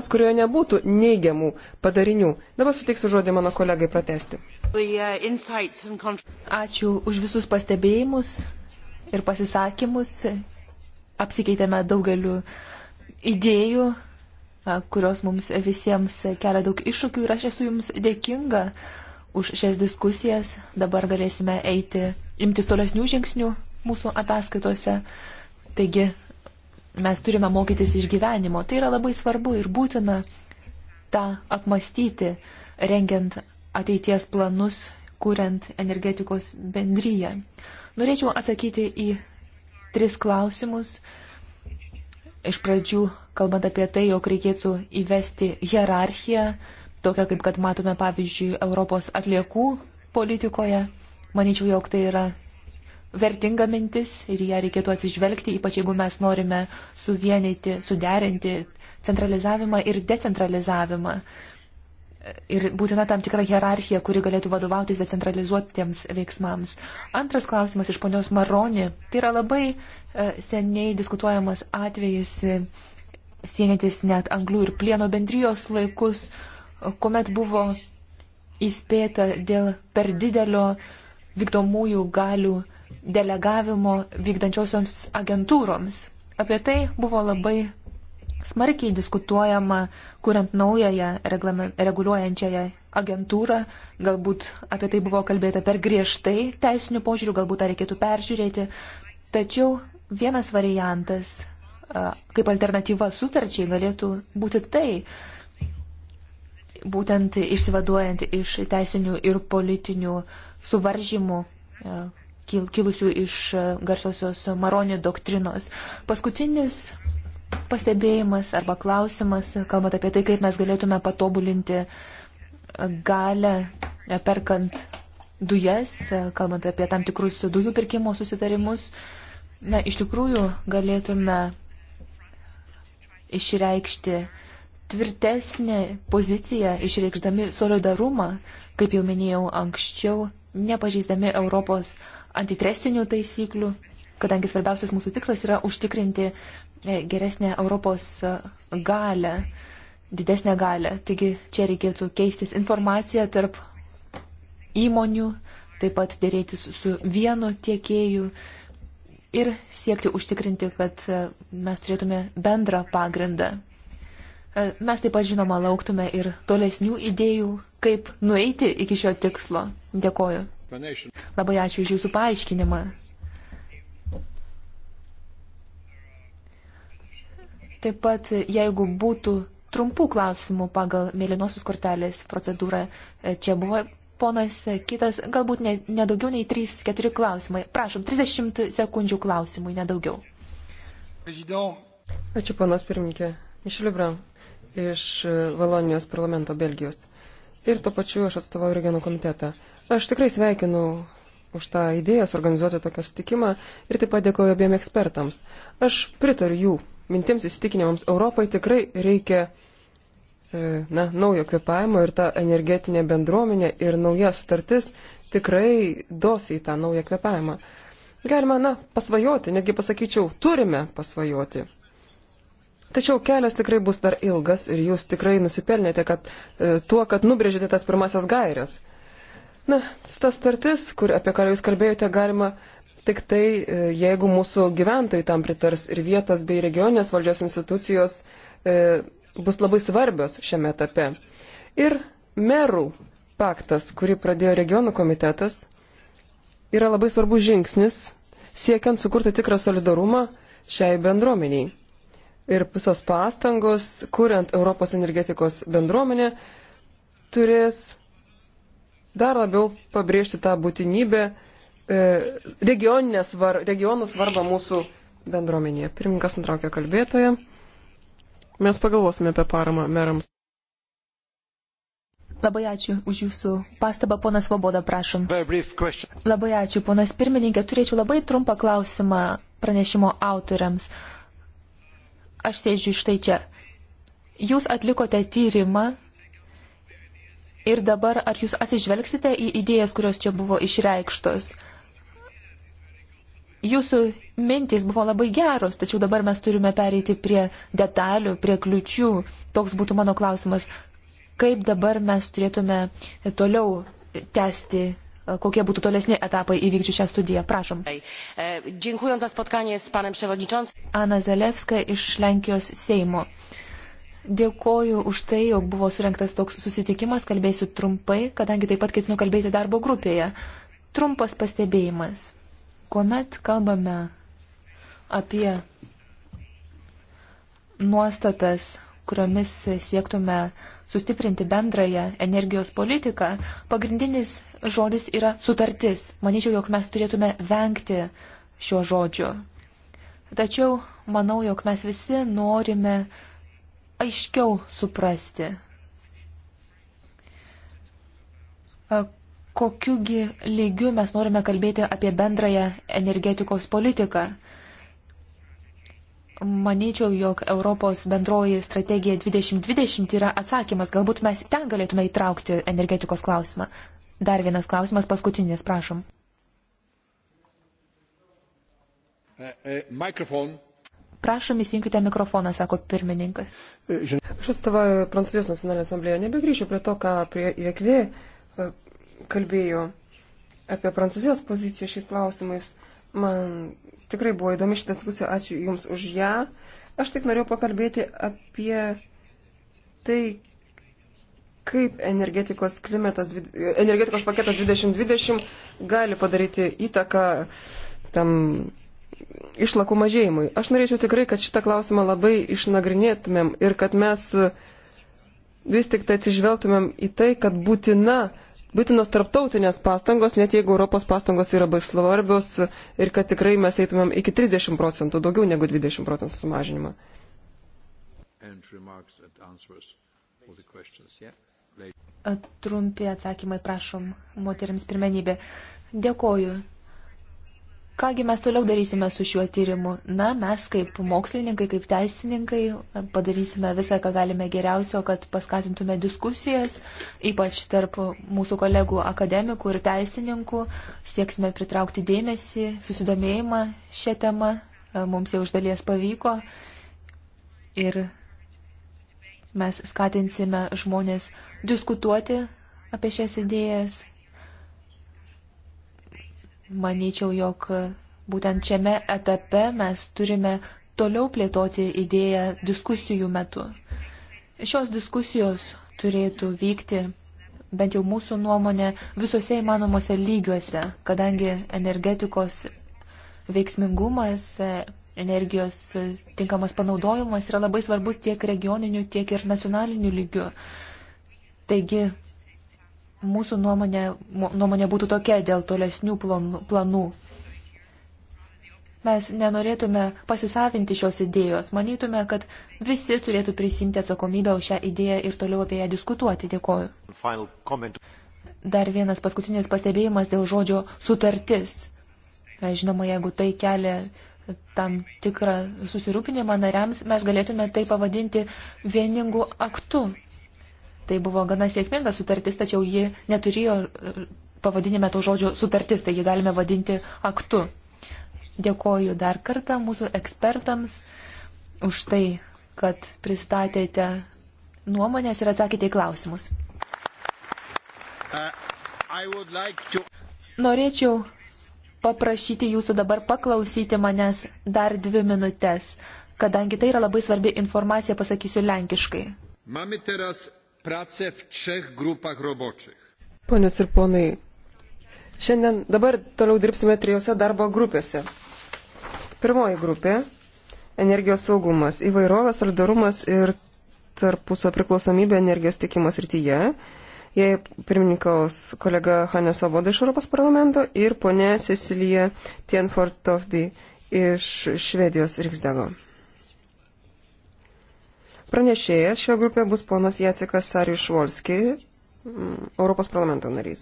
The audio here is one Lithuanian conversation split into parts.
sistemos, kurioje nebūtų neigiamų padarinių. Dabar suteiksiu žodį mano kolegai pratesti. Uh, Ačiū už visus pastebėjimus ir pasisakymus. Apsikeitėme daugeliu idėjų, kurios mums visiems kelia daug iššūkių ir aš esu jums dėkinga už šias diskusijas. Dabar galėsime eiti, imtis tolesnių žingsnių mūsų ataskaitose. Taigi Mes turime mokytis iš gyvenimo. Tai yra labai svarbu ir būtina tą apmastyti, rengiant ateities planus, kuriant energetikos bendryją. Norėčiau atsakyti į tris klausimus. Iš pradžių, kalbant apie tai, jog reikėtų įvesti hierarchiją, tokią kaip kad matome pavyzdžiui Europos atliekų politikoje, manyčiau, jog tai yra vertinga mintis ir ją reikėtų atsižvelgti, ypač jeigu mes norime suvienyti, suderinti centralizavimą ir decentralizavimą. Ir būtina tam tikra hierarchija, kuri galėtų vadovautis decentralizuotiems veiksmams. Antras klausimas iš ponios Maroni. Tai yra labai e, seniai diskutuojamas atvejis, e, siejantis net anglių ir plieno bendrijos laikus, e, kuomet buvo įspėta dėl per didelio vykdomųjų galių uh, delegavimo vykdančiosioms agentūroms. Apie tai buvo labai smarkiai diskutuojama, kuriant naująją reguliuojančiąją agentūrą. Galbūt apie tai buvo kalbėta per griežtai teisinių požiūrių, galbūt tą reikėtų peržiūrėti. Tačiau vienas variantas kaip alternatyva sutarčiai galėtų būti tai, būtent išsivaduojant iš teisinių ir politinių suvaržymų, kilusių iš e, garsiosios Maronio doktrinos. Paskutinis pastebėjimas arba klausimas, kalbant apie tai, kaip mes galėtume patobulinti galę e, perkant dujas, e, kalbant apie tam tikrus dujų pirkimo susitarimus. Na, iš tikrųjų galėtume išreikšti tvirtesnį poziciją, išreikšdami solidarumą, kaip jau minėjau anksčiau, nepažeisdami Europos antitrestinių taisyklių, kadangi svarbiausias mūsų tikslas yra užtikrinti e, geresnę Europos e, galę, didesnę galę. Taigi čia reikėtų keistis informacija tarp įmonių, taip pat dėrėtis su vienu tiekėju ir siekti užtikrinti, kad e, mes turėtume bendrą pagrindą. Mes taip pat žinoma lauktume ir tolesnių idėjų, kaip nueiti iki šio tikslo. Dėkoju. Labai ačiū už Jūsų paaiškinimą. Taip pat, jeigu būtų trumpų klausimų pagal mėlynosios kortelės procedūrą, e, čia buvo ponas e, kitas, galbūt nedaugiau ne nei 3-4 klausimai. Prašom, 30 sekundžių klausimui, nedaugiau. Ačiū, ponas pirmininkė. Mišliubra iš Valonijos parlamento Belgijos. Ir tuo pačiu aš atstovauju regionų komitetą. Aš tikrai sveikinu už tą idėją suorganizuoti tokią sutikimą ir taip pat dėkoju abiem ekspertams. Aš pritariu jų mintims įsitikinimams. Europai tikrai reikia e, na, naujo kvepavimo ir ta energetinė bendruomenė ir nauja sutartis tikrai dos į tą naują kvepavimą. Galima, na, pasvajoti, netgi pasakyčiau, turime pasvajoti. Tačiau kelias tikrai bus dar ilgas ir jūs tikrai nusipelnėte, kad e, tuo, kad nubrėžėte tas pirmasias gairias. Na, ta startis, kur, apie ką jūs kalbėjote, galima tik tai, e, jeigu mūsų gyventojai tam pritars ir vietos bei regioninės valdžios institucijos e, bus labai svarbios šiame etape. Ir merų paktas, kurį pradėjo regionų komitetas, yra labai svarbus žingsnis siekiant sukurti tikrą solidarumą šiai bendruomeniai. Ir visos pastangos, kuriant Europos energetikos bendruomenę, turės dar labiau pabrėžti tą būtinybę e, svar, regionų svarbą mūsų bendruomenėje. Pirmininkas nutraukė kalbėtoją. Mes pagalvosime apie paramą merams. Labai ačiū už jūsų pastabą, ponas Voboda, prašom. Labai ačiū, ponas pirmininkė. Turėčiau labai trumpą klausimą pranešimo autoriams. Aš sėdžiu štai čia. Jūs atlikote tyrimą Ir dabar ar jūs atsižvelgsite į idėjas, kurios čia buvo išreikštos? Jūsų mintys buvo labai geros, tačiau dabar mes turime pereiti prie detalių, prie kliučių. Toks būtų mano klausimas. Kaip dabar mes turėtume toliau tęsti, kokie būtų tolesni etapai įvykdžių šią studiją? Prašom. E, Ana Zelevska iš Lenkijos Seimo. Dėkoju už tai, jog buvo surinktas toks susitikimas, kalbėsiu trumpai, kadangi taip pat ketinu kalbėti darbo grupėje. Trumpas pastebėjimas. Kuomet kalbame apie nuostatas, kuriomis siektume sustiprinti bendrąją energijos politiką, pagrindinis žodis yra sutartis. Manyčiau, jog mes turėtume vengti šio žodžio. Tačiau manau, jog mes visi norime aiškiau suprasti, e, kokiugi lygiu mes norime kalbėti apie bendrąją energetikos politiką. Manyčiau, jog Europos bendroji strategija 2020 yra atsakymas. Galbūt mes ten galėtume įtraukti energetikos klausimą. Dar vienas klausimas, paskutinis, prašom. E, e, mikrofon. Prašom, įsijunkite mikrofoną, sako pirmininkas. Aš atstovauju Prancūzijos nacionalinę asamblėją. Nebegrįšiu prie to, ką prie Jekvė e, kalbėjo apie Prancūzijos poziciją šiais klausimais. Man tikrai buvo įdomi šitą diskusiją. Ačiū Jums už ją. Aš tik norėjau pakalbėti apie tai, kaip energetikos, klimatas, energetikos paketas 2020 gali padaryti įtaką tam išlakų mažėjimui. Aš norėčiau tikrai, kad šitą klausimą labai išnagrinėtumėm ir kad mes e, vis tik tai atsižvelgtumėm į tai, kad būtina, būtinos tarptautinės pastangos, net jeigu Europos pastangos yra labai svarbios ir kad tikrai mes eitumėm iki 30 procentų, daugiau negu 20 procentų sumažinimą. Trumpi atsakymai, prašom, moteriams pirmenybė. Dėkoju. Kągi mes toliau darysime su šiuo tyrimu? Na, mes kaip mokslininkai, kaip teisininkai padarysime visą, ką galime geriausio, kad paskatintume diskusijas, ypač tarp mūsų kolegų akademikų ir teisininkų. Sieksime pritraukti dėmesį, susidomėjimą šią temą. Mums jau iš dalies pavyko. Ir mes skatinsime žmonės diskutuoti apie šias idėjas Manyčiau, jog būtent šiame etape mes turime toliau plėtoti idėją diskusijų metu. Šios diskusijos turėtų vykti, bent jau mūsų nuomonė, visose įmanomose lygiuose, kadangi energetikos veiksmingumas, energijos tinkamas panaudojimas yra labai svarbus tiek regioniniu, tiek ir nacionaliniu lygiu. Taigi mūsų nuomonė, nuomonė būtų tokia dėl tolesnių planų. Mes nenorėtume pasisavinti šios idėjos, manytume, kad visi turėtų prisimti atsakomybę už šią idėją ir toliau apie ją diskutuoti. Dėkoju. Dar vienas paskutinis pastebėjimas dėl žodžio sutartis. E, žinoma, jeigu tai kelia tam tikrą susirūpinimą nariams, mes galėtume tai pavadinti vieningu aktu. Tai buvo gana sėkminga sutartis, tačiau ji neturėjo e, pavadinime to žodžio sutartis, taigi galime vadinti aktu. Dėkoju dar kartą mūsų ekspertams už tai, kad pristatėte nuomonės ir atsakėte į klausimus. Uh, like to... Norėčiau paprašyti jūsų dabar paklausyti manęs dar dvi minutės, kadangi tai yra labai svarbi informacija, pasakysiu lenkiškai. Mamy teraz pracę w trzech grupach roboczych. Ponios ir ponai, šiandien dabar toliau dirbsime trijose darbo grupėse. Pirmoji grupė - energijos saugumas, įvairovės, solidarumas ir tarpusio priklausomybė energijos tikimo srityje. Jei pirmininkaus kolega Hanė Svoboda iš Europos parlamento ir ponė Cecilija Tienford Tofby iš Švedijos Riksdago. Pranešėjas šio grupė bus ponas Jacekas Sarius Švolski, mm, Europos parlamento narys.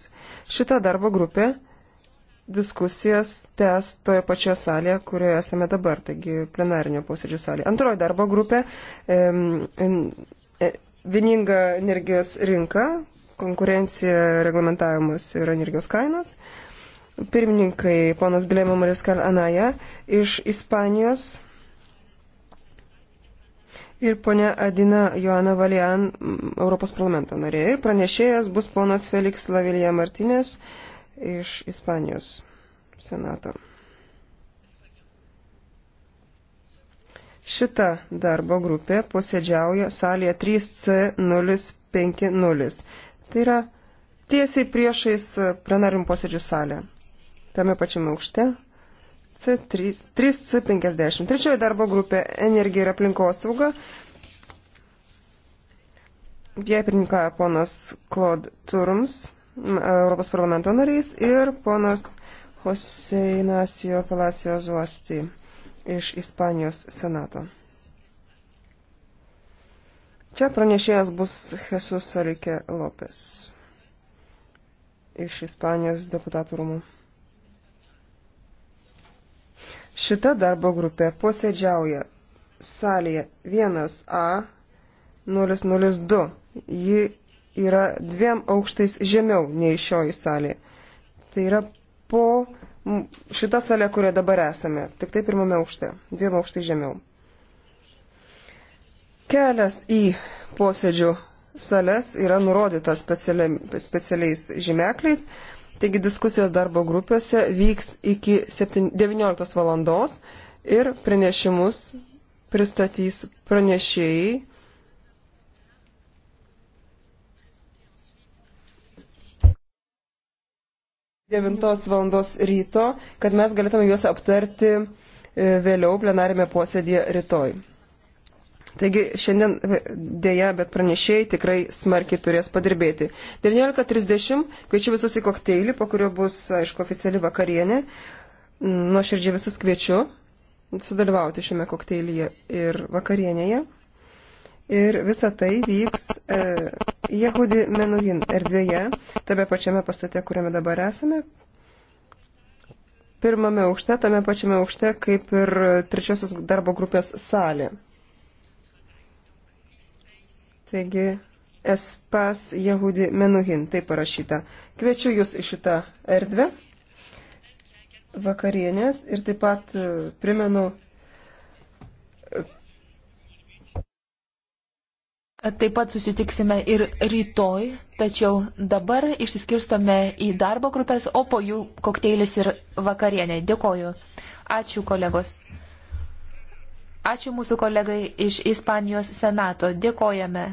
Šita darbo grupė diskusijas tęs toje pačioje salėje, kurioje esame dabar, taigi plenarinio posėdžio salėje. Antroji darbo grupė e, - vieninga energijos rinka, konkurencija, reglamentavimas ir energijos kainas. Pirmininkai ponas Bilėmo Mariskal Anaja iš Ispanijos Ir ponia Adina Joana Valian, Europos parlamento narė. Ir pranešėjas bus ponas Felix Lavilija Martinės iš Ispanijos senato. Šita darbo grupė posėdžiauja salėje 3C050. Tai yra tiesiai priešais plenarim posėdžių salę. Tame pačiame aukšte C3C50. Trečioji darbo grupė - energija ir aplinkosauga. Jie pirmininkoja ponas Claude Turms, Europos parlamento narys, ir ponas Jose Ignacio Palacio Zuosti iš Ispanijos senato. Čia pranešėjas bus Jesus Alike Lopes iš Ispanijos deputatų rūmų. Šita darbo grupė posėdžiauja salėje 1A002. Ji yra dviem aukštais žemiau nei šioji salė. Tai yra po šita salė, kurioje dabar esame, tik tai pirmame aukšte, dviem aukštai žemiau. Kelias į posėdžių sales yra nurodytas specialiais žymekliais, Taigi diskusijos darbo grupėse vyks iki 7, 19 valandos ir pranešimus pristatys pranešėjai. Devintos valandos ryto, kad mes galėtume juos aptarti e, vėliau plenarime posėdėje rytoj. Taigi šiandien e, dėja, bet pranešėjai tikrai smarkiai turės padirbėti. 19.30 kviečiu visus į kokteilį, po kurio bus, aišku, oficiali vakarienė. Nuoširdžiai visus kviečiu sudalyvauti šiame kokteilyje ir vakarienėje. Ir visa tai vyks e, Jehudi Menuhin erdvėje, tame pačiame pastate, kuriame dabar esame. Pirmame aukšte, tame pačiame aukšte, kaip ir trečiosios darbo grupės salė. Taigi, Espas Jehudi Menuhin, taip parašyta. Kviečiu jūs į šitą erdvę vakarienės ir taip pat e, primenu. E, taip pat susitiksime ir rytoj, tačiau dabar išsiskirstome į darbo grupės, o po jų kokteilis ir vakarienė. Dėkoju. Ačiū kolegos. Ačiū mūsų kolegai iš Ispanijos senato. Dėkojame.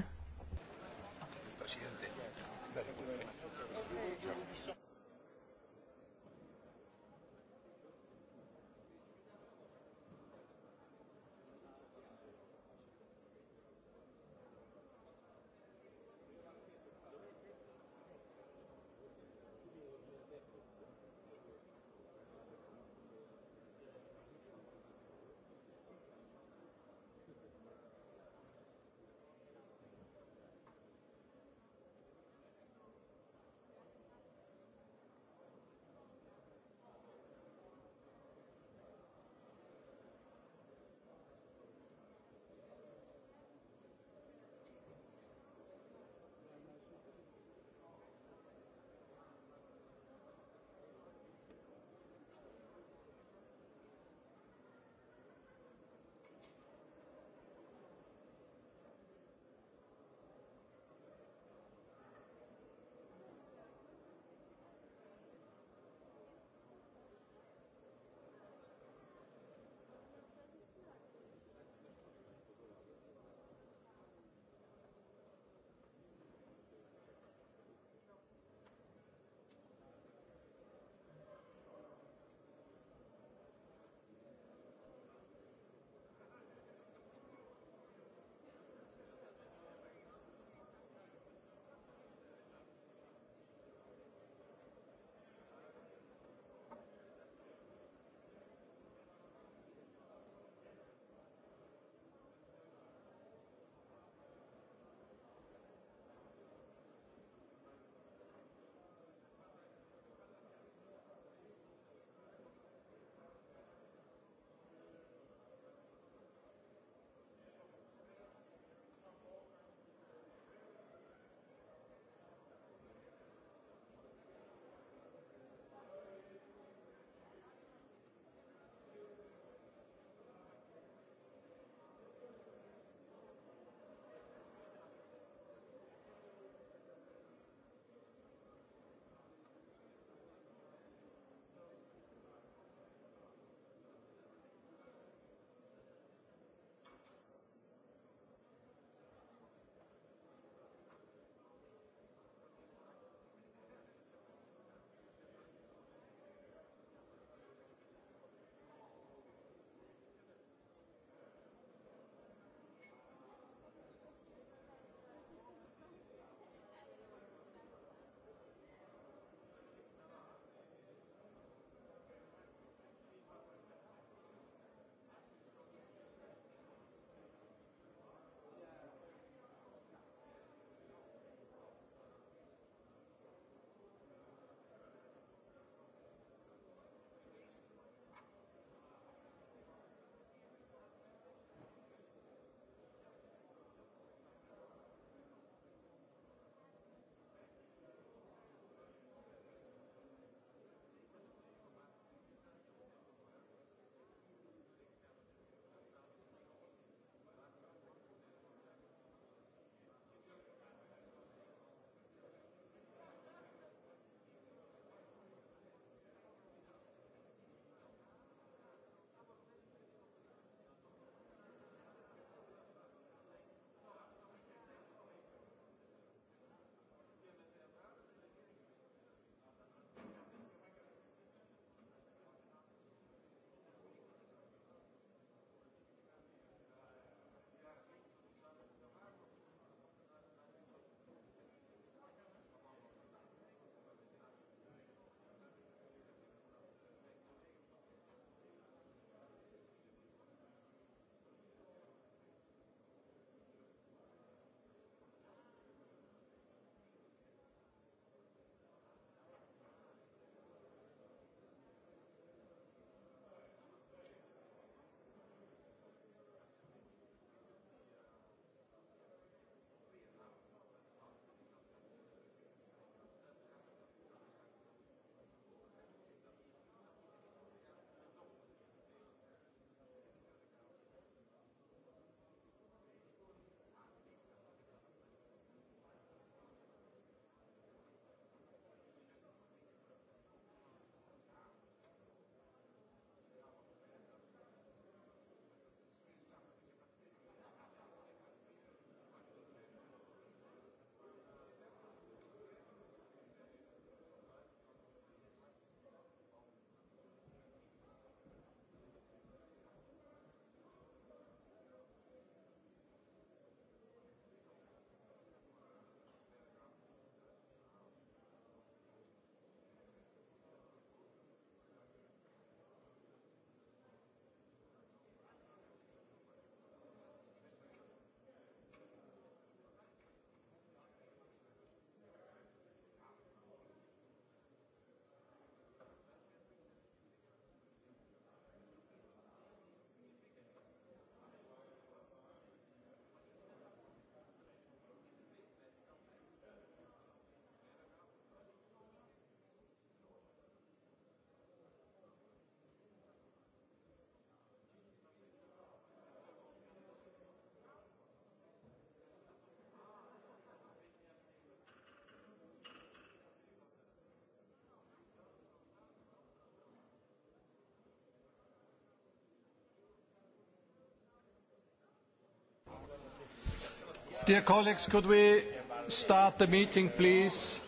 Dear colleagues, could we start the meeting, please?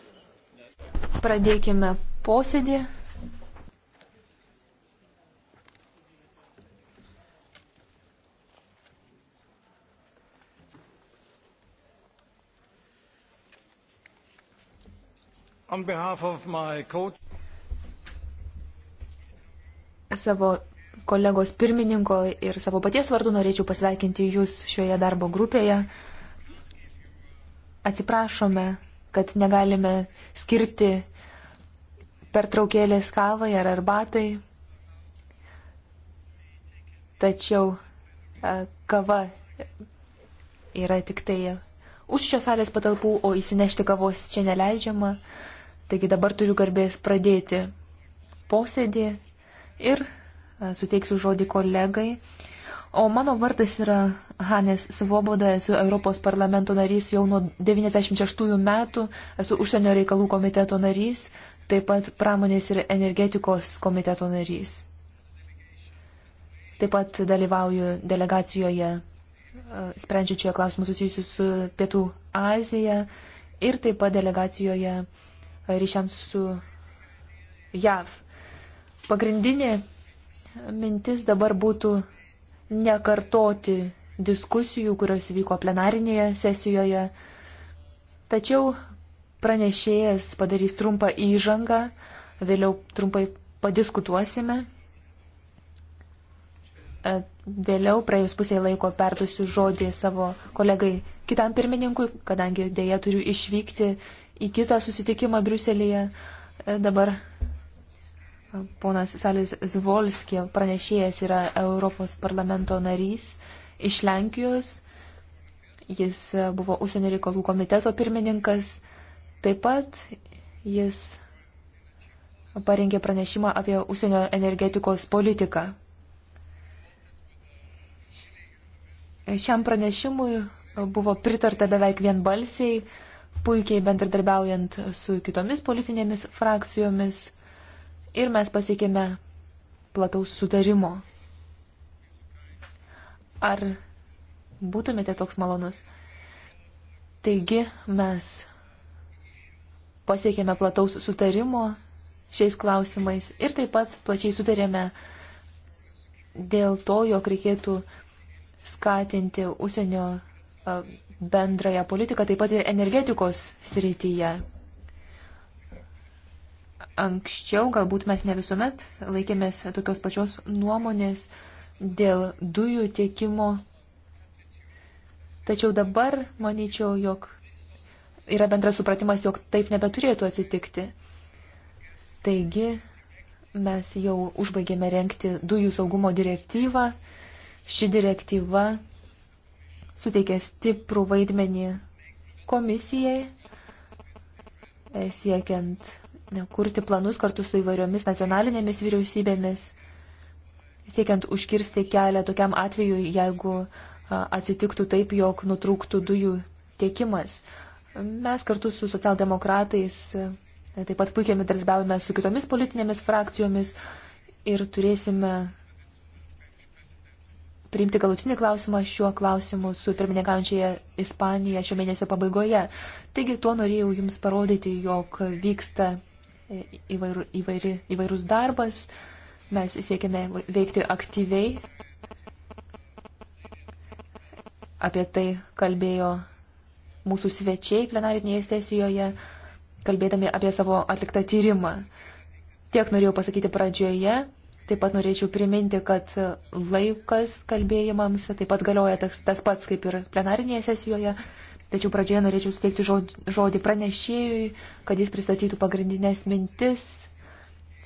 Pradėkime posėdį. On behalf of my coach. Savo kolegos pirmininko ir savo paties vardu norėčiau pasveikinti Jūs šioje darbo grupėje atsiprašome, kad negalime skirti pertraukėlės kavai ar arbatai, tačiau e, kava yra tik tai už šios salės patalpų, o įsinešti kavos čia neleidžiama. Taigi dabar turiu garbės pradėti posėdį ir e, suteiksiu žodį kolegai. O mano vardas yra Hanes Svoboda, esu Europos parlamento narys jau nuo 96 metų, esu užsienio reikalų komiteto narys, taip pat pramonės ir energetikos komiteto narys. Taip pat dalyvauju delegacijoje e, sprendžiančioje klausimus susijusius su Pietų Azija ir taip pat delegacijoje e, ryšiams su JAV. Pagrindinė mintis dabar būtų nekartoti diskusijų, kurios vyko plenarinėje sesijoje. Tačiau pranešėjas padarys trumpą įžangą, vėliau trumpai padiskutuosime. E, vėliau praėjus pusiai laiko perdusiu žodį savo kolegai kitam pirmininkui, kadangi dėja turiu išvykti į kitą susitikimą Briuselėje. E, dabar e, ponas Salis Zvolskė, pranešėjas, yra Europos parlamento narys iš Lenkijos. Jis buvo užsienio reikalų komiteto pirmininkas. Taip pat jis parengė pranešimą apie užsienio energetikos politiką. Šiam pranešimui buvo pritarta beveik vienbalsiai, puikiai bendradarbiaujant su kitomis politinėmis frakcijomis ir mes pasiekėme plataus sutarimo. Ar būtumėte toks malonus? Taigi mes pasiekėme plataus sutarimo šiais klausimais ir taip pat plačiai sutarėme dėl to, jog reikėtų skatinti užsienio bendrąją politiką, taip pat ir energetikos srityje. Anksčiau galbūt mes ne visuomet laikėmės tokios pačios nuomonės, uh, dėl dujų tiekimo. Tačiau dabar manyčiau, jog yra bendras supratimas, jog taip nebeturėtų atsitikti. Taigi mes jau užbaigėme renkti dujų saugumo direktyvą. Ši direktyva suteikia stiprų vaidmenį komisijai, siekiant kurti planus kartu su įvairiomis nacionalinėmis vyriausybėmis siekiant užkirsti kelią tokiam atveju, jeigu atsitiktų taip, jog nutrūktų dujų tiekimas. Mes kartu su socialdemokratais taip pat puikiai bendradarbiavome su kitomis politinėmis frakcijomis ir turėsime priimti galutinį klausimą šiuo klausimu su pirmininkaujančia Ispanija šio mėnesio pabaigoje. Taigi tuo norėjau Jums parodyti, jog vyksta e, įvair, įvairi, įvairus darbas. Mes siekiame veikti aktyviai. Apie tai kalbėjo mūsų svečiai plenarinėje sesijoje, kalbėdami apie savo atliktą tyrimą. Tiek norėjau pasakyti pradžioje. Taip pat norėčiau priminti, kad laikas kalbėjimams taip pat galioja tas, tas pats kaip ir plenarinėje sesijoje. Tačiau pradžioje norėčiau suteikti žodį, žodį pranešėjui, kad jis pristatytų pagrindinės mintis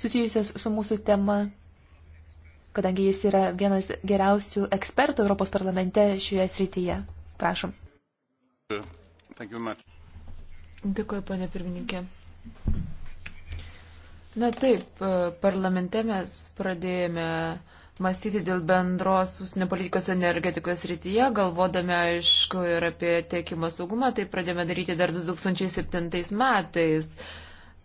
susijusias su mūsų tema, kadangi jis yra vienas geriausių ekspertų Europos parlamente šioje srityje. Prašom. Dėkuoju, ponė pirmininkė. Na taip, e, parlamente mes pradėjome mąstyti dėl bendros užsienio politikos energetikos rytyje, galvodami, aišku, ir apie tiekimo saugumą, tai pradėjome daryti dar 2007 metais.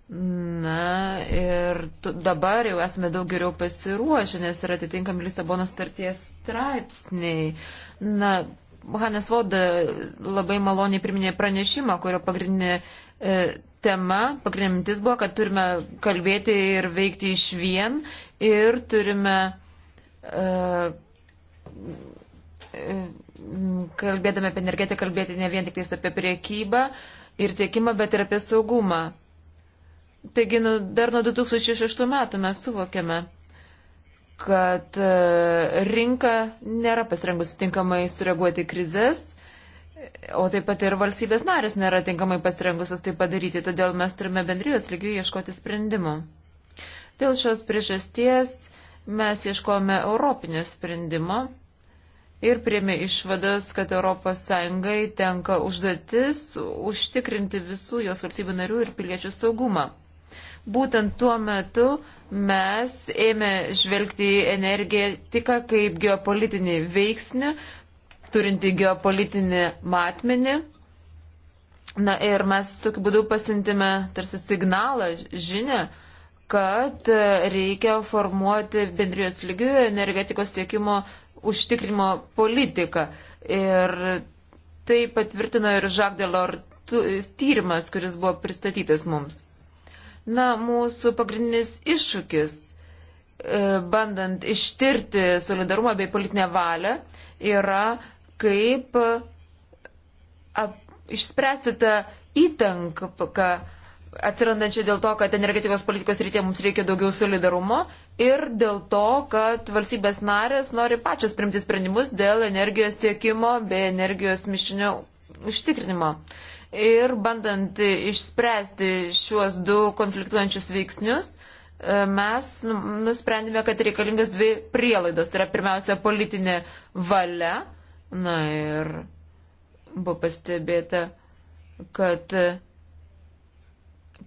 Na ir dabar jau esame daug geriau pasiruošę, nes yra atitinkami Lisabono starties straipsniai. Na, Hanes Voda labai maloniai priminė pranešimą, kurio pagrindinė e, tema, pagrindinė mintis buvo, kad turime kalbėti ir veikti iš vien ir turime. E, e kalbėdami apie energetiką, kalbėti ne vien tik apie priekybą ir tiekimą, bet ir apie saugumą. Taigi nu, dar nuo 2006 metų mes suvokiame, kad e, rinka nėra pasirengusi tinkamai sureaguoti į krizės, o taip pat ir valstybės narės nėra tinkamai pasirengusios tai padaryti, todėl mes turime bendrijos lygių ieškoti sprendimų. Dėl šios priežasties mes ieškome europinio sprendimo ir priemė išvadas, kad ES tenka užduotis užtikrinti visų jos valstybių narių ir piliečių saugumą. Būtent tuo metu mes ėmė žvelgti į energetiką kaip geopolitinį veiksnį, turinti geopolitinį matmenį. Na ir mes tokiu būdu pasintime tarsi signalą, žinę, kad reikia formuoti bendrijos lygių energetikos tiekimo užtikrimo politiką. Ir tai patvirtino ir Žagdelor tyrimas, kuris buvo pristatytas mums. Na, mūsų pagrindinis iššūkis, e, bandant ištirti solidarumą bei politinę valią, yra kaip e, ap, išspręsti tą įtanką atsirandančią dėl to, kad energetikos politikos rytė mums reikia daugiau solidarumo ir dėl to, kad valstybės narės nori pačios primti sprendimus dėl energijos tiekimo bei energijos mišinio užtikrinimo. Uh, ir bandant išspręsti šiuos du konfliktuojančius veiksnius, e, mes nu, nusprendėme, kad reikalingas dvi prielaidos. Tai yra pirmiausia politinė valia. Na ir buvo pastebėta, kad,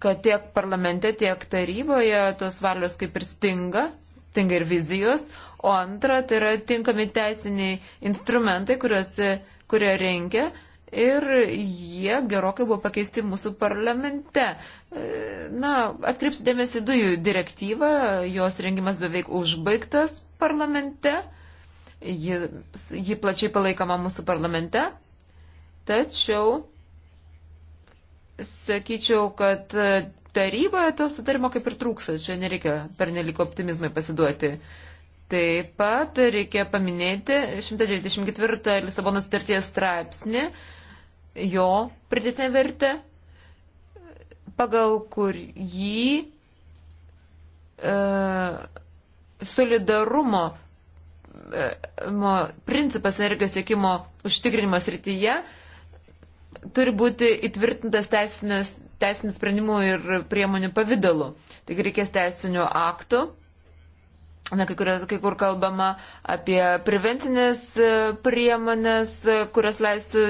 kad tiek parlamente, tiek taryboje tos valios kaip ir stinga, stinga ir vizijos. O antra, tai yra tinkami teisiniai instrumentai, kuriuose, kurie reikia ir jie gerokai buvo pakeisti mūsų parlamente. E, Na, atkreipsiu dėmesį dujų direktyvą, jos rengimas beveik užbaigtas parlamente, ji, ji plačiai palaikoma mūsų parlamente, tačiau sakyčiau, kad taryboje to sutarimo kaip ir trūksa, čia nereikia pernelik optimizmai pasiduoti. Taip pat reikia paminėti 194 Lisabono sutarties straipsnį, jo pridėtinę vertę, pagal kur jį e, solidarumo e, mo, principas energijos siekimo užtikrinimo srityje turi būti įtvirtintas teisinių sprendimų ir priemonių pavydalu. Taigi reikės teisinių aktų. Na, kai, kur, kai kur kalbama apie prevencinės e, priemonės, e, kurios leistų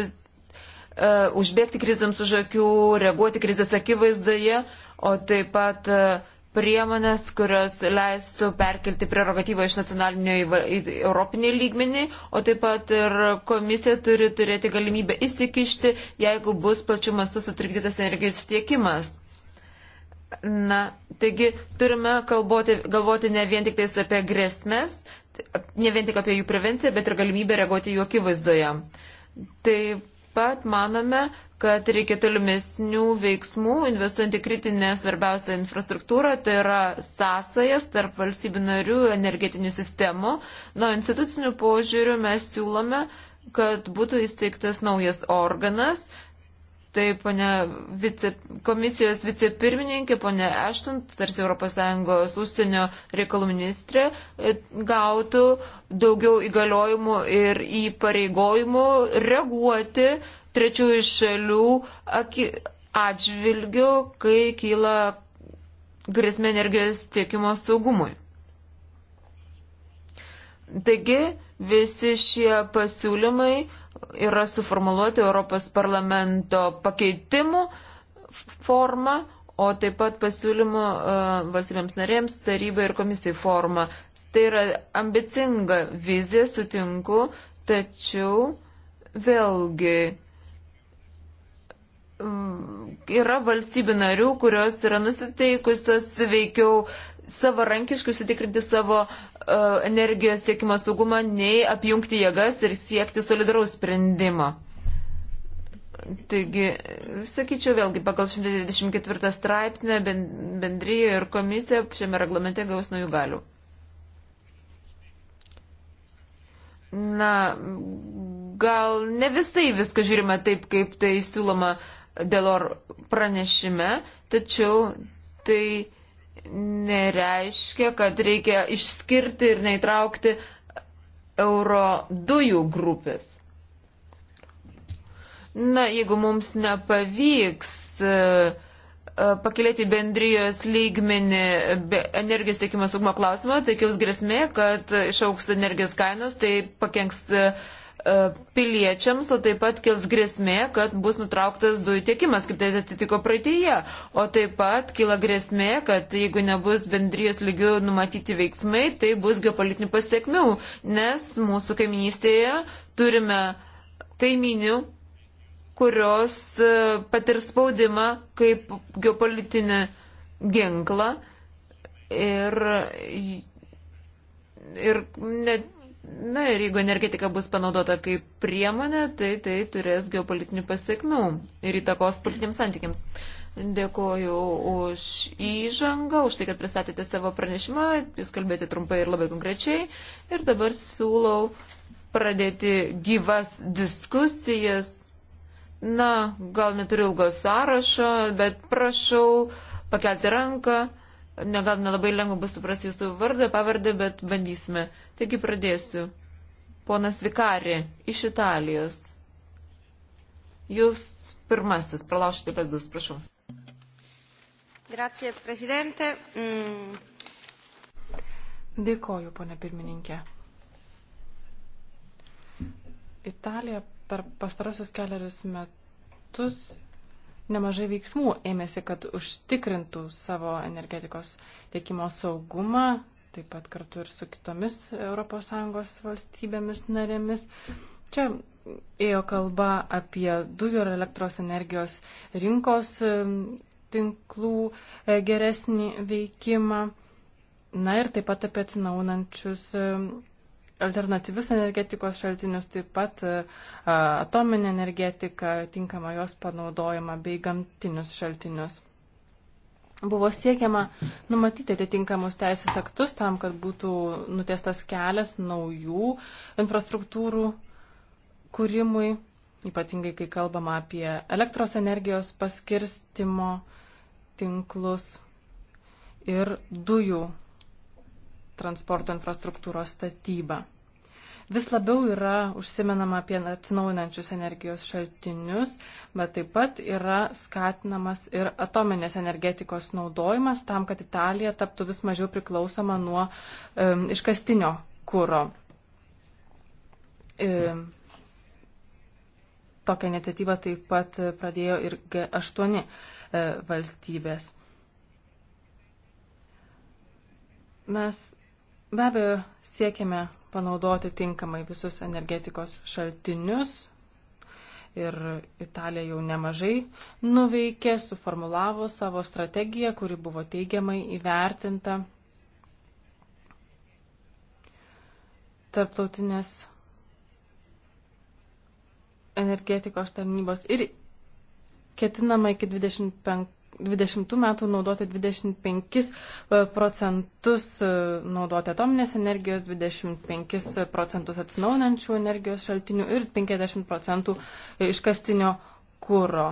uh, užbėgti krizams už akių, reaguoti krizės akivaizdoje, o taip pat uh, priemonės, kurios leistų perkelti prerogatyvą iš nacionalinio į europinį lygmenį, o taip pat ir komisija turi turėti galimybę įsikišti, jeigu bus plačių mastų sutrikdytas energijos tiekimas. Na, taigi turime kalboti, galvoti ne vien tik apie grėsmės, ne vien tik apie jų prevenciją, bet ir galimybę reaguoti jų akivaizdoje. Taip pat manome, kad reikia tolimesnių veiksmų, investuojant į kritinę svarbiausią infrastruktūrą, tai yra sąsajas tarp valstybių narių energetinių sistemų. Nuo institucinių požiūrių mes siūlome, kad būtų įsteigtas naujas organas, Štai ponia vice, komisijos vicepirmininkė, ponia Ešton, tarsi ES užsienio reikalų ministrė, e, gautų daugiau įgaliojimų ir įpareigojimų reaguoti trečiųjų šalių atžvilgių, kai kyla grėsmė energijos tiekimo saugumui. Taigi visi šie pasiūlymai yra suformuluoti Europos parlamento pakeitimų forma, o taip pat pasiūlymų uh, valstybėms narėms, tarybai ir komisijai forma. Tai yra ambicinga vizija, sutinku, tačiau vėlgi yra valstybių narių, kurios yra nusiteikusios veikiau savarankiškai užsitikrinti savo uh, energijos tiekimo saugumą, nei apjungti jėgas ir siekti solidaraus sprendimo. Taigi, sakyčiau vėlgi, pagal 124 straipsnę bendryje ir komisija šiame reglamente gaus naujų galių. Na, gal ne visai viską žiūrime taip, kaip tai siūloma Delor pranešime, tačiau tai nereiškia, kad reikia išskirti ir neįtraukti euro dujų grupės. Na, jeigu mums nepavyks e, e, pakilėti bendrijos lygmenį energijos tiekimo saugumo klausimą, tai kils grėsmė, kad išauks energijos kainos, tai pakenks uh, E, piliečiams, o taip pat kils grėsmė, kad bus nutrauktas dujų tiekimas, kaip tai atsitiko praeitėje. O taip pat kyla grėsmė, kad jeigu nebus bendrijos lygių numatyti veiksmai, tai bus geopolitinių pasiekmių, nes mūsų kaiminystėje turime kaiminių kurios e, patirs spaudimą kaip geopolitinį ginklą ir, ir net Na ir jeigu energetika bus panaudota kaip priemonė, tai tai turės geopolitinių pasiekmių ir įtakos politiniams santykiams. Dėkoju už įžangą, už tai, kad pristatėte savo pranešimą, jūs kalbėjote trumpai ir labai konkrečiai. Ir dabar siūlau pradėti gyvas diskusijas. Na, gal neturiu ilgo sąrašo, bet prašau pakelti ranką. Negal nelabai lengva bus suprasti jūsų vardą, pavardę, bet bandysime. Taigi pradėsiu. Ponas Vikari iš Italijos. Jūs pirmasis, pralaušite ledus, prašau. Grazie, prezidente. Mm. Dėkoju, ponė pirmininkė. Italija per pastarosius keliarius metus nemažai veiksmų ėmėsi, kad užtikrintų savo energetikos tiekimo saugumą, taip pat kartu ir su kitomis ES valstybėmis narėmis. Čia ėjo kalba apie dujų ir elektros energijos rinkos tinklų e, geresnį veikimą, na ir taip pat apie atsinaunančius e, alternatyvius energetikos šaltinius, taip pat e, atominę energetiką, tinkamą jos panaudojimą bei gamtinius šaltinius buvo siekiama numatyti atitinkamus teisės aktus tam, kad būtų nutestas kelias naujų infrastruktūrų kūrimui, ypatingai kai kalbama apie elektros energijos paskirstimo tinklus ir dujų transporto infrastruktūros statybą. Vis labiau yra užsimenama apie atsinaujinančius energijos šaltinius, bet taip pat yra skatinamas ir atomenės energetikos naudojimas tam, kad Italija taptų vis mažiau priklausoma nuo um, iškastinio kūro. E, tokią iniciatyvą taip pat pradėjo ir G8 e, valstybės. Mes be abejo siekiame panaudoti tinkamai visus energetikos šaltinius. Ir Italija jau nemažai nuveikė, suformulavo savo strategiją, kuri buvo teigiamai įvertinta tarptautinės energetikos tarnybos ir ketinama iki 25 20 metų naudoti 25 e, procentus e, naudoti atominės energijos, 25 procentus atsinaunančių energijos šaltinių ir 50 procentų iškastinio kūro.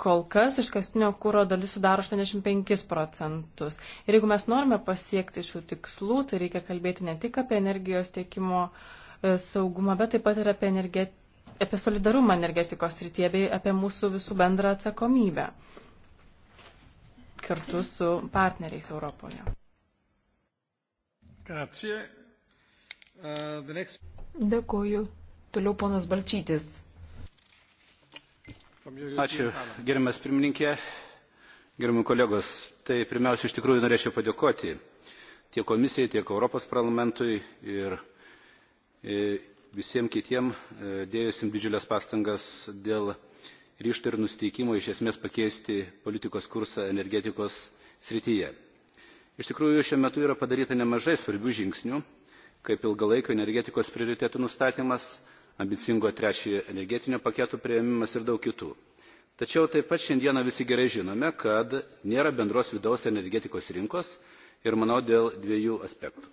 Kol kas iškastinio kūro dalis sudaro 85 procentus. Ir jeigu mes norime pasiekti šių tikslų, tai reikia kalbėti ne tik apie energijos tiekimo e, saugumą, bet taip pat ir apie energetiką apie solidarumą energetikos rytyje bei apie mūsų visų bendrą atsakomybę. Uh, kartu su partneriais Europoje. Grazie. Uh, next... Dėkuoju. Toliau ponas Balčytis. Ačiū, gerimas pirmininkė, gerimi kolegos. Tai pirmiausia, iš tikrųjų norėčiau padėkoti tiek komisijai, tiek Europos parlamentui ir e, visiems kitiems e, dėjusim didžiulės pastangas dėl ryšto ir nusteikimo iš esmės pakeisti politikos kursą energetikos srityje. Iš tikrųjų, šiuo metu yra padaryta nemažai svarbių žingsnių, kaip ilgalaikio energetikos prioritetų nustatymas, ambicingo trečiojo energetinio paketo prieimimas ir daug kitų. Tačiau taip pat šiandieną visi gerai žinome, kad nėra bendros vidaus energetikos rinkos ir manau dėl dviejų aspektų.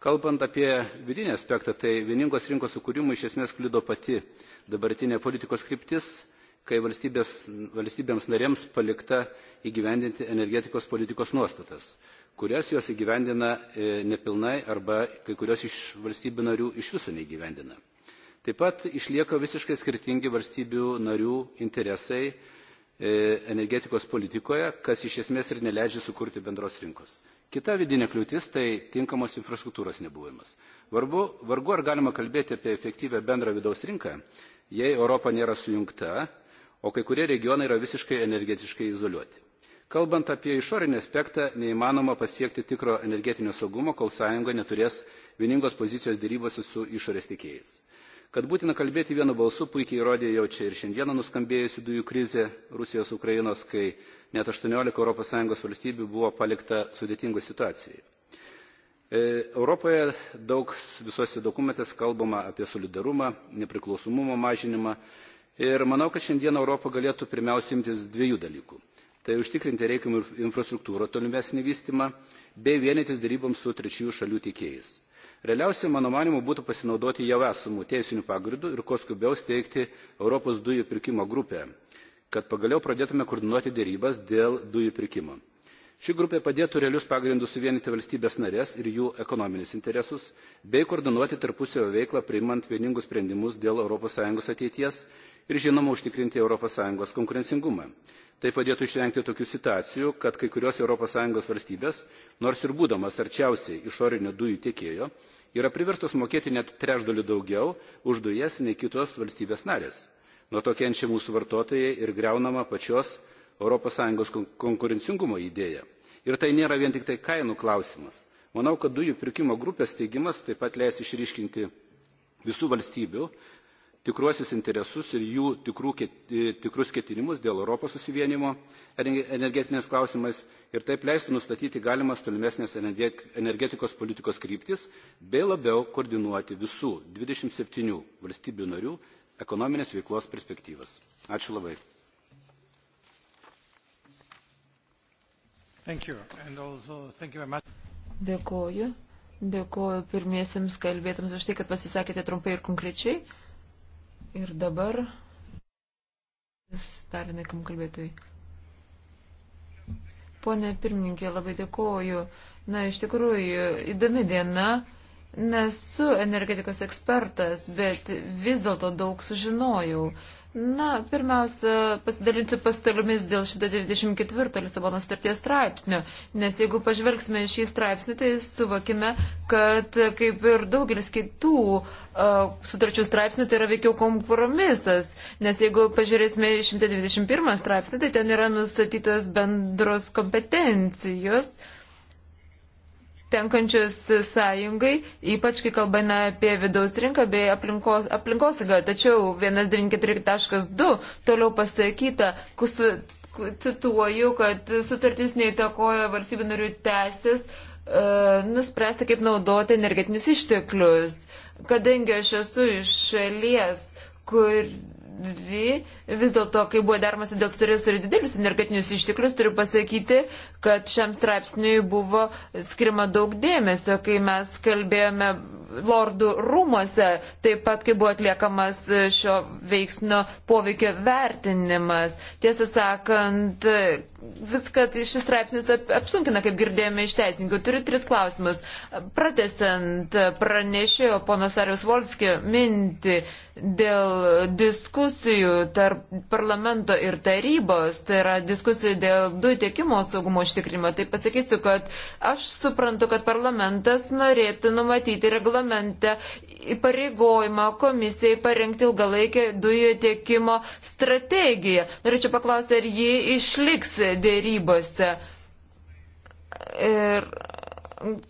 Kalbant apie vidinį aspektą, tai vieningos rinkos sukūrimui iš esmės kliudo pati dabartinė politikos kryptis, kai valstybėms narėms palikta įgyvendinti energetikos politikos nuostatas, kurias jos įgyvendina e, nepilnai arba kai kurios iš valstybių narių iš viso neįgyvendina. Taip pat išlieka visiškai skirtingi valstybių narių interesai e, energetikos politikoje, kas iš esmės ir neleidžia sukurti bendros rinkos. Kita vidinė kliūtis tai tinkamos infrastruktūros nebuvimas. Varbu, vargu ar galima kalbėti apie efektyvę bendrą vidaus rinką, jei Europa nėra sujungta o kai kurie regionai yra visiškai energetiškai izoliuoti. Kalbant apie išorinį aspektą, neįmanoma pasiekti tikro energetinio saugumo, kol sąjunga neturės vieningos pozicijos dėrybose su išorės tikėjais. Kad būtina kalbėti vienu balsu, puikiai įrodė jau čia ir šiandieną nuskambėjusi dujų krizė Rusijos Ukrainos, kai net 18 ES valstybių buvo palikta sudėtingų situacijai. E, Europoje daug visuose dokumentas kalbama apie solidarumą, nepriklausomumo mažinimą, Ir manau, kad šiandien Europą galėtų pirmiausiai imtis dviejų dalykų. Tai užtikrinti reikiamų infrastruktūrą tolimesnį vystymą bei vienytis daryboms su trečiųjų šalių teikėjais. Realiausia, mano manimu, būtų pasinaudoti jau esamų teisinių pagrindų ir kuo skubiau steigti Europos dujų pirkimo grupę, kad pagaliau pradėtume koordinuoti dėrybas dėl dujų pirkimo. Ši grupė padėtų realius pagrindus suvienyti valstybės narės ir jų ekonominis interesus, bei koordinuoti tarpusio veiklą priimant vieningus sprendimus dėl ES ateities ir žinoma užtikrinti ES konkurencingumą. Tai padėtų išvengti tokių situacijų, kad kai kurios ES valstybės, nors ir būdamas arčiausiai išorinio dujų tiekėjo, yra priverstos mokėti net trešdaliu daugiau už dujas nei kitos valstybės narės. Nuo to kenčia mūsų vartotojai ir greunama pačios ES konkurencingumo idėja. Ir tai nėra vien tik tai kainų klausimas. Manau, kad dujų pirkimo grupės teigimas taip pat leis išryškinti visų valstybių tikruosius interesus ir jų tikrų, e, tikrus ketinimus dėl Europos susivienimo energetinės klausimais ir taip leistų nustatyti galimas tolimesnės energetikos politikos kryptis bei labiau koordinuoti visų 27 valstybių narių ekonominės veiklos perspektyvas. Ačiū labai. Thank you. And also, thank you very much. Dėkoju. Dėkoju pirmiesiems kalbėtams už tai, kad pasisakėte trumpai ir konkrečiai. Ir dabar vis dar nekam kalbėtojai. Pone pirmininkė, labai dėkoju. Na, iš tikrųjų, įdomi diena. Nesu energetikos ekspertas, bet vis dėlto daug sužinojau. Uh, Na, pirmiausia, pasidalinsiu pastaliomis dėl 194 Lisabono starties straipsnio, nes jeigu pažvelgsime šį straipsnį, tai suvokime, kad kaip ir daugelis kitų uh, sutarčių straipsnių, tai yra veikiau kompromisas, nes jeigu pažiūrėsime 191 straipsnį, tai ten yra nustatytos bendros kompetencijos. Uh, tenkančius sąjungai, ypač kai kalbame apie vidaus rinką bei aplinkos, aplinkosaugą. Tačiau 1.4.2 toliau pasakyta, kusu, cituoju, kad sutartis neįtakoja valstybių narių teisės uh, e, nuspręsti, kaip naudoti energetinius išteklius. Kadangi aš esu iš šalies, kur svarbi. Vis dėlto, kai buvo daromasi dėl sutarties turi didelius energetinius išteklius, turiu pasakyti, kad šiam straipsniui buvo skirima daug dėmesio, kai mes kalbėjome lordų rūmose, taip pat, kai buvo atliekamas šio veiksnio poveikio vertinimas. Tiesą sakant, viską tai šis straipsnis ap apsunkina, kaip girdėjome iš teisininkų. Turiu tris klausimus. Pratesant pranešėjo pono Sarius Volskio mintį, dėl diskusijų tarp parlamento ir tarybos, tai yra diskusijų dėl dujų tiekimo saugumo užtikrimo, tai pasakysiu, kad aš suprantu, kad parlamentas norėtų numatyti reglamente įpareigojimą komisijai parengti ilgalaikę dujų tiekimo strategiją. Norėčiau paklausti, ar ji išliks dėrybose. Ir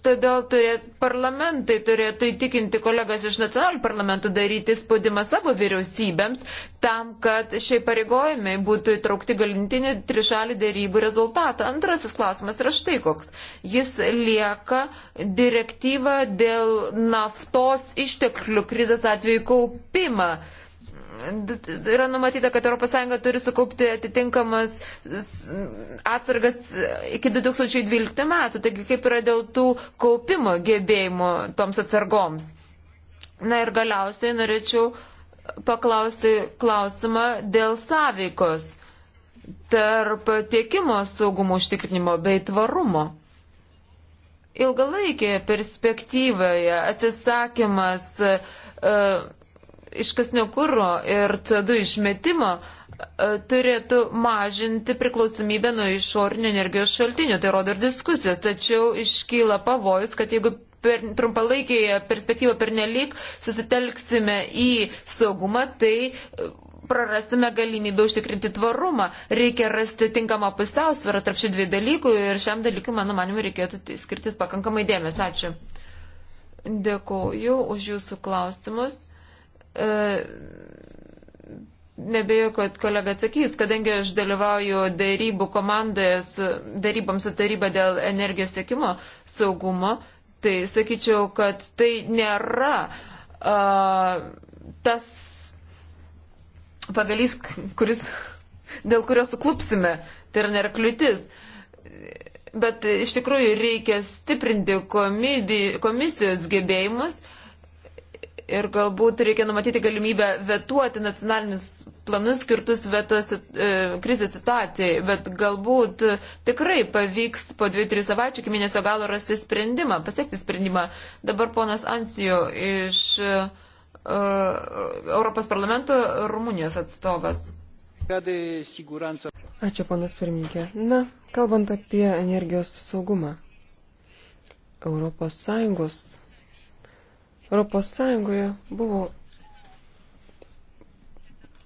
Todėl turėt, parlamentai turėtų įtikinti kolegas iš nacionalinių parlamentų daryti spaudimą savo vyriausybėms tam, kad šie pareigojimai būtų įtraukti galintinių trišalių dėrybų rezultatą. Antrasis klausimas yra štai koks. Jis lieka direktyva dėl naftos išteklių krizės atveju kaupimą yra numatyta, kad ES turi sukaupti atitinkamas atsargas iki 2012 metų. Taigi kaip yra dėl tų kaupimo gebėjimų toms atsargoms. Na ir galiausiai norėčiau paklausti klausimą dėl sąveikos tarp tiekimo saugumo užtikrinimo bei tvarumo. Ilgalaikėje perspektyvoje atsisakymas uh, iškasnio kūro ir CO2 išmetimo e, turėtų mažinti priklausomybę nuo išorinių energijos šaltinių. Tai rodo ir diskusijos. Tačiau iškyla pavojus, kad jeigu per trumpalaikėje perspektyvoje pernelyg susitelksime į saugumą, tai e, prarasime galimybę užtikrinti tvarumą. Reikia rasti tinkamą pusiausvyrą tarp šių dviejų dalykų ir šiam dalykui, mano manimu, reikėtų tai skirti pakankamai dėmesio. Ačiū. Dėkuoju už jūsų klausimus. E, Nebejoju, kad kolega atsakys, kadangi aš dalyvauju dėrybų komandoje su dėryboms su taryba dėl energijos sėkimo saugumo, tai sakyčiau, kad tai nėra uh, tas pagalys, kuris, dėl kurio suklupsime, tai yra nėra kliūtis. Bet iš tikrųjų reikia stiprinti komidi, komisijos gebėjimus ir galbūt reikia numatyti galimybę vetuoti nacionalinius planus skirtus vetos e, krizės situacijai, bet galbūt tikrai pavyks po 2-3 savaičių iki mėnesio galo rasti sprendimą, pasiekti sprendimą. Dabar ponas Ansijo iš e, e, Europos parlamento Rumunijos atstovas. Ačiū, ponas pirmininkė. Na, kalbant apie energijos saugumą. Europos Sąjungos Europos Sąjungoje buvo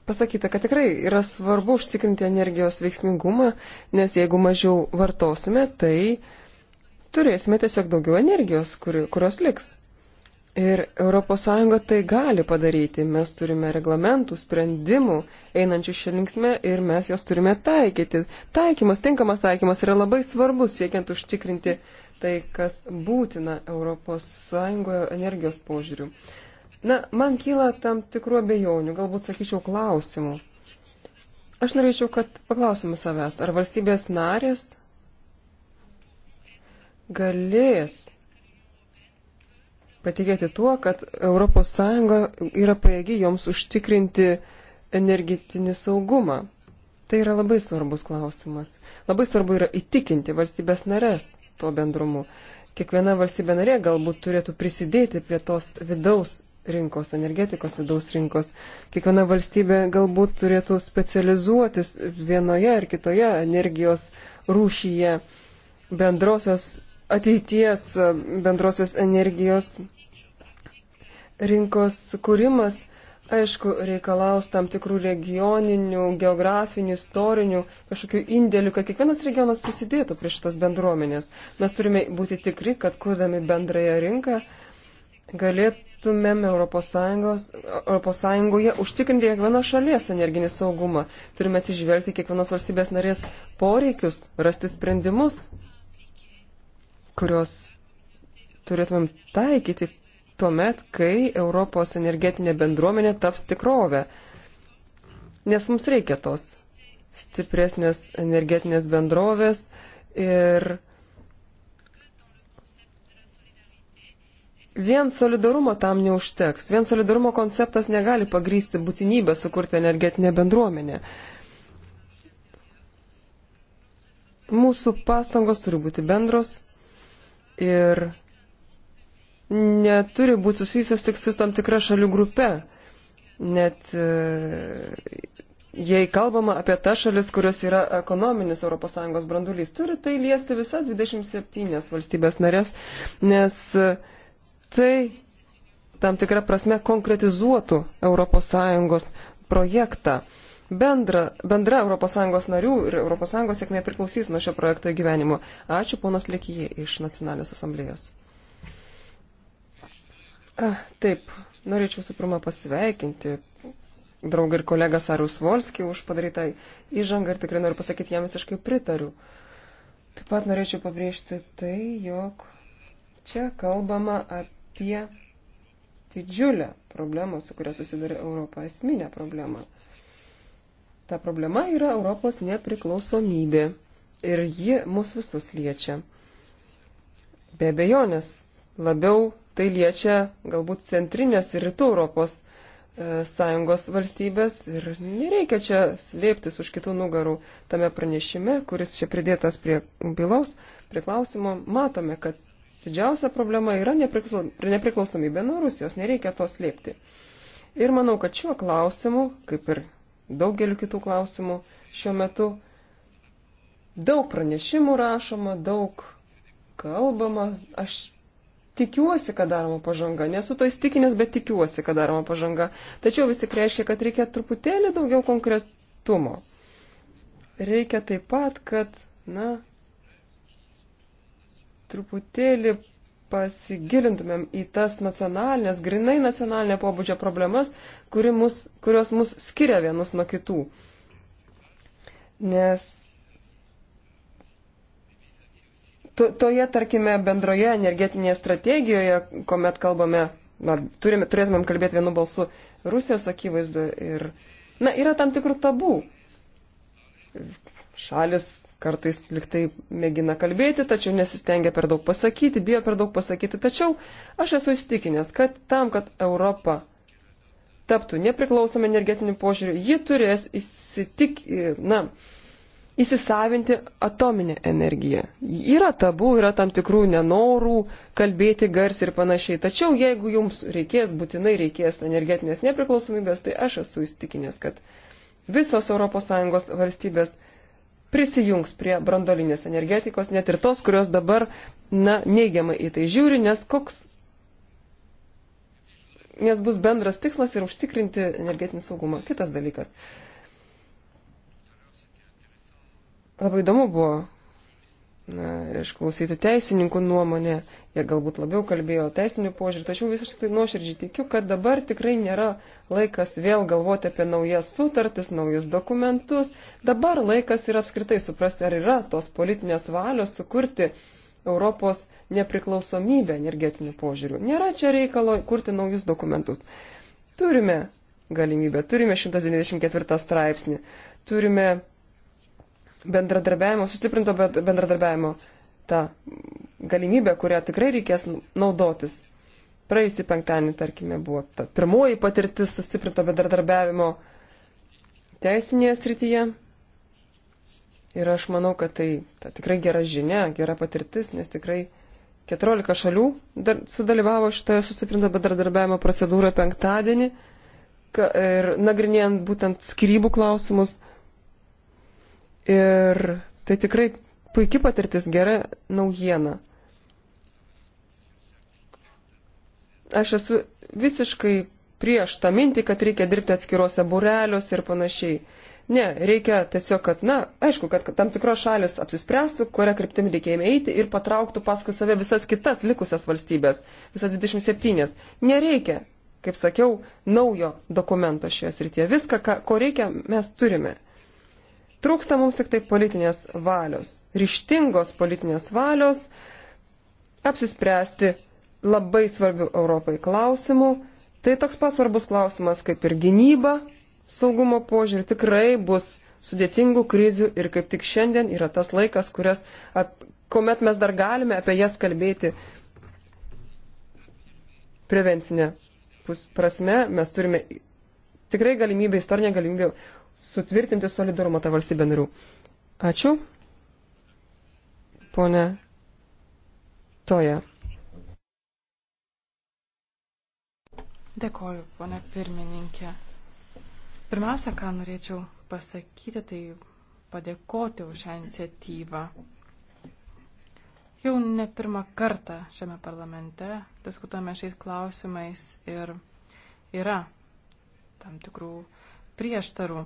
pasakyta, kad tikrai yra svarbu užtikrinti energijos veiksmingumą, nes jeigu mažiau vartosime, tai turėsime tiesiog daugiau energijos, kuri, kurios liks. Ir ES tai gali padaryti. Mes turime reglamentų, sprendimų einančių šią linksmę ir mes juos turime taikyti. Taikymas, tinkamas taikymas yra labai svarbus siekiant užtikrinti tai, kas būtina ES energijos požiūrių. Na, man kyla tam tikrų abejonių, galbūt sakyčiau klausimų. Aš norėčiau, kad paklausim savęs, ar valstybės narės galės patikėti tuo, kad ES yra pajėgi joms užtikrinti energetinį saugumą. Tai yra labai svarbus klausimas. Labai svarbu yra įtikinti valstybės narės tuo bendrumu. Kiekviena valstybė narė galbūt turėtų prisidėti prie tos vidaus rinkos, energetikos vidaus rinkos. Kiekviena valstybė galbūt turėtų specializuotis vienoje ar kitoje energijos rūšyje bendrosios ateities, bendrosios energijos rinkos kūrimas aišku, reikalaus tam tikrų regioninių, geografinių, istorinių kažkokių indėlių, kad kiekvienas regionas prisidėtų prie šitos bendruomenės. Mes turime būti tikri, kad kurdami bendrąją rinką galėtumėm ES, ES užtikrinti kiekvienos šalies energinį saugumą. Turime atsižvelgti kiekvienos valstybės narės poreikius, rasti sprendimus, kuriuos turėtumėm taikyti tuomet, kai Europos energetinė bendruomenė taps tikrovę. Nes mums reikia tos stipresnės energetinės bendrovės ir Vien solidarumo tam neužteks. Vien solidarumo konceptas negali pagrysti būtinybę sukurti energetinę bendruomenę. Mūsų pastangos turi būti bendros ir neturi būti susijusios tik su tam tikra šalių grupe. Net e, jei kalbama apie tas šalis, kurios yra ekonominis ES brandulys, turi tai liesti visas 27 valstybės narės, nes e, tai tam tikrą prasme konkretizuotų ES projektą. Bendra, bendra ES narių ir ES sėkmė priklausys nuo šio projekto gyvenimo. Ačiū ponas Lekijai iš Nacionalinės asamblėjos. Taip, norėčiau su pirma pasveikinti draugą ir kolegą Sarius Volskį už padarytą įžangą ir tikrai noriu pasakyti, jam visiškai pritariu. Taip pat norėčiau pabrėžti tai, jog čia kalbama apie didžiulę problemą, su kuria susiduria Europą, esminę problemą. Ta problema yra Europos nepriklausomybė ir ji mus visus liečia. Be abejonės, labiau tai liečia galbūt centrinės ir rytų Europos e, sąjungos valstybės ir nereikia čia slėptis už kitų nugarų. Tame pranešime, kuris čia pridėtas prie bylaus, prie klausimo, matome, kad didžiausia problema yra nepriklausomybė nuo Rusijos, nereikia to slėpti. Ir manau, kad šiuo klausimu, kaip ir daugeliu kitų klausimų, šiuo metu daug pranešimų rašoma, daug kalbama, aš tikiuosi, kad daroma pažanga. Nesu to įstikinęs, bet tikiuosi, kad daroma pažanga. Tačiau vis tik reiškia, kad reikia truputėlį daugiau konkretumo. Reikia taip pat, kad, na, truputėlį pasigilintumėm į tas nacionalinės, grinai nacionalinė pobūdžio problemas, kuri mus, kurios mus skiria vienus nuo kitų. Nes to, toje, tarkime, bendroje energetinėje strategijoje, kuomet kalbame, na, turime, turėtumėm kalbėti vienu balsu Rusijos akivaizdu ir, na, yra tam tikrų tabų. Šalis kartais liktai mėgina kalbėti, tačiau nesistengia per daug pasakyti, bijo per daug pasakyti. Tačiau aš esu įstikinęs, kad tam, kad Europa taptų nepriklausoma energetiniu požiūriu, ji turės įsitik, na, uh, įsisavinti atominę energiją. Yra tabų, yra tam tikrų nenorų kalbėti garsiai ir panašiai. Tačiau jeigu jums reikės, būtinai reikės energetinės nepriklausomybės, tai aš esu įstikinęs, kad visos ES valstybės prisijungs prie brandolinės energetikos, net ir tos, kurios dabar na, neigiamai į tai žiūri, nes koks nes bus bendras tikslas ir užtikrinti energetinį saugumą. Kitas dalykas. Uh, Labai įdomu buvo na, išklausyti teisininkų nuomonę, jie galbūt labiau kalbėjo teisinių požiūrį, tačiau visiškai nuoširdžiai tikiu, kad dabar tikrai nėra laikas vėl galvoti apie naujas sutartis, naujus dokumentus. Dabar laikas ir apskritai suprasti, ar yra tos politinės valios sukurti Europos nepriklausomybę energetiniu požiūriu. Nėra čia reikalo kurti naujus dokumentus. Turime galimybę, turime 194 straipsnį, turime bendradarbiavimo, sustiprinto bendradarbiavimo tą galimybę, kurią tikrai reikės naudotis. Praėjusį penktadienį, tarkime, buvo ta pirmoji patirtis sustiprinto bendradarbiavimo teisinėje srityje. Ir aš manau, kad tai ta tikrai gera žinia, gera patirtis, nes tikrai 14 šalių dar, sudalyvavo šitoje susiprinto bendradarbiavimo procedūroje penktadienį ka, ir nagrinėjant būtent skirybų klausimus Ir tai tikrai puikia patirtis, gera naujiena. Aš esu visiškai prieš tą mintį, kad reikia dirbti atskiruose bureliuose ir panašiai. Ne, reikia tiesiog, kad, na, aišku, kad tam tikros šalis apsispręstų, kurią kryptim reikėjame eiti ir patrauktų paskui save visas kitas likusias valstybės, visas 27. Nereikia, kaip sakiau, naujo dokumento šioje srityje. Viską, ką, ko reikia, mes turime. Trūksta mums tik tai politinės valios, ryštingos politinės valios apsispręsti labai svarbių Europai klausimų. Tai toks pasvarbus klausimas kaip ir gynyba, saugumo požiūrį tikrai bus sudėtingų krizių ir kaip tik šiandien yra tas laikas, kurias, ap, kuomet mes dar galime apie jas kalbėti prevencinė prasme, mes turime tikrai galimybę, istorinę galimybę sutvirtinti solidarumą tą valstybę narių. Ačiū. Pone Toja. Dėkoju, pone pirmininkė. Pirmiausia, ką norėčiau pasakyti, tai padėkoti už šią iniciatyvą. Jau ne pirmą kartą šiame parlamente diskutuojame šiais klausimais ir yra tam tikrų uh, prieštarų.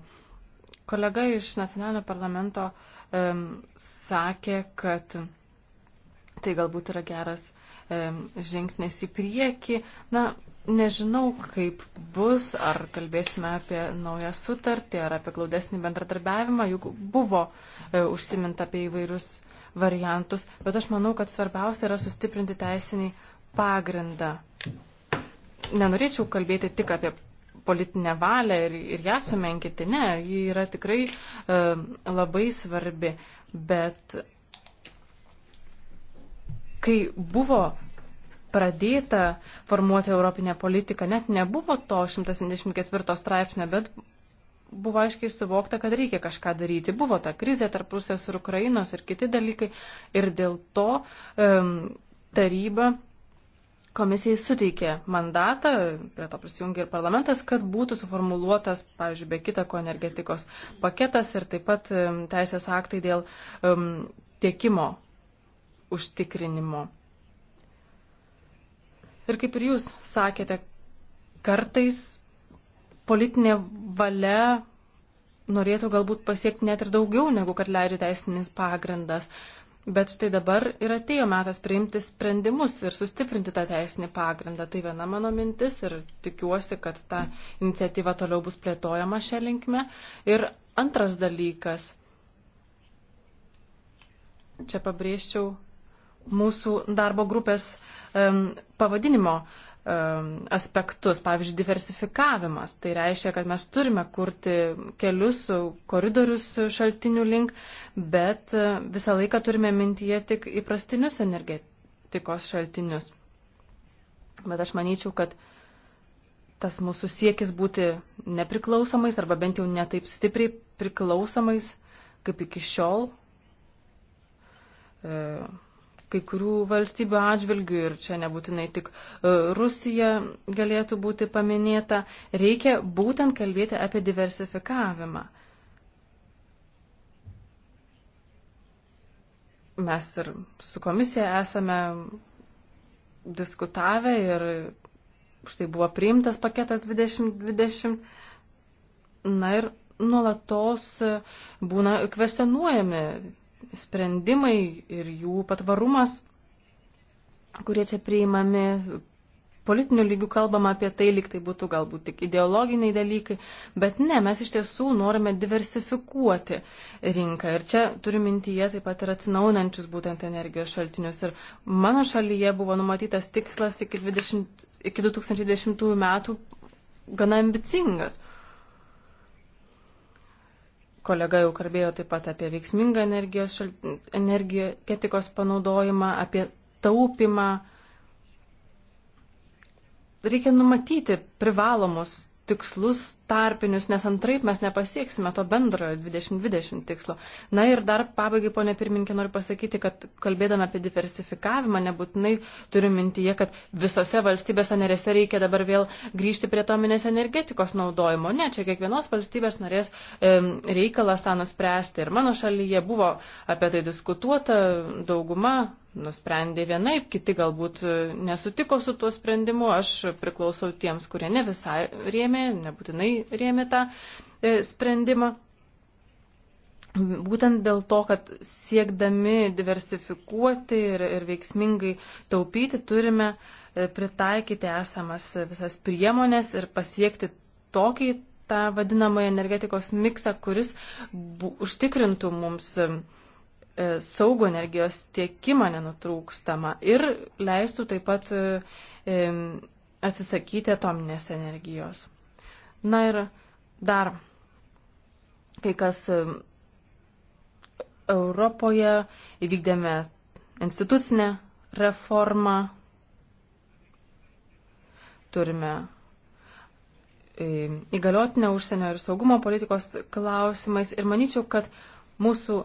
Kolega iš nacionalinio parlamento um, sakė, kad tai galbūt yra geras um, žingsnis į priekį. Na, nežinau, kaip bus, ar kalbėsime apie naują sutartį, ar apie glaudesnį bendradarbiavimą, juk buvo e, užsiminta apie įvairius variantus, bet aš manau, kad svarbiausia yra sustiprinti teisinį pagrindą. Nenorėčiau kalbėti tik apie politinę valią ir, ir ją sumenkyti. Ne, ji yra tikrai e, labai svarbi. Bet kai buvo pradėta formuoti europinę politiką, net nebuvo to 174 straipsnio, bet buvo aiškiai suvokta, kad reikia kažką daryti. Buvo ta krizė tarp Rusijos ir Ukrainos ir kiti dalykai. Ir dėl to um, taryba komisijai suteikė mandatą, prie to prisijungė ir parlamentas, kad būtų suformuluotas, pavyzdžiui, be kita ko energetikos paketas ir taip pat teisės aktai dėl um, tiekimo užtikrinimo. Ir kaip ir jūs sakėte, kartais politinė valia norėtų galbūt pasiekti net ir daugiau, negu kad leidžia teisinis pagrindas. Uh, Bet štai dabar ir atėjo metas priimti sprendimus ir sustiprinti tą teisinį pagrindą. Tai viena mano mintis ir tikiuosi, kad ta iniciatyva toliau bus plėtojama šią linkmę. Ir antras dalykas. Čia pabrėžčiau mūsų darbo grupės um, pavadinimo Um, aspektus, pavyzdžiui, diversifikavimas. Tai reiškia, kad mes turime kurti kelius, koridorius šaltinių link, bet uh, visą laiką turime mintyje tik įprastinius energetikos šaltinius. Bet aš manyčiau, kad tas mūsų siekis būti nepriklausomais arba bent jau netaip stipriai priklausomais kaip iki šiol. E, kai kurių valstybių atžvilgių ir čia nebūtinai tik e, Rusija galėtų būti paminėta, reikia būtent kalbėti apie diversifikavimą. Mes ir su komisija esame diskutavę ir štai buvo priimtas paketas 2020. Na ir nuolatos e, būna kvestionuojami sprendimai ir jų patvarumas, kurie čia priimami. Politinių lygių kalbama apie tai, lyg tai būtų galbūt tik ideologiniai dalykai, bet ne, mes iš tiesų norime diversifikuoti rinką. Ir čia turiu mintyje taip pat ir atsinaunančius būtent energijos šaltinius. Ir mano šalyje buvo numatytas tikslas iki, 20, iki 2010 metų gana ambicingas Kolega jau kalbėjo taip pat apie veiksmingą energijos šal... energetikos panaudojimą, apie taupimą. Reikia numatyti privalomus tikslus tarpinius, nes antraip mes nepasieksime to bendrojo 2020 tikslo. Na ir dar pabaigai, ponė pirmininkė, noriu pasakyti, kad kalbėdama apie diversifikavimą, nebūtinai turiu mintyje, kad visose valstybėse narėse reikia dabar vėl grįžti prie tominės energetikos naudojimo. Ne, čia kiekvienos valstybės narės e, reikalas tą nuspręsti. Ir mano šalyje buvo apie tai diskutuota, dauguma nusprendė vienaip, kiti galbūt nesutiko su tuo sprendimu, aš priklausau tiems, kurie ne visai rėmė, nebūtinai rėmė tą e, sprendimą. Būtent dėl to, kad siekdami diversifikuoti ir, ir veiksmingai taupyti, turime e, pritaikyti esamas e, visas priemonės ir pasiekti tokį tą vadinamą energetikos miksą, kuris bu, užtikrintų mums e, saugų energijos tiekimą nenutrūkstamą ir leistų taip pat e, atsisakyti atominės energijos. Na ir dar kai kas e, Europoje įvykdėme institucinę reformą, turime e, įgaliotinę užsienio ir saugumo politikos klausimais ir manyčiau, kad mūsų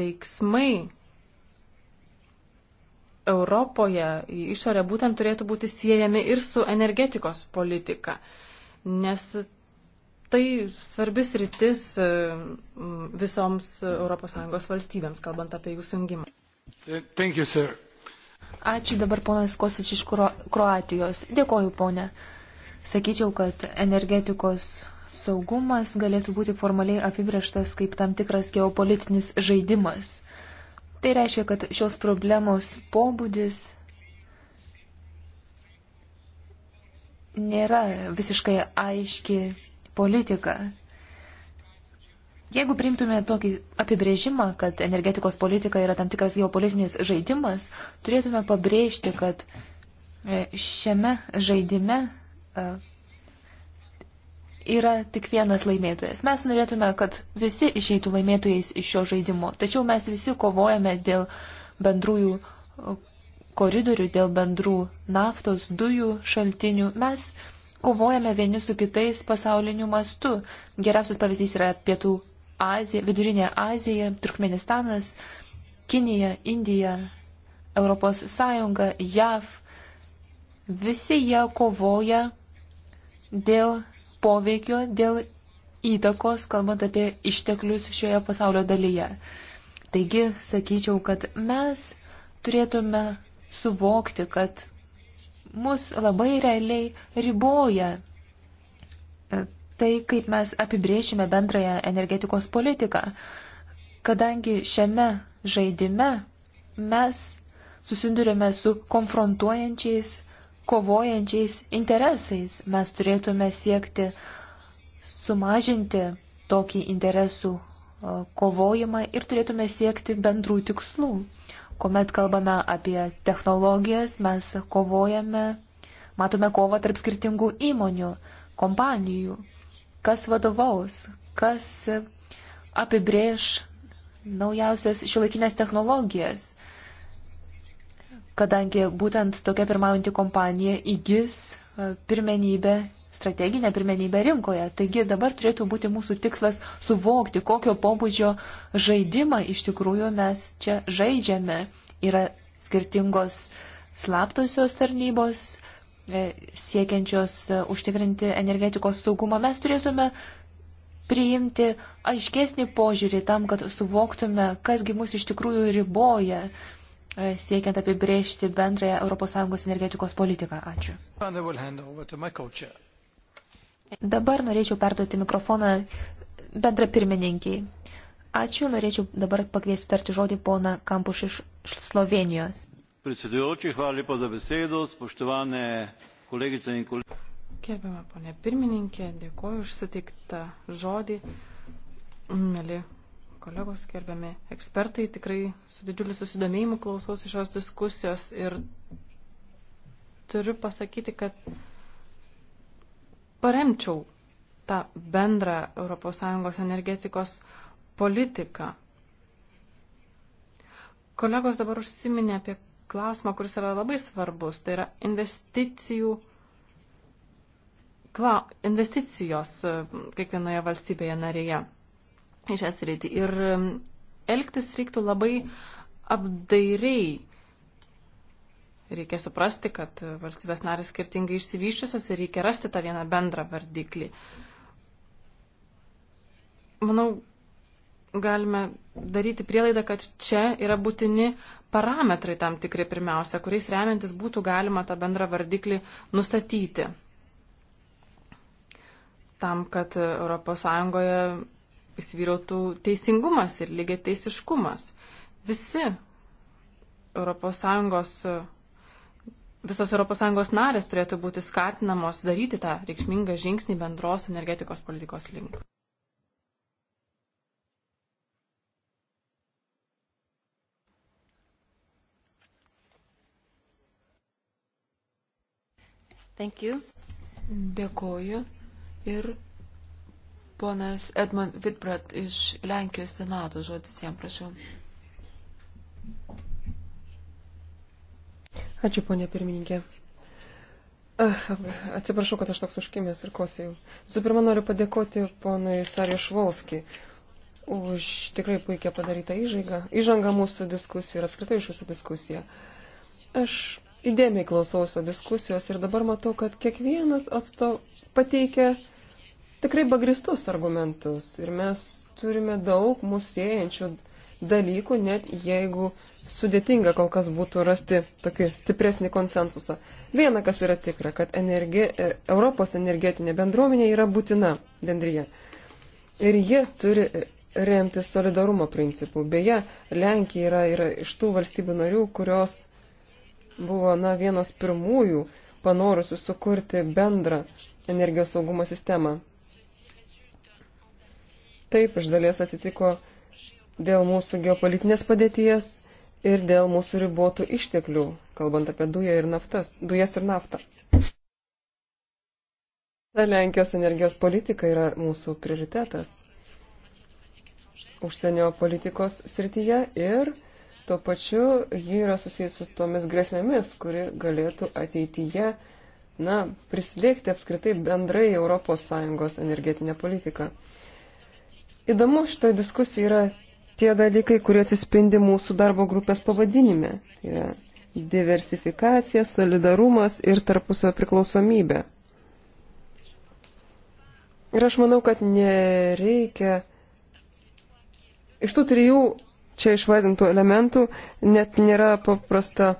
veiksmai Europoje į išorę būtent turėtų būti siejami ir su energetikos politika nes tai svarbis rytis e, visoms ES valstybėms, kalbant apie jų sungimą. Thank you, sir. Ačiū dabar ponas Kosič iš Kro Kroatijos. Dėkoju, ponė. Sakyčiau, kad energetikos saugumas galėtų būti formaliai apibrieštas kaip tam tikras geopolitinis žaidimas. Tai reiškia, kad šios problemos pobūdis nėra visiškai aiški politika. Jeigu priimtume tokį apibrėžimą, kad energetikos politika yra tam tikras geopolitinis žaidimas, turėtume pabrėžti, kad e, šiame žaidime e, yra tik vienas laimėtojas. Mes norėtume, kad visi išeitų laimėtojais iš šio žaidimo, tačiau mes visi kovojame dėl bendrųjų koridorių, dėl bendrų naftos, dujų šaltinių. Mes kovojame vieni su kitais pasauliniu mastu. Geriausias pavyzdys yra Pietų Azija, Vidurinė Azija, Turkmenistanas, Kinija, Indija, Europos Sąjunga, JAV. Visi jie kovoja dėl poveikio, dėl įtakos, kalbant apie išteklius šioje pasaulio dalyje. Taigi, sakyčiau, kad mes turėtume suvokti, kad mus labai realiai riboja e, tai, kaip mes apibrėšime bendrąją energetikos politiką, kadangi šiame žaidime mes susidurime su konfrontuojančiais, kovojančiais interesais. Mes turėtume siekti sumažinti tokį interesų e, kovojimą ir turėtume siekti bendrų tikslų. Komet kalbame apie technologijas, mes kovojame, matome kovą tarp skirtingų įmonių, kompanijų, kas vadovaus, kas apibrėž naujausias šiuolaikinės technologijas, kadangi būtent tokia pirmaujanti kompanija įgis e, pirmenybę strateginę pirmenybę rinkoje. Taigi dabar turėtų būti mūsų tikslas suvokti, kokio pobūdžio žaidimą iš tikrųjų mes čia žaidžiame. Yra skirtingos slaptosios tarnybos e, siekiančios e, užtikrinti energetikos saugumą. Mes turėtume priimti aiškesnį požiūrį tam, kad suvoktume, kasgi mus iš tikrųjų riboja e, siekiant apibrėžti bendrąją ES energetikos politiką. Ačiū. Dabar norėčiau perduoti mikrofoną bendra pirmininkiai. Ačiū, norėčiau dabar pakviesti tarti žodį poną Kampuš iš Slovenijos. Prisidijočiai, hvali po zabesedo, spoštovane kolegice in kolegai. Gerbiama ponė pirmininkė, dėkuoju už suteiktą žodį. Mėly kolegos, gerbiami ekspertai, tikrai su didžiuliu susidomėjimu klausausi šios diskusijos ir turiu pasakyti, kad paremčiau tą bendrą ES energetikos politiką. Kolegos dabar užsiminė apie klausimą, kuris yra labai svarbus, tai yra investicijų, kla, investicijos e, kiekvienoje valstybėje narėje į šią sritį. Ir e, elgtis reiktų labai apdairiai, reikia suprasti, kad valstybės narės skirtingai išsivyščiusios ir reikia rasti tą vieną bendrą vardiklį. Manau, galime daryti prielaidą, kad čia yra būtini parametrai tam tikri pirmiausia, kuriais remiantis būtų galima tą bendrą vardiklį nustatyti. Tam, kad ES įsivyrautų teisingumas ir lygiai teisiškumas. Visi ES visos ES narės turėtų būti skatinamos daryti tą reikšmingą žingsnį bendros energetikos politikos link. Thank you. Dėkoju. Ir ponas Edmund Vidbrat iš Lenkijos senato žodis jam prašau. Ačiū, ponė pirmininkė. Ah, atsiprašau, kad aš toks užkimęs ir kosėjau. Su pirma, noriu padėkoti ponui Sarijos Švolski už tikrai puikia padarytą įžaigą, įžangą mūsų diskusijų ir apskritai iš visų diskusiją. Aš įdėmiai klausausi diskusijos ir dabar matau, kad kiekvienas atstov pateikia tikrai pagristus argumentus ir mes turime daug mūsų siejančių dalykų, net jeigu sudėtinga kol kas būtų rasti tokį stipresnį konsensusą. Viena, kas yra tikra, kad energi, e, Europos energetinė bendruomenė yra būtina bendryje. Ir jie turi remtis solidarumo principų. Beje, Lenkija yra, yra iš tų valstybių narių, kurios buvo na, vienos pirmųjų panorusių sukurti bendrą energijos saugumo sistemą. Taip, iš dalies atitiko dėl mūsų geopolitinės padėties ir dėl mūsų ribotų išteklių, kalbant apie dują ir naftas, dujas ir naftą. Ta Lenkijos energijos politika yra mūsų prioritetas užsienio politikos srityje ir tuo pačiu ji yra susijusi su tomis grėsmėmis, kuri galėtų ateityje na, prisidėkti apskritai bendrai ES energetinę politiką. Įdomu šitoje diskusijoje yra tie dalykai, kurie atsispindi mūsų darbo grupės pavadinime. Tai yra diversifikacija, solidarumas ir tarpusio priklausomybė. Ir aš manau, kad nereikia iš tų trijų čia išvardintų elementų net nėra paprasta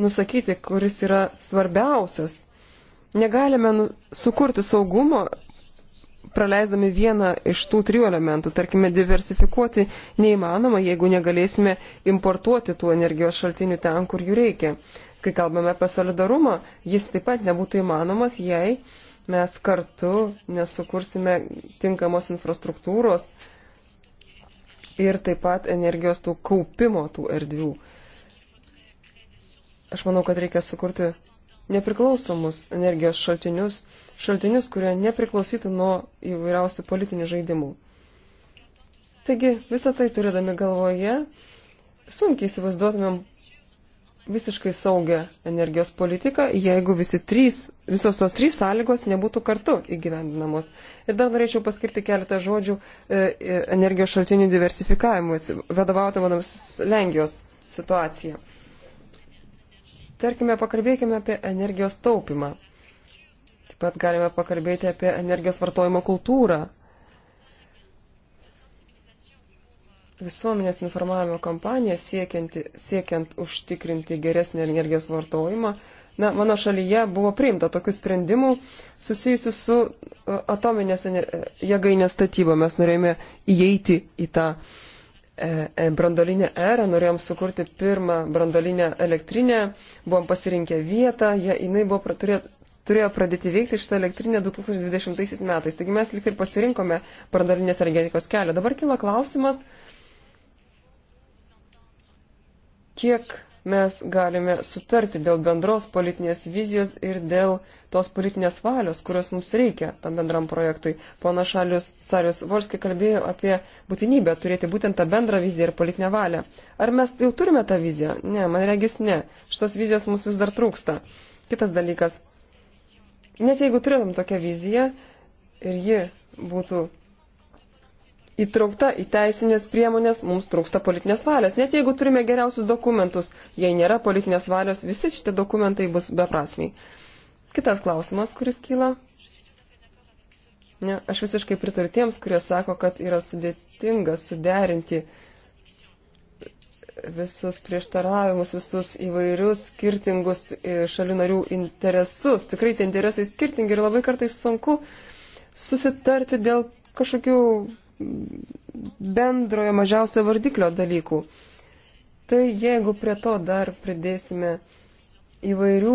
nusakyti, kuris yra svarbiausias. Negalime nu sukurti saugumo praleisdami vieną iš tų trijų elementų. Tarkime, diversifikuoti neįmanoma, jeigu negalėsime importuoti tų energijos šaltinių ten, kur jų reikia. Kai kalbame apie solidarumą, jis taip pat nebūtų įmanomas, jei mes kartu nesukursime tinkamos infrastruktūros ir taip pat energijos tų kaupimo tų erdvių. Aš manau, kad reikia sukurti nepriklausomus energijos šaltinius šaltinius, kurie nepriklausytų nuo įvairiausių politinių žaidimų. Taigi, visą tai turėdami galvoje, sunkiai įsivaizduotumėm visiškai saugę energijos politiką, jeigu visi trys, visos tos trys sąlygos nebūtų kartu įgyvendinamos. Ir dar norėčiau paskirti keletą žodžių e, e energijos šaltinių diversifikavimui, vadovautumėms Lenkijos situaciją. Tarkime, pakalbėkime apie energijos taupimą pat galime pakalbėti apie energijos vartojimo kultūrą. Visuomenės informavimo kampanija siekiant užtikrinti geresnį energijos vartojimą. Na, mano šalyje buvo priimta tokių sprendimų susijusių su e, atominės e, jėgainės statyba. Mes norėjome įeiti į tą e, brandolinę erą, norėjom sukurti pirmą brandolinę elektrinę, buvom pasirinkę vietą, ja, jinai buvo, turėjo, turėjo pradėti veikti šitą elektrinę 2020 metais. Taigi mes lik ir pasirinkome brandalinės energetikos kelią. Dabar kila klausimas, kiek mes galime sutarti dėl bendros politinės vizijos ir dėl tos politinės valios, kurios mums reikia tam bendram projektui. Pana Šalius Sarius Volskai kalbėjo apie būtinybę turėti būtent tą bendrą viziją ir politinę valią. Ar mes jau turime tą viziją? Ne, man regis ne. Šitos vizijos mums vis dar trūksta. Kitas dalykas Net jeigu turėtum tokią viziją ir ji būtų įtraukta į teisinės priemonės, mums trūksta politinės valios. Net jeigu turime geriausius dokumentus, jei nėra politinės valios, visi šitie dokumentai bus beprasmiai. Kitas klausimas, kuris kyla. Ne, aš visiškai pritariu tiems, kurie sako, kad yra sudėtinga suderinti uh, visus prieštaravimus, visus įvairius skirtingus šalių narių interesus. Tikrai tie interesai skirtingi ir labai kartais sunku susitarti dėl kažkokių bendrojo mažiausio vardiklio dalykų. Tai jeigu prie to dar pridėsime įvairių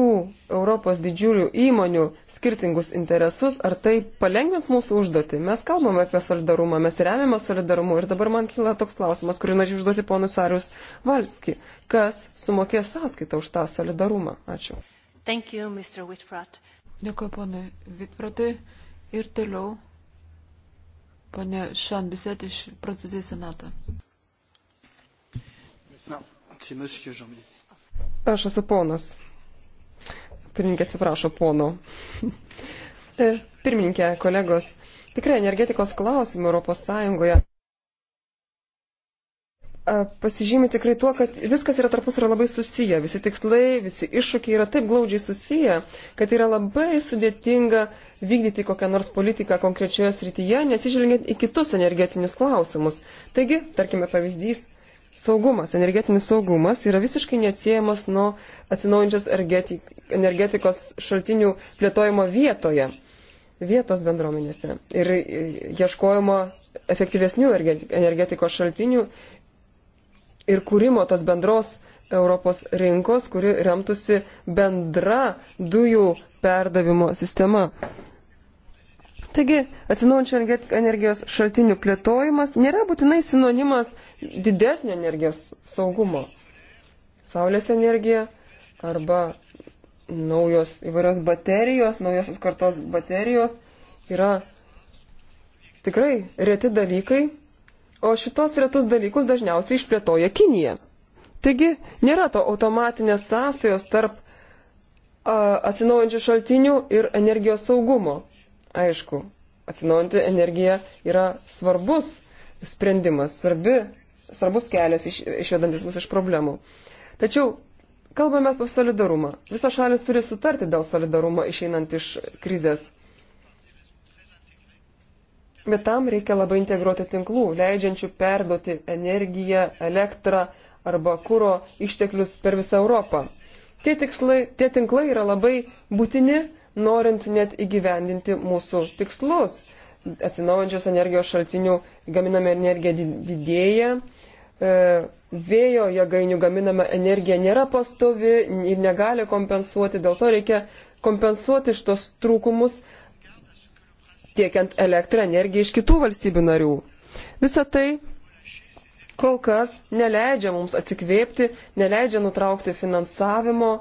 Europos didžiulių įmonių skirtingus interesus, ar tai palengvins mūsų užduotį? Mes kalbame apie solidarumą, mes remiame solidarumu ir dabar man kyla toks klausimas, kurį norėčiau užduoti ponus Arius Valski. Kas sumokės sąskaitą už tą solidarumą? Ačiū. Thank you, Mr. Whitprat. Dėkuoju, ponai Vitpratai. Ir toliau, ponė Šanbiset iš Prancūzijos senato. No, tai Aš esu ponas. Pirmininkė atsiprašo pono. E, pirmininkė, kolegos, tikrai energetikos klausimų Europos Sąjungoje e, pasižymi tikrai tuo, kad viskas yra tarpus yra labai susiję. Visi tikslai, visi iššūkiai yra taip glaudžiai susiję, kad yra labai sudėtinga vykdyti kokią nors politiką konkrečioje srityje, nesižvelgiant į kitus energetinius klausimus. Taigi, tarkime pavyzdys, Saugumas, energetinis saugumas yra visiškai neatsiejamas nuo atsinaujančios energetikos šaltinių plėtojimo vietoje, vietos bendruomenėse ir e, ieškojimo efektyvesnių energetikos šaltinių ir kūrimo tos bendros Europos rinkos, kuri remtųsi bendra dujų perdavimo sistema. Taigi, atsinaujančių energijos šaltinių plėtojimas nėra būtinai sinonimas didesnio energijos saugumo. Saulės energija arba naujos įvairios baterijos, naujosios kartos baterijos yra tikrai reti dalykai, o šitos retus dalykus dažniausiai išplėtoja Kinija. Taigi, nėra to automatinės sąsajos tarp atsinaujančių šaltinių ir energijos saugumo aišku, atsinaujanti energija yra svarbus sprendimas, svarbi, svarbus kelias iš, išvedantis mus iš problemų. Tačiau kalbame apie solidarumą. Visos šalis turi sutarti dėl solidarumo išeinant iš krizės. Bet tam reikia labai integruoti tinklų, leidžiančių perduoti energiją, elektrą arba kūro išteklius per visą Europą. Tie, tikslai, tie tinklai yra labai būtini norint net įgyvendinti mūsų tikslus. Atsinaujančios energijos šaltinių gaminama energija didėja, e, vėjo jėgainių gaminama energija nėra pastovi ir negali kompensuoti, dėl to reikia kompensuoti šitos trūkumus tiekiant elektrą energiją iš kitų valstybių narių. Visą tai kol kas neleidžia mums atsikvėpti, neleidžia nutraukti finansavimo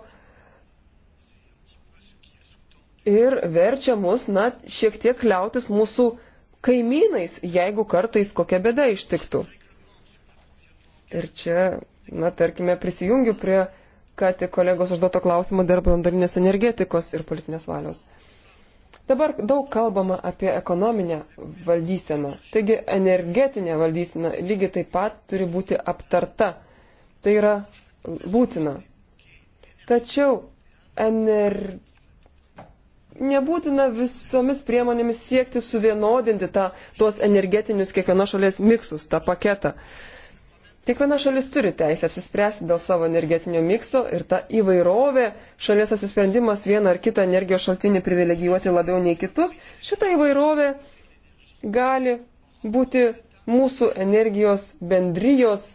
ir verčia mus, na, šiek tiek liautis mūsų kaimynais, jeigu kartais kokia bėda ištiktų. Ir čia, na, tarkime, prisijungiu prie, ką tik kolegos užduoto klausimo dėl brandarinės energetikos ir politinės valios. Dabar daug kalbama apie ekonominę valdyseną. Taigi energetinė valdysena lygiai taip pat turi būti aptarta. Tai yra būtina. Tačiau energetinė nebūtina visomis priemonėmis siekti suvienodinti tą, tuos energetinius kiekvienos šalies miksus, tą paketą. Kiekviena šalis turi teisę apsispręsti dėl savo energetinio mikso ir ta įvairovė, šalies apsisprendimas vieną ar kitą energijos šaltinį privilegijuoti labiau nei kitus, šita įvairovė gali būti mūsų energijos bendrijos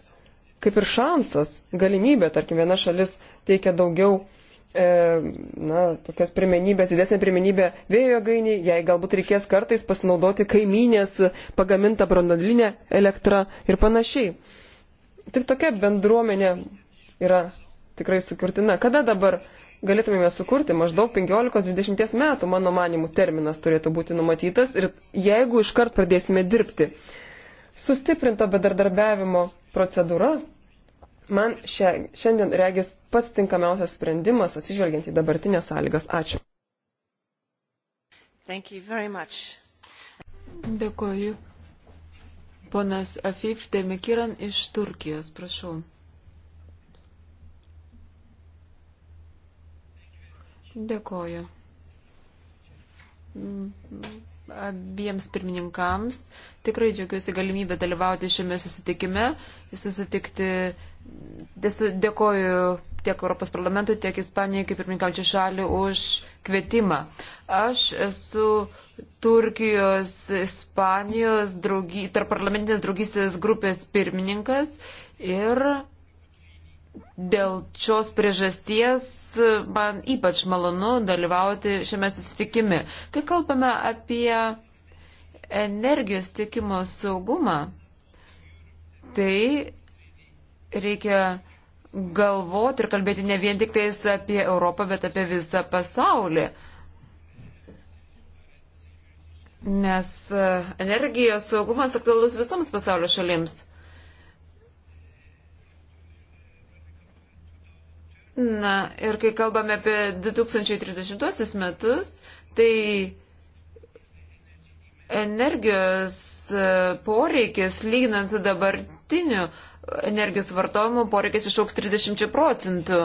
kaip ir šansas, galimybė, tarkim, viena šalis teikia daugiau E, na, tokios pirmenybės, didesnė pirmenybė vėjo jėgainiai, jai galbūt reikės kartais pasinaudoti kaiminės pagamintą brandolinę elektrą ir panašiai. Tik tokia bendruomenė yra tikrai sukurtina. Kada dabar galėtumėme sukurti? Maždaug 15-20 metų, mano manimų, terminas turėtų būti numatytas ir jeigu iškart pradėsime dirbti. Sustiprinta bedardarbiavimo procedūra man šia, šiandien regis pats tinkamiausias sprendimas atsižvelgiant į dabartinės sąlygas. Ačiū. Dėkoju. Ponas Afif Demikiran iš Turkijos, prašau. Dėkoju. Abiems pirmininkams tikrai džiaugiuosi galimybę dalyvauti šiame susitikime, susitikti dėkoju tiek Europos parlamentui, tiek Ispanijai, kaip ir minkaučiai šalį, už kvietimą. Aš esu Turkijos, Ispanijos draugy, tarp parlamentinės draugystės grupės pirmininkas ir dėl šios priežasties man ypač malonu dalyvauti šiame susitikime. Kai kalbame apie energijos tiekimo saugumą, tai reikia galvoti ir kalbėti ne vien tik tais apie Europą, bet apie visą pasaulį. Nes e, energijos saugumas aktualus visoms pasaulio šalims. Na ir kai kalbame apie 2030 metus, tai energijos e, poreikis lyginant su dabartiniu energijos vartojimo poreikis išauks 30 procentų.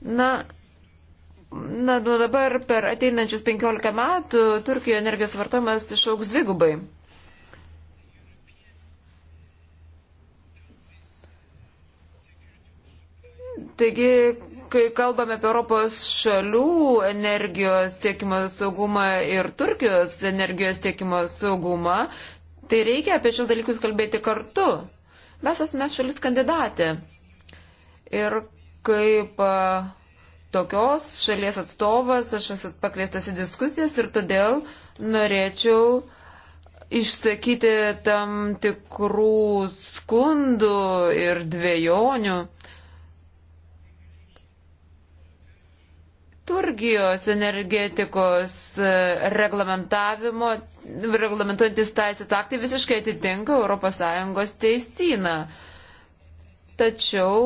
Na, na, nu dabar per ateinančius 15 metų Turkijoje energijos vartojimas išauks dvigubai. Taigi, kai kalbame apie Europos šalių energijos tiekimo saugumą ir Turkijos energijos tiekimo saugumą, tai reikia apie šios dalykus kalbėti kartu. Mes esame šalis kandidatė. Ir kaip tokios šalies atstovas aš esu pakviestas į diskusijas ir todėl norėčiau išsakyti tam tikrų skundų ir dviejonių Turkijos energetikos e, reglamentavimo, reglamentuojantis teisės aktai visiškai atitinka ES teisyną. Tačiau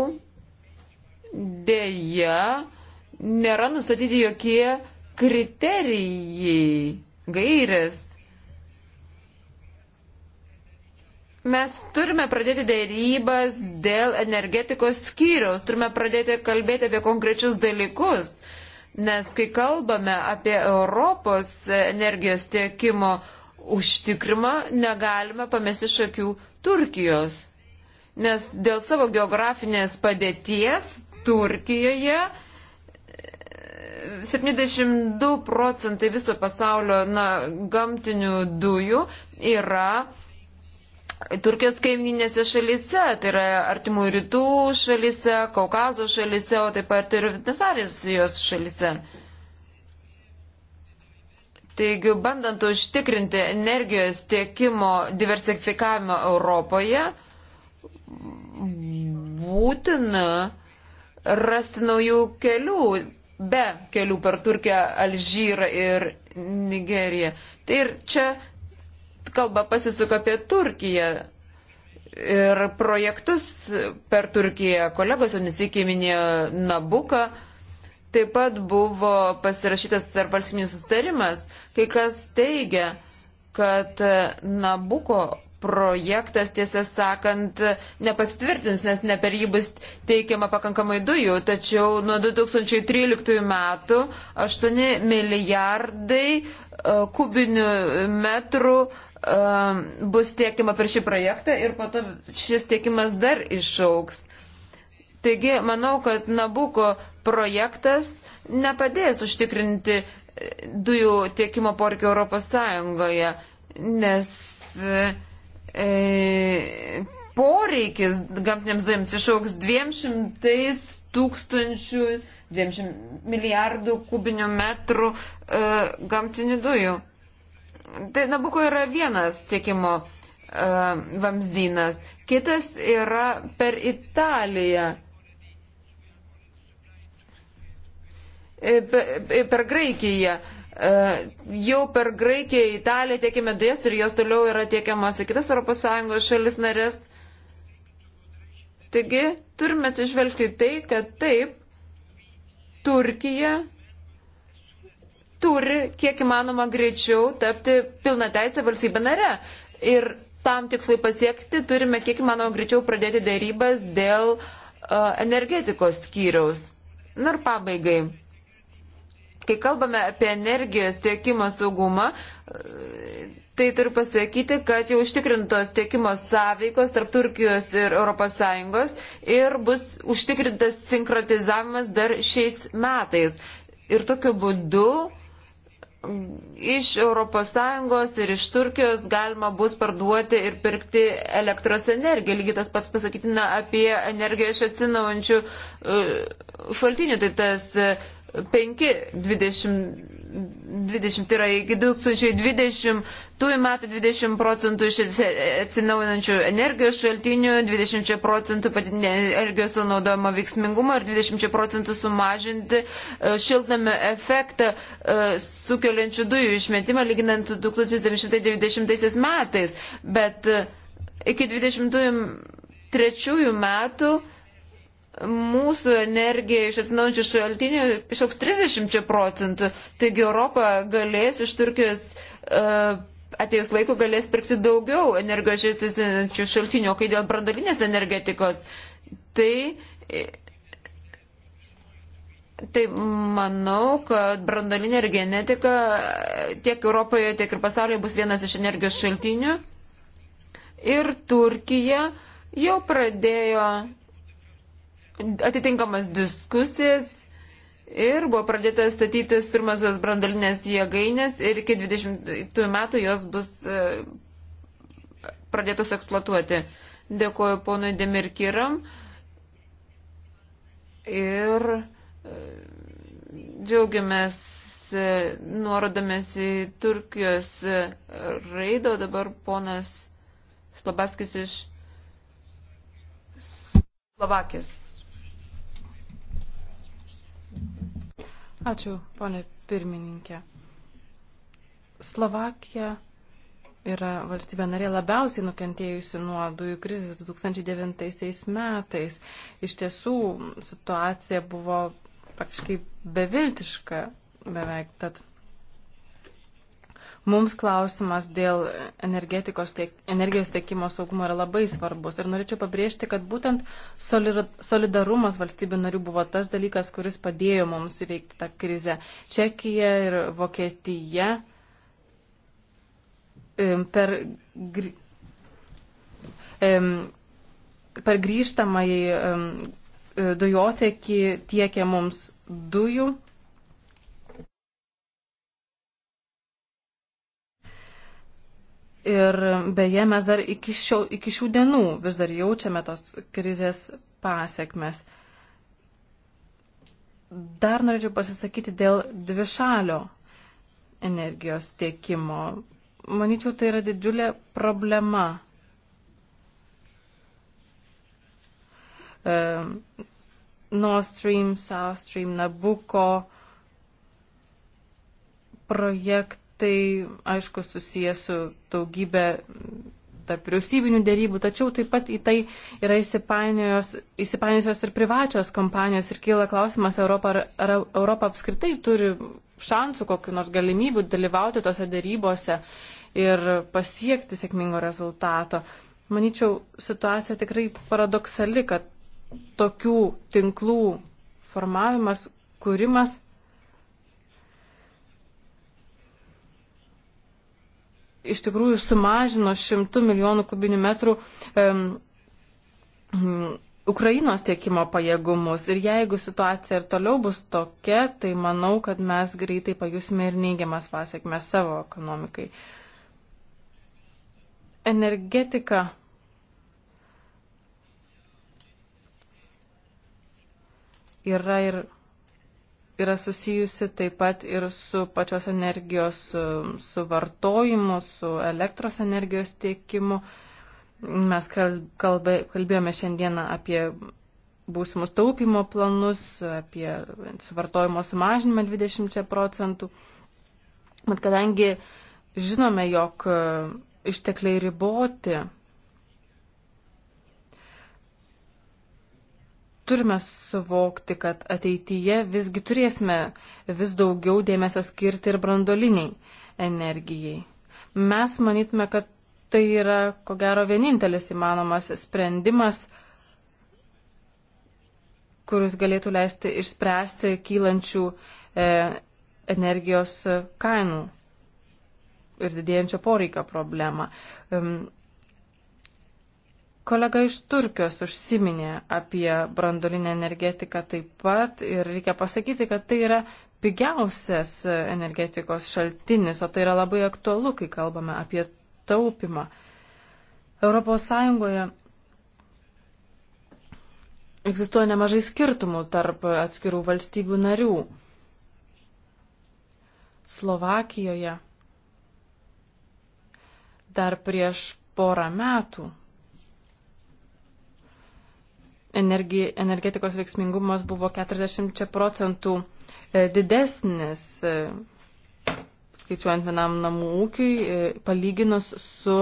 dėja nėra nustatyti jokie kriterijai, gairės. Mes turime pradėti dėrybas dėl energetikos skyriaus, turime pradėti kalbėti apie konkrečius dalykus nes kai kalbame apie Europos energijos tiekimo užtikrimą, negalime pamesti iš akių Turkijos. Nes dėl savo geografinės padėties Turkijoje 72 e, procentai viso pasaulio na, gamtinių dujų yra Turkijos kaimininėse šalyse, tai yra artimų rytų šalyse, Kaukazo šalyse, o taip pat ir Visarijos šalyse. Taigi, bandant užtikrinti energijos tiekimo diversifikavimą Europoje, būtina rasti naujų kelių, be kelių per Turkiją, Alžyrą ir Nigeriją. Tai ir čia kalba pasisuka apie Turkiją ir projektus per Turkiją. Kolegos jau nesikėminėjo Nabuką. Taip pat buvo pasirašytas tarp valstybinis sustarimas, kai kas teigia, kad Nabuko projektas, tiesą sakant, nepasitvirtins, nes ne per jį bus teikiama pakankamai dujų, tačiau nuo 2013 metų 8 milijardai e, kubinių metrų Um, bus tiekima per šį projektą ir po to šis tiekimas dar išauks. Taigi, manau, kad Nabuko projektas nepadės užtikrinti e, dujų tiekimo poreikio Europos Sąjungoje, nes e, e poreikis gamtiniams dujams išauks 200 tūkstančių, 200 milijardų kubinių metrų e, gamtinių dujų. Tai Nabuko yra vienas tiekimo uh, vamzdynas, kitas yra per Italiją. E, per, e, per Graikiją. Uh, jau per Graikiją, Italiją tiekime dujas ir jos toliau yra tiekiamas į kitas ES šalis narės. Taigi turime atsižvelgti tai, kad taip, Turkija turi kiek įmanoma greičiau tapti pilna teisė valstybė nare. Ir tam tikslai pasiekti turime kiek įmanoma greičiau pradėti dėrybas dėl uh, energetikos skyriaus. Na ir pabaigai. Kai kalbame apie energijos tiekimo saugumą, e, tai turiu pasakyti, kad jau užtikrintos tiekimo sąveikos tarp Turkijos ir ES ir bus užtikrintas sinkratizavimas dar šiais metais. Ir tokiu būdu iš ES ir iš Turkijos galima bus parduoti ir pirkti elektros energiją. Lygiai tas pats pasakytina apie energiją iš atsinaujančių uh, šaltinių. Tai tas 5, uh, 20 20, tai yra iki 2020 metų 20 procentų iš atsinaujinančių energijos šaltinių, 20 procentų energijos sunaudojimo veiksmingumo ir 20 procentų sumažinti e, šiltnamio efektą e, sukeliančių dujų išmetimą lyginant 1990 metais. Bet e, iki 2023 metų mūsų energija iš atsinaujančių šaltinių išauks 30 procentų. Taigi Europa galės iš Turkijos uh, atėjus laiku galės pirkti daugiau energijos iš atsinaujančių šaltinių, o kai dėl brandalinės energetikos, tai. Tai manau, kad brandalinė ir genetika tiek Europoje, tiek ir pasaulyje bus vienas iš energijos šaltinių. Ir Turkija jau pradėjo atitinkamas diskusijas ir buvo pradėtas statytis pirmasios brandalinės jėgainės ir iki 20 metų jos bus e, pradėtos eksploatuoti. Dėkuoju ponui Demirkiram ir e, džiaugiamės e, nuorodomis į Turkijos raidą, o dabar ponas Slobaskis iš Slovakijos. Ačiū, ponė pirmininkė. Slovakija yra valstybė narė labiausiai nukentėjusi nuo dujų krizės 2009 metais. Iš tiesų situacija buvo praktiškai beviltiška beveik. Tad mums klausimas dėl energetikos, tiek, energijos tiekimo saugumo yra labai svarbus. Ir norėčiau pabrėžti, kad būtent solidarumas valstybių narių buvo tas dalykas, kuris padėjo mums įveikti tą krizę. Čekija ir Vokietija per, gri, per grįžtamąjį e, dujotekį tiekė mums dujų Ir beje, mes dar iki, šio, iki šių dienų vis dar jaučiame tos krizės pasiekmes. Dar norėčiau pasisakyti dėl dvišalio energijos tiekimo. Manyčiau, tai yra didžiulė problema. E, Nord Stream, South Stream, Nabuko projektų tai aišku susijęs su daugybė tarp vyriausybinių dėrybų, tačiau taip pat į tai yra įsipainiojusios ir privačios kompanijos ir kyla klausimas, Europa, ar Europa apskritai turi šansų, kokiu nors galimybių dalyvauti tose dėrybose ir pasiekti sėkmingo rezultato. Maničiau, situacija tikrai paradoksali, kad tokių tinklų formavimas, kūrimas iš tikrųjų sumažino šimtų milijonų kubinių metrų um, Ukrainos tiekimo pajėgumus. Ir jeigu situacija ir toliau bus tokia, tai manau, kad mes greitai pajusime ir neigiamas pasiekmes savo ekonomikai. Energetika. Yra ir yra susijusi taip pat ir su pačios energijos um, suvartojimu, su elektros energijos tiekimu. Mes kalbė, kalbėjome šiandieną apie būsimus taupimo planus, apie suvartojimo sumažinimą 20 procentų. Bet kadangi žinome, jog um, ištekliai riboti, turime suvokti, kad ateityje visgi turėsime vis daugiau dėmesio skirti ir brandoliniai energijai. Mes manytume, kad tai yra, ko gero, vienintelis įmanomas sprendimas, kuris galėtų leisti išspręsti kylančių e, energijos kainų ir didėjančio poreikio problemą. E, Kolega iš Turkijos užsiminė apie brandolinę energetiką taip pat ir reikia pasakyti, kad tai yra pigiausias energetikos šaltinis, o tai yra labai aktualu, kai kalbame apie taupimą. Europos Sąjungoje egzistuoja nemažai skirtumų tarp atskirų valstybių narių. Slovakijoje dar prieš porą metų energi, energetikos veiksmingumas buvo 40 procentų e, didesnis, e, skaičiuojant vienam namų ūkiui, e, palyginus su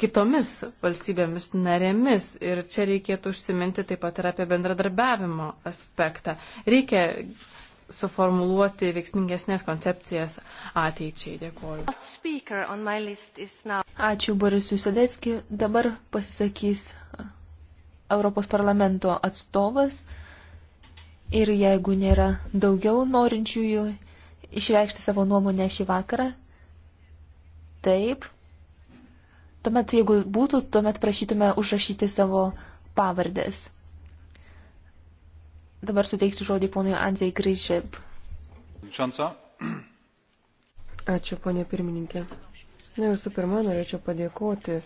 kitomis valstybėmis narėmis. Ir čia reikėtų užsiminti taip pat ir apie bendradarbiavimo aspektą. Reikia suformuluoti veiksmingesnės koncepcijas ateičiai. Dėkuoju. Ačiū Borisui Sadecki. Dabar pasisakys Europos parlamento atstovas ir jeigu nėra daugiau norinčiųjų išreikšti savo nuomonę šį vakarą, taip. Tuomet, jeigu būtų, tuomet prašytume užrašyti savo pavardės. Dabar suteiksiu žodį ponui Anzai Gryžėb. Ačiū, ponė pirmininkė. Na, visų pirma, norėčiau padėkoti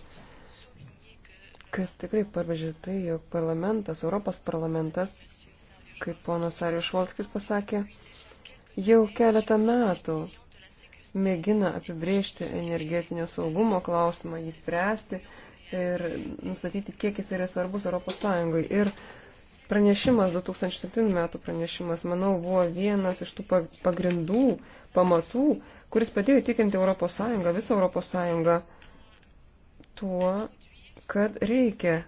kad tikrai pabrėžė tai, jog parlamentas, Europos parlamentas, kaip ponas Arijus Švolskis pasakė, jau keletą metų mėgina apibrėžti energetinio saugumo klausimą, jį spręsti ir nustatyti, kiek jis yra svarbus Europos Sąjungai. Ir pranešimas, 2007 metų pranešimas, manau, buvo vienas iš tų pagrindų, pamatų, kuris padėjo įtikinti Europos Sąjungą, visą Europos Sąjungą tuo, kad reikia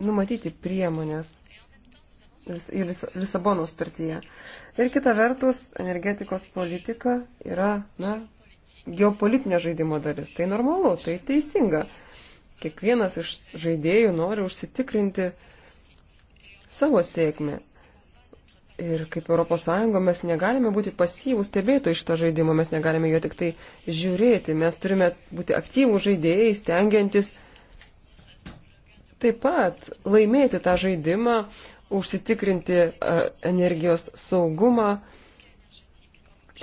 numatyti priemonės ir Lisabono sutartyje. Ir kita vertus, energetikos politika yra, na, geopolitinė žaidimo dalis. Tai normalu, tai teisinga. Kiekvienas iš žaidėjų nori užsitikrinti savo sėkmę. Ir kaip ES mes negalime būti pasyvūs stebėtojai šito žaidimo, mes negalime jo tik tai žiūrėti, mes turime būti aktyvų žaidėjai, stengiantis taip pat laimėti tą žaidimą, užsitikrinti e, energijos saugumą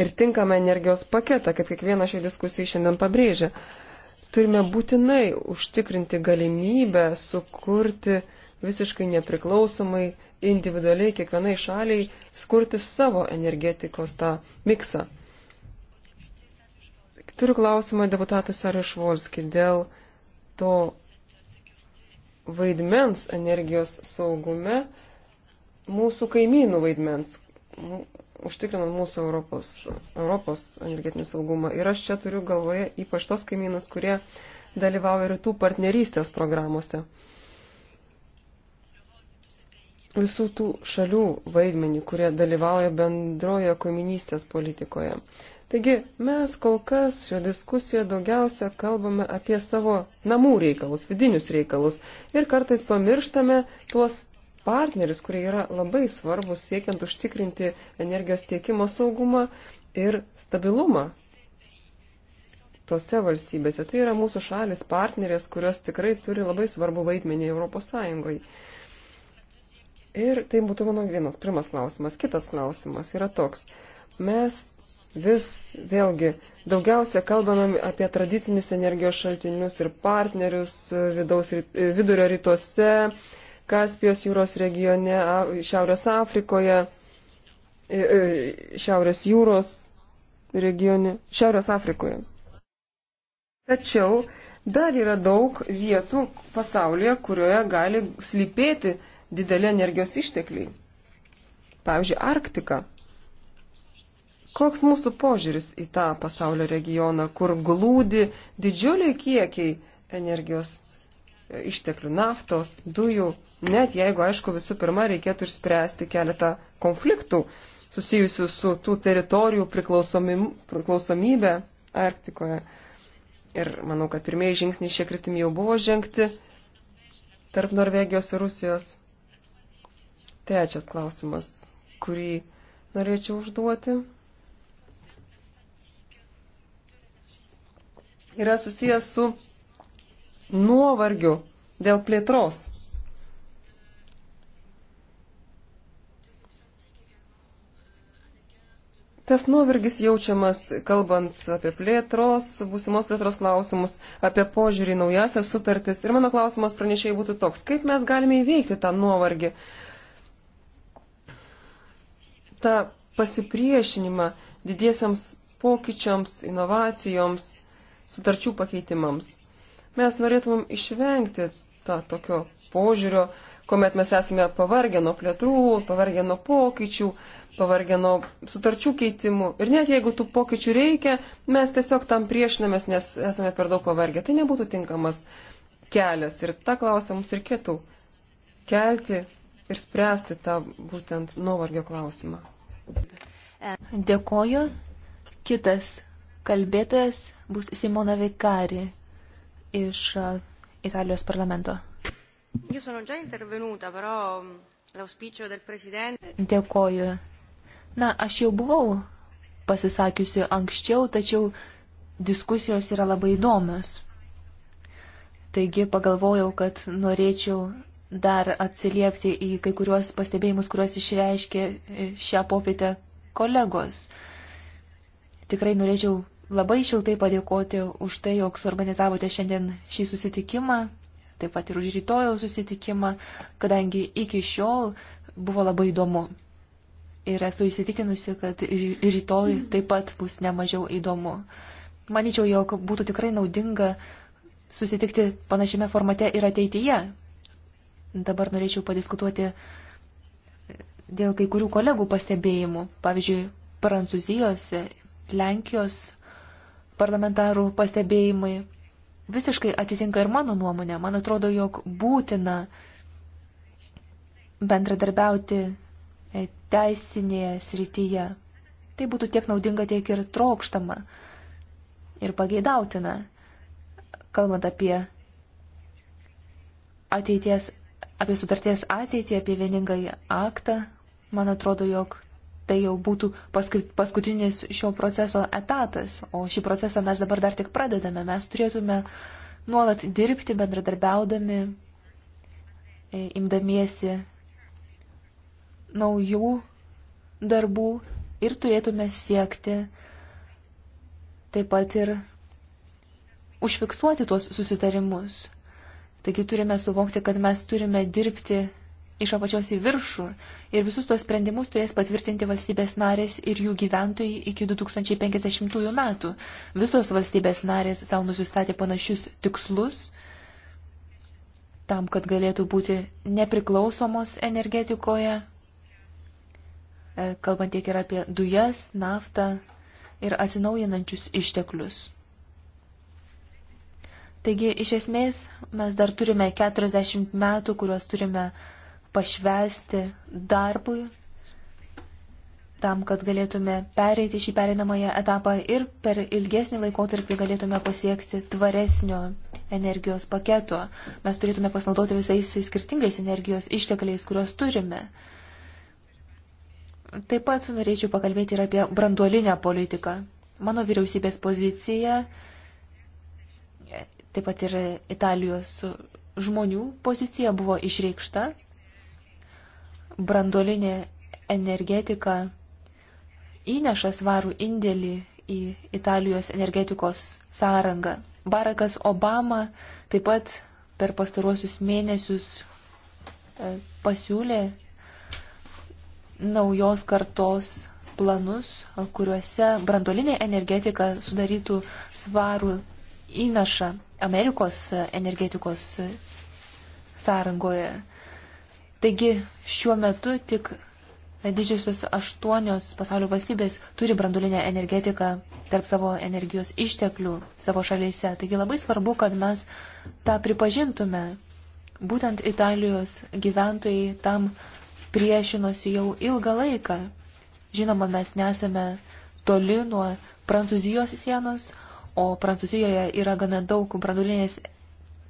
ir tinkamą energijos paketą, kaip kiekviena šiai diskusijai šiandien pabrėžia. Turime būtinai užtikrinti galimybę sukurti visiškai nepriklausomai individualiai kiekvienai šaliai skurti savo energetikos tą miksą. Turiu klausimą deputatui Sarišvolski dėl to vaidmens energijos saugume, mūsų kaimynų vaidmens, užtikrinant mūsų Europos, Europos energetinį saugumą. Ir aš čia turiu galvoje ypač tos kaimynus, kurie dalyvauja rytų partnerystės programuose visų tų šalių vaidmenį, kurie dalyvauja bendroje kaiminystės politikoje. Taigi mes kol kas šio diskusijoje daugiausia kalbame apie savo namų reikalus, vidinius reikalus ir kartais pamirštame tuos partnerius, kurie yra labai svarbus siekiant užtikrinti energijos tiekimo saugumą ir stabilumą tose valstybėse. Tai yra mūsų šalis partnerės, kurios tikrai turi labai svarbu vaidmenį Europos Sąjungoje. Ir tai būtų mano vienas pirmas klausimas. Kitas klausimas yra toks. Mes vis vėlgi daugiausia kalbame apie tradicinius energijos šaltinius ir partnerius e, vidaus, e, vidurio rytuose, Kaspijos jūros regione, Šiaurės Afrikoje, e, Šiaurės jūros regione, Šiaurės Afrikoje. Tačiau dar yra daug vietų pasaulyje, kurioje gali slypėti dideli energijos ištekliai. Pavyzdžiui, Arktika. Koks mūsų požiūris į tą pasaulio regioną, kur glūdi didžiuliai kiekiai energijos e, išteklių naftos, dujų, net jeigu, aišku, visų pirma reikėtų išspręsti keletą konfliktų susijusių su tų teritorijų priklausomybė Arktikoje. Ir manau, kad pirmieji žingsniai šia kryptimi jau buvo žengti tarp Norvegijos ir Rusijos. Trečias klausimas, kurį norėčiau užduoti, yra susijęs su nuovargiu dėl plėtros. Tas nuovargis jaučiamas, kalbant apie plėtros, būsimos plėtros klausimus, apie požiūrį naujasias sutartis. Ir mano klausimas pranešėjai būtų toks, kaip mes galime įveikti tą nuovargį, uh, tą pasipriešinimą didiesiams pokyčiams, inovacijoms, sutarčių pakeitimams. Mes norėtumėm išvengti tą tokio požiūrio, kuomet mes esame pavargę nuo plėtrų, pavargę nuo pokyčių, pavargę nuo sutarčių keitimų. Ir net jeigu tų pokyčių reikia, mes tiesiog tam priešinamės, nes esame per daug pavargę. Tai nebūtų tinkamas kelias. Ir tą klausimą mums reikėtų kelti ir spręsti tą būtent nuovargio klausimą. Dėkoju. Kitas kalbėtojas bus Simona Vikari iš Italijos parlamento. Mm, Dėkoju. Na, aš jau buvau pasisakiusi anksčiau, tačiau diskusijos yra labai įdomios. Taigi pagalvojau, kad norėčiau dar atsiliepti į kai kuriuos pastebėjimus, kuriuos išreiškė e, šią popietę kolegos. Tikrai norėčiau labai šiltai padėkoti už tai, jog suorganizavote šiandien šį susitikimą, taip pat ir už rytojaus susitikimą, kadangi iki šiol buvo labai įdomu. Ir esu įsitikinusi, kad rytoj taip pat bus nemažiau įdomu. Maničiau, jog būtų tikrai naudinga susitikti panašiame formate ir ateityje, Dabar norėčiau padiskutuoti dėl kai kurių kolegų pastebėjimų. Pavyzdžiui, Prancūzijos, Lenkijos parlamentarų pastebėjimai visiškai atitinka ir mano nuomonę. Man atrodo, jog būtina bendradarbiauti teisinėje srityje. Tai būtų tiek naudinga, tiek ir trokštama ir pageidautina, kalbant apie ateities apie sutarties ateitį, apie vieningąjį aktą, man atrodo, jog tai jau būtų paskutinis šio proceso etatas, o šį procesą mes dabar dar tik pradedame. Mes turėtume nuolat dirbti, bendradarbiaudami, e, imdamiesi naujų darbų ir turėtume siekti taip pat ir užfiksuoti tuos susitarimus. Taigi turime suvokti, kad mes turime dirbti iš apačios į viršų ir visus tuos sprendimus turės patvirtinti valstybės narės ir jų gyventojai iki 2050 metų. Visos valstybės narės savo nusistatė panašius tikslus tam, kad galėtų būti nepriklausomos energetikoje, e, kalbant tiek ir apie dujas, naftą ir atsinaujinančius išteklius. Taigi, iš esmės, mes dar turime 40 metų, kuriuos turime pašvesti darbui, tam, kad galėtume pereiti šį pereinamąją etapą ir per ilgesnį laikotarpį galėtume pasiekti tvaresnio energijos paketo. Mes turėtume pasinaudoti visais skirtingais energijos ištekliais, kuriuos turime. Taip pat norėčiau pakalbėti ir apie branduolinę politiką. Mano vyriausybės pozicija Taip pat ir Italijos žmonių pozicija buvo išreikšta. Brandolinė energetika įneša svarų indėlį į Italijos energetikos sąrangą. Barakas Obama taip pat per pastaruosius mėnesius e, pasiūlė naujos kartos planus, kuriuose brandolinė energetika sudarytų svarų įnašą Amerikos energetikos sąrangoje. Taigi šiuo metu tik didžiosios aštuonios pasaulio valstybės turi brandulinę energetiką tarp savo energijos išteklių savo šalyse. Taigi labai svarbu, kad mes tą pripažintume. Būtent Italijos gyventojai tam priešinosi jau ilgą laiką. Žinoma, mes nesame toli nuo Prancūzijos sienos, o Prancūzijoje yra gana daug brandulinės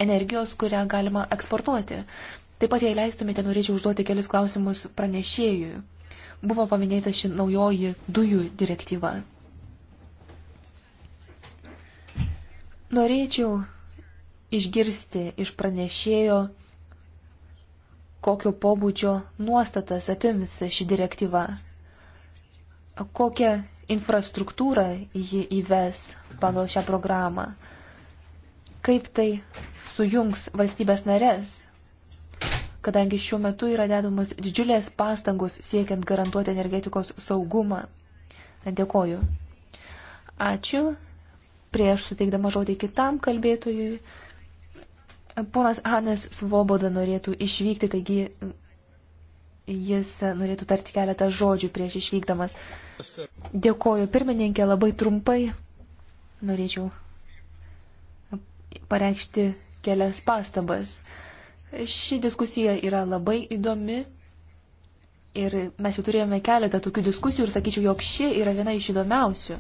energijos, kurią galima eksportuoti. Taip pat, jei leistumėte, norėčiau užduoti kelis klausimus pranešėjui. Buvo paminėta ši naujoji dujų direktyva. Norėčiau išgirsti iš pranešėjo, kokio pobūdžio nuostatas apims ši direktyva, kokią infrastruktūrą ji įves pagal šią programą, kaip tai sujungs valstybės narės, kadangi šiuo metu yra dedamos didžiulės pastangos siekiant garantuoti energetikos saugumą. Dėkoju. Ačiū. Prieš suteikdama žodį kitam kalbėtojui, ponas Anes Svoboda norėtų išvykti, taigi Jis norėtų tarti keletą žodžių prieš išvykdamas. Dėkoju pirmininkė labai trumpai. Norėčiau pareikšti kelias pastabas. Ši diskusija yra labai įdomi ir mes jau turėjome keletą tokių diskusijų ir sakyčiau, jog ši yra viena iš įdomiausių.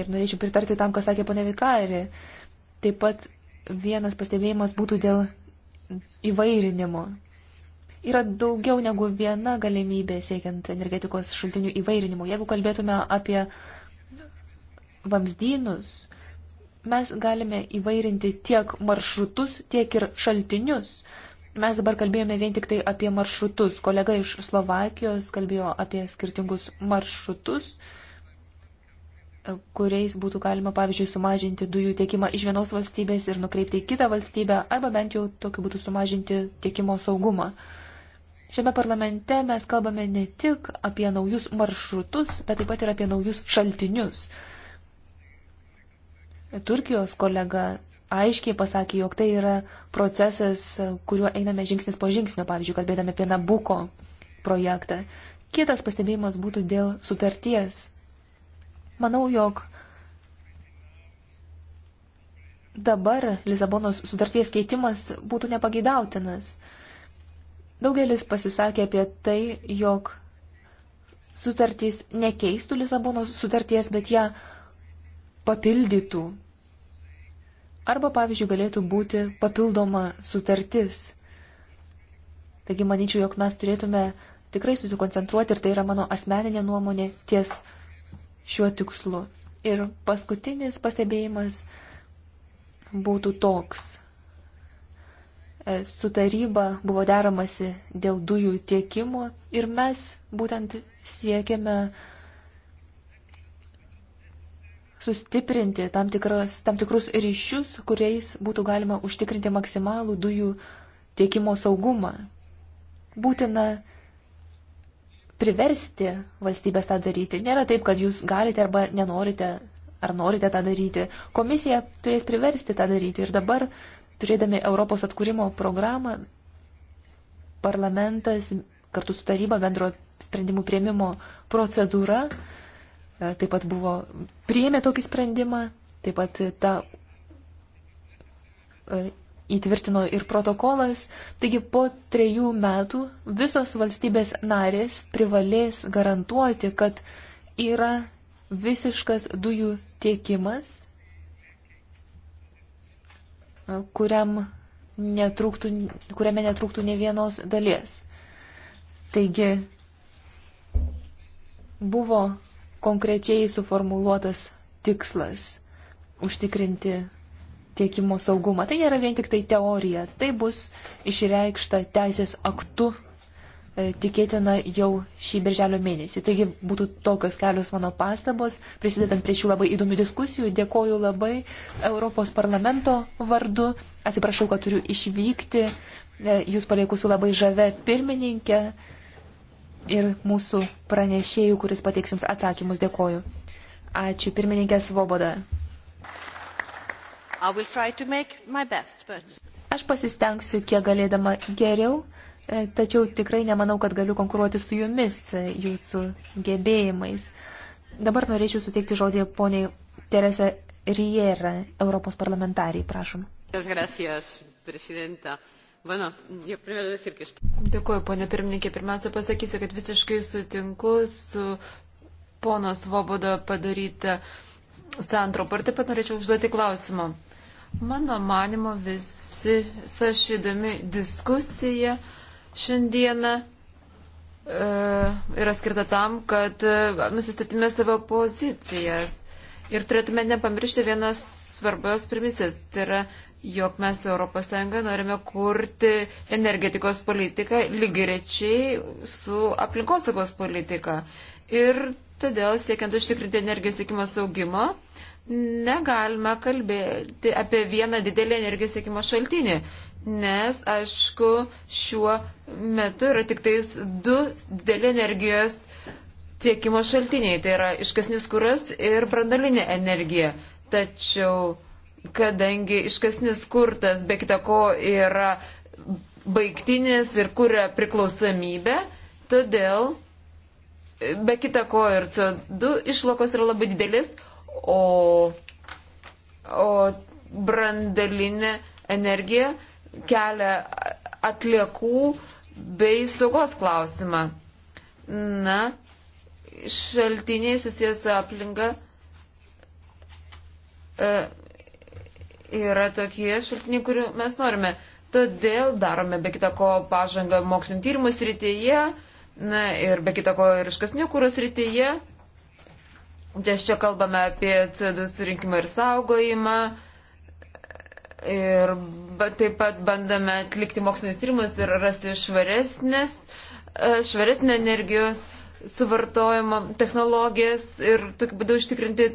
Ir norėčiau pritarti tam, ką sakė ponė Vikari. Taip pat vienas pastebėjimas būtų dėl įvairinimo yra daugiau negu viena galimybė siekiant energetikos šaltinių įvairinimo. Jeigu kalbėtume apie vamzdynus, mes galime įvairinti tiek maršrutus, tiek ir šaltinius. Mes dabar kalbėjome vien tik tai apie maršrutus. Kolega iš Slovakijos kalbėjo apie skirtingus maršrutus, kuriais būtų galima, pavyzdžiui, sumažinti dujų tiekimą iš vienos valstybės ir nukreipti į kitą valstybę, arba bent jau tokiu būtų sumažinti tiekimo saugumą. Uh, Šiame parlamente mes kalbame ne tik apie naujus maršrutus, bet taip pat ir apie naujus šaltinius. Turkijos kolega aiškiai pasakė, jog tai yra procesas, kuriuo einame žingsnis po žingsnio, pavyzdžiui, kalbėdami apie Nabuko projektą. Kitas pastebėjimas būtų dėl sutarties. Manau, jog dabar Lisabonos sutarties keitimas būtų nepageidautinas. Daugelis pasisakė apie tai, jog sutartys nekeistų Lisabonos sutarties, bet ją papildytų. Arba, pavyzdžiui, galėtų būti papildoma sutartis. Taigi, manyčiau, jog mes turėtume tikrai susikoncentruoti, ir tai yra mano asmeninė nuomonė, ties šiuo tikslu. Ir paskutinis pastebėjimas būtų toks. E, su taryba buvo deramasi dėl dujų tiekimo ir mes būtent siekiame sustiprinti tam, tikras, tam tikrus ryšius, kuriais būtų galima užtikrinti maksimalų dujų tiekimo saugumą. Būtina priversti valstybės tą daryti. Nėra taip, kad jūs galite arba nenorite, ar norite tą daryti. Komisija turės priversti tą daryti. Ir dabar uh, Turėdami Europos atkūrimo programą, parlamentas kartu su taryba bendro sprendimų prieimimo procedūra e, taip pat buvo priėmė tokį sprendimą, taip pat tą e, įtvirtino ir protokolas. Taigi po trejų metų visos valstybės narės privalės garantuoti, kad yra visiškas dujų tiekimas kuriam netrūktų, kuriame netrūktų ne vienos dalies. Taigi buvo konkrečiai suformuluotas tikslas užtikrinti tiekimo saugumą. Tai nėra vien tik tai teorija, tai bus išreikšta teisės aktu E, tikėtina jau šį birželio mėnesį. Taigi būtų tokios kelios mano pastabos, prisidedant prie šių labai įdomių diskusijų. Dėkoju labai Europos parlamento vardu. Atsiprašau, kad turiu išvykti. E, jūs paliekusiu labai žavę pirmininkę ir mūsų pranešėjų, kuris pateiks jums atsakymus. Dėkoju. Ačiū pirmininkė Svoboda. Best, but... Aš pasistengsiu kiek galėdama geriau tačiau tikrai nemanau, kad galiu konkuruoti su jumis, jūsų gebėjimais. Dabar norėčiau suteikti žodį poniai Teresa Riera, Europos parlamentariai, prašom. Dėkuoju, ponė pirmininkė. Pirmiausia, pasakysiu, kad visiškai sutinku su pono Svobodo padaryta santropą. Ir taip pat norėčiau užduoti klausimą. Mano manimo visi, sa šydami diskusija šiandieną e, yra skirta tam, kad e, nusistatyme savo pozicijas. Ir turėtume nepamiršti vienas svarbios primisės. Tai yra, jog mes ES norime kurti energetikos politiką lygirečiai su aplinkosaugos politika. Ir todėl, siekiant užtikrinti energijos tiekimo saugimą, negalime kalbėti apie vieną didelį energijos tiekimo šaltinį. Nes, aišku, šiuo metu yra tik tais du dideli energijos tiekimo šaltiniai, tai yra iškasnis kuras ir brandalinė energija. Tačiau, kadangi iškasnis kurtas be kita ko yra baigtinis ir kuria priklausomybę, todėl be kita ko ir CO2 išlakos yra labai didelis, o, o brandalinė energija kelia atliekų uh, bei saugos klausimą. Na, šaltiniai susijęs su aplinka e, yra tokie šaltiniai, kurių mes norime. Todėl darome be kita ko pažangą mokslinio tyrimų srityje na, ir be kita ko ir iškasnių kūros srityje. Čia čia kalbame apie CO2 surinkimą ir saugojimą, Ir taip pat bandome atlikti mokslinius tyrimus ir rasti švaresnės, e, švaresnę energijos suvartojimo technologijas ir tokiu būdu užtikrinti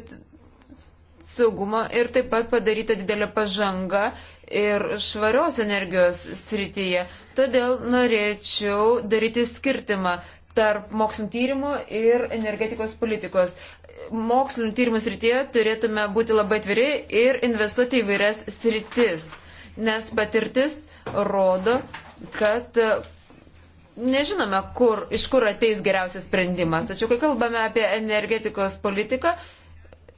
saugumą ir taip pat padaryta didelė pažanga ir švarios energijos srityje. Todėl norėčiau daryti skirtimą tarp mokslinio tyrimų ir energetikos politikos mokslinio tyrimų srityje turėtume būti labai atviri ir investuoti į vairias sritis, nes patirtis rodo, kad e, nežinome, kur, iš kur ateis geriausias sprendimas. Tačiau, kai kalbame apie energetikos politiką,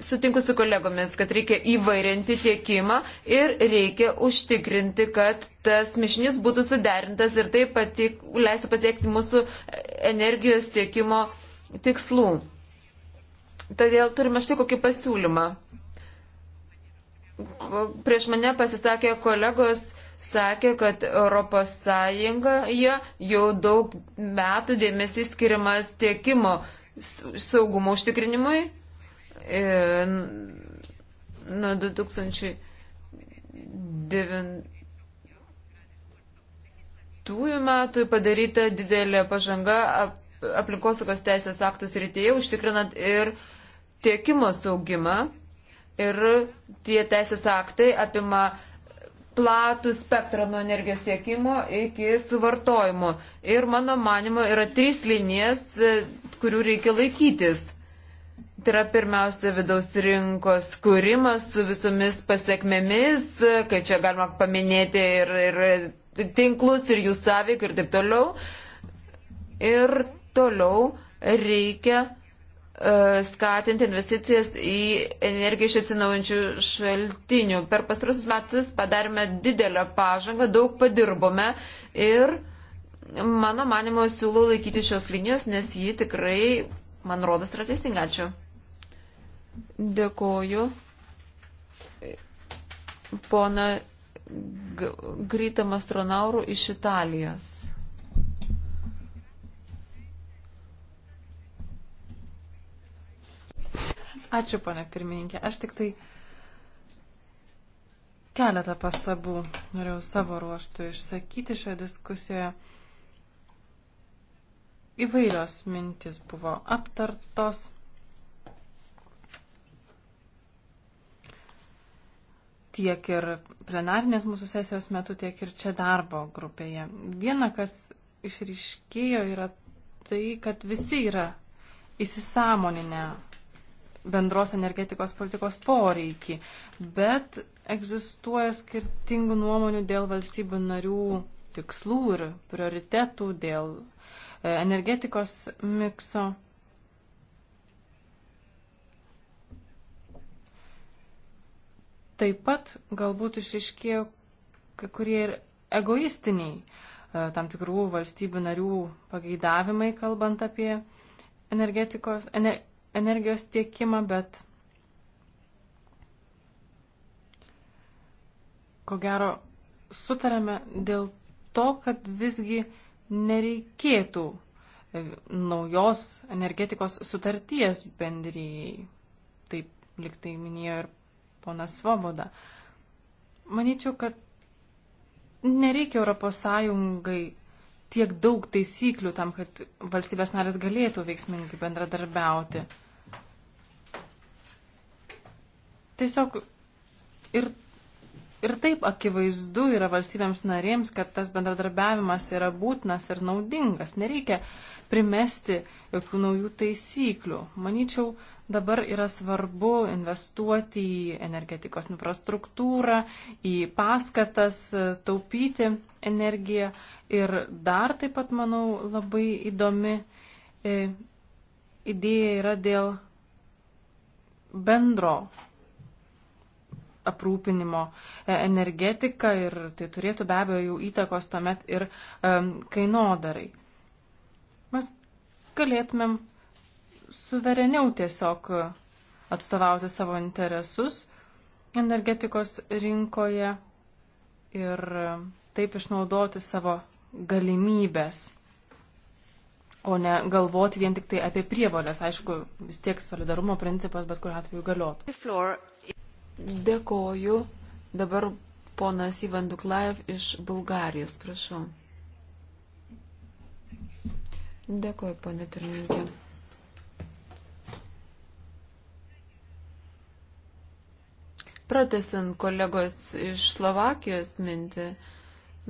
sutinku su kolegomis, kad reikia įvairinti tiekimą ir reikia užtikrinti, kad tas mišinys būtų suderintas ir taip leistų pasiekti mūsų energijos tiekimo tikslų. Todėl turime štai kokį pasiūlymą. Prieš mane pasisakė kolegos, sakė, kad Europos Sąjungoje jau daug metų dėmesys skiriamas tiekimo saugumo užtikrinimui. Nuo 2009 metų padaryta didelė pažanga aplinkosaugos teisės aktus rytėje, užtikrinant ir uh, tiekimo saugimą ir tie teisės aktai apima platų spektrą nuo energijos tiekimo iki suvartojimo. Ir mano manimo yra trys linijas, e, kurių reikia laikytis. Tai yra pirmiausia vidaus rinkos kūrimas su visomis pasiekmėmis, e, kai čia galima paminėti ir, ir tinklus, ir jų sąveik ir taip toliau. Ir toliau reikia E, skatinti investicijas į energiją iš atsinaujančių šaltinių. Per pastarusius metus padarėme didelę pažangą, daug padirbome ir mano manimo siūlau laikyti šios linijos, nes ji tikrai, man rodos, yra teisinga. Ačiū. Dėkoju. Pona Grytam astronauru iš Italijos. Ačiū, ponė pirmininkė. Aš tik tai keletą pastabų norėjau savo ruoštų išsakyti šioje diskusijoje. Įvairios mintis buvo aptartos. tiek ir plenarinės mūsų sesijos metu, tiek ir čia darbo grupėje. Viena, kas išryškėjo, yra tai, kad visi yra įsisamoninę bendros energetikos politikos poreikį, bet egzistuoja skirtingų nuomonių dėl valstybių narių tikslų ir prioritetų, dėl e, energetikos mikso. Taip pat galbūt išriškėjo kai kurie ir egoistiniai e, tam tikrų valstybių narių pageidavimai, kalbant apie energetikos, ener, energijos tiekimą, bet ko gero sutarėme dėl to, kad visgi nereikėtų e, naujos energetikos sutarties bendryjei. Taip liktai minėjo ir ponas Svoboda. Manyčiau, kad nereikia ES tiek daug taisyklių tam, kad valstybės narės galėtų veiksmingai bendradarbiauti. Tiesiog ir, ir taip akivaizdu yra valstybėms narėms, kad tas bendradarbiavimas yra būtinas ir naudingas. Nereikia primesti jokių naujų taisyklių. Manyčiau, dabar yra svarbu investuoti į energetikos infrastruktūrą, į paskatas, taupyti energiją. Ir dar taip pat, manau, labai įdomi e, idėja yra dėl bendro aprūpinimo e, energetika ir tai turėtų be abejo jau įtakos tuomet ir um, kainodarai. Mes galėtumėm suvereniau tiesiog atstovauti savo interesus energetikos rinkoje ir taip išnaudoti savo galimybės, o ne galvoti vien tik tai apie prievolės. Aišku, vis tiek solidarumo principas bet kuriuo atveju galiotų. Dėkoju. Dabar ponas Ivan Duklaev iš Bulgarijos, prašau. Dėkoju, ponė pirmininkė. Pratesant kolegos iš Slovakijos mintį,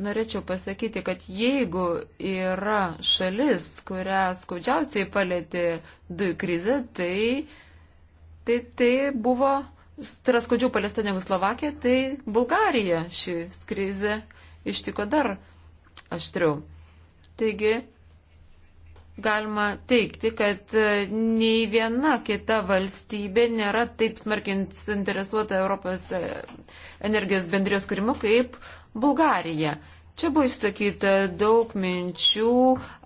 norėčiau pasakyti, kad jeigu yra šalis, kurią skaudžiausiai palėtė dujų krizė, tai, tai, tai buvo tai yra skaudžiau paliesta negu Slovakija, tai Bulgarija ši krizė ištiko dar aštriau. Taigi, galima teikti, kad e, nei viena kita valstybė nėra taip smarkiai suinteresuota Europos e, energijos bendrijos kūrimu kaip Bulgarija. Čia buvo išsakyta daug minčių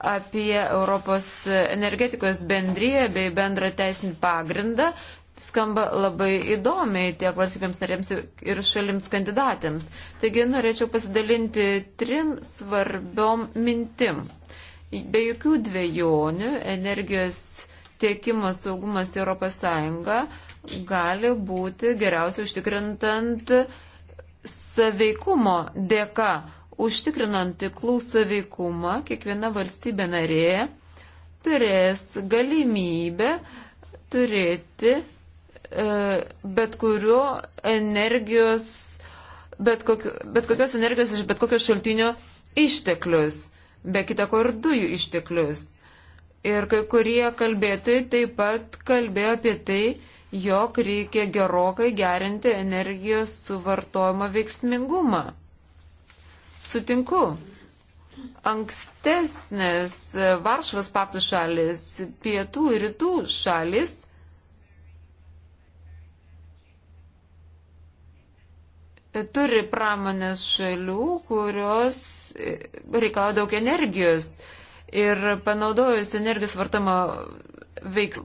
apie Europos energetikos bendryje bei bendrą teisinį pagrindą skamba labai įdomiai tiek valstybėms narėms ir šalims kandidatėms. Taigi norėčiau pasidalinti trim svarbiom mintim. Be jokių dviejonių energijos tiekimo saugumas ES gali būti geriausiai užtikrintant saveikumo dėka, užtikrinant tiklų saveikumą kiekviena valstybė narė turės galimybę turėti E, bet kurio energijos, bet, kokio, bet kokios energijos iš bet kokio šaltinio išteklius, be kita ko ir dujų išteklius. Ir kai kurie kalbėtojai taip pat kalbėjo apie tai, jog reikia gerokai gerinti energijos suvartojimo veiksmingumą. Sutinku. Ankstesnės Varšuvos paktų šalis, pietų ir rytų šalis turi pramonės šalių, kurios e, reikalauja daug energijos ir panaudojus energijos vartamo veiklą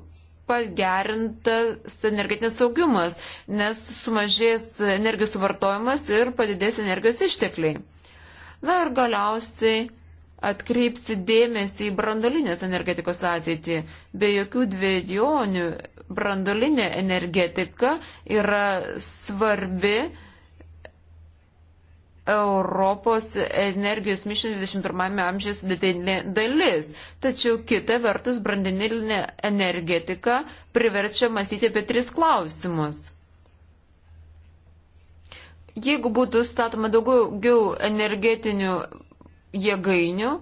pagerintas energetinis saugumas, nes sumažės energijos vartojimas ir padidės energijos ištekliai. Na ir galiausiai atkreipsi dėmesį į brandolinės energetikos ateitį. Be jokių dviejonių brandolinė energetika yra svarbi Europos energijos mišinio 21 amžiaus didelė dalis. Tačiau kita vertus, brandeninė energetika priverčia mąstyti apie tris klausimus. Jeigu būtų statoma daugiau energetinių jėgainių,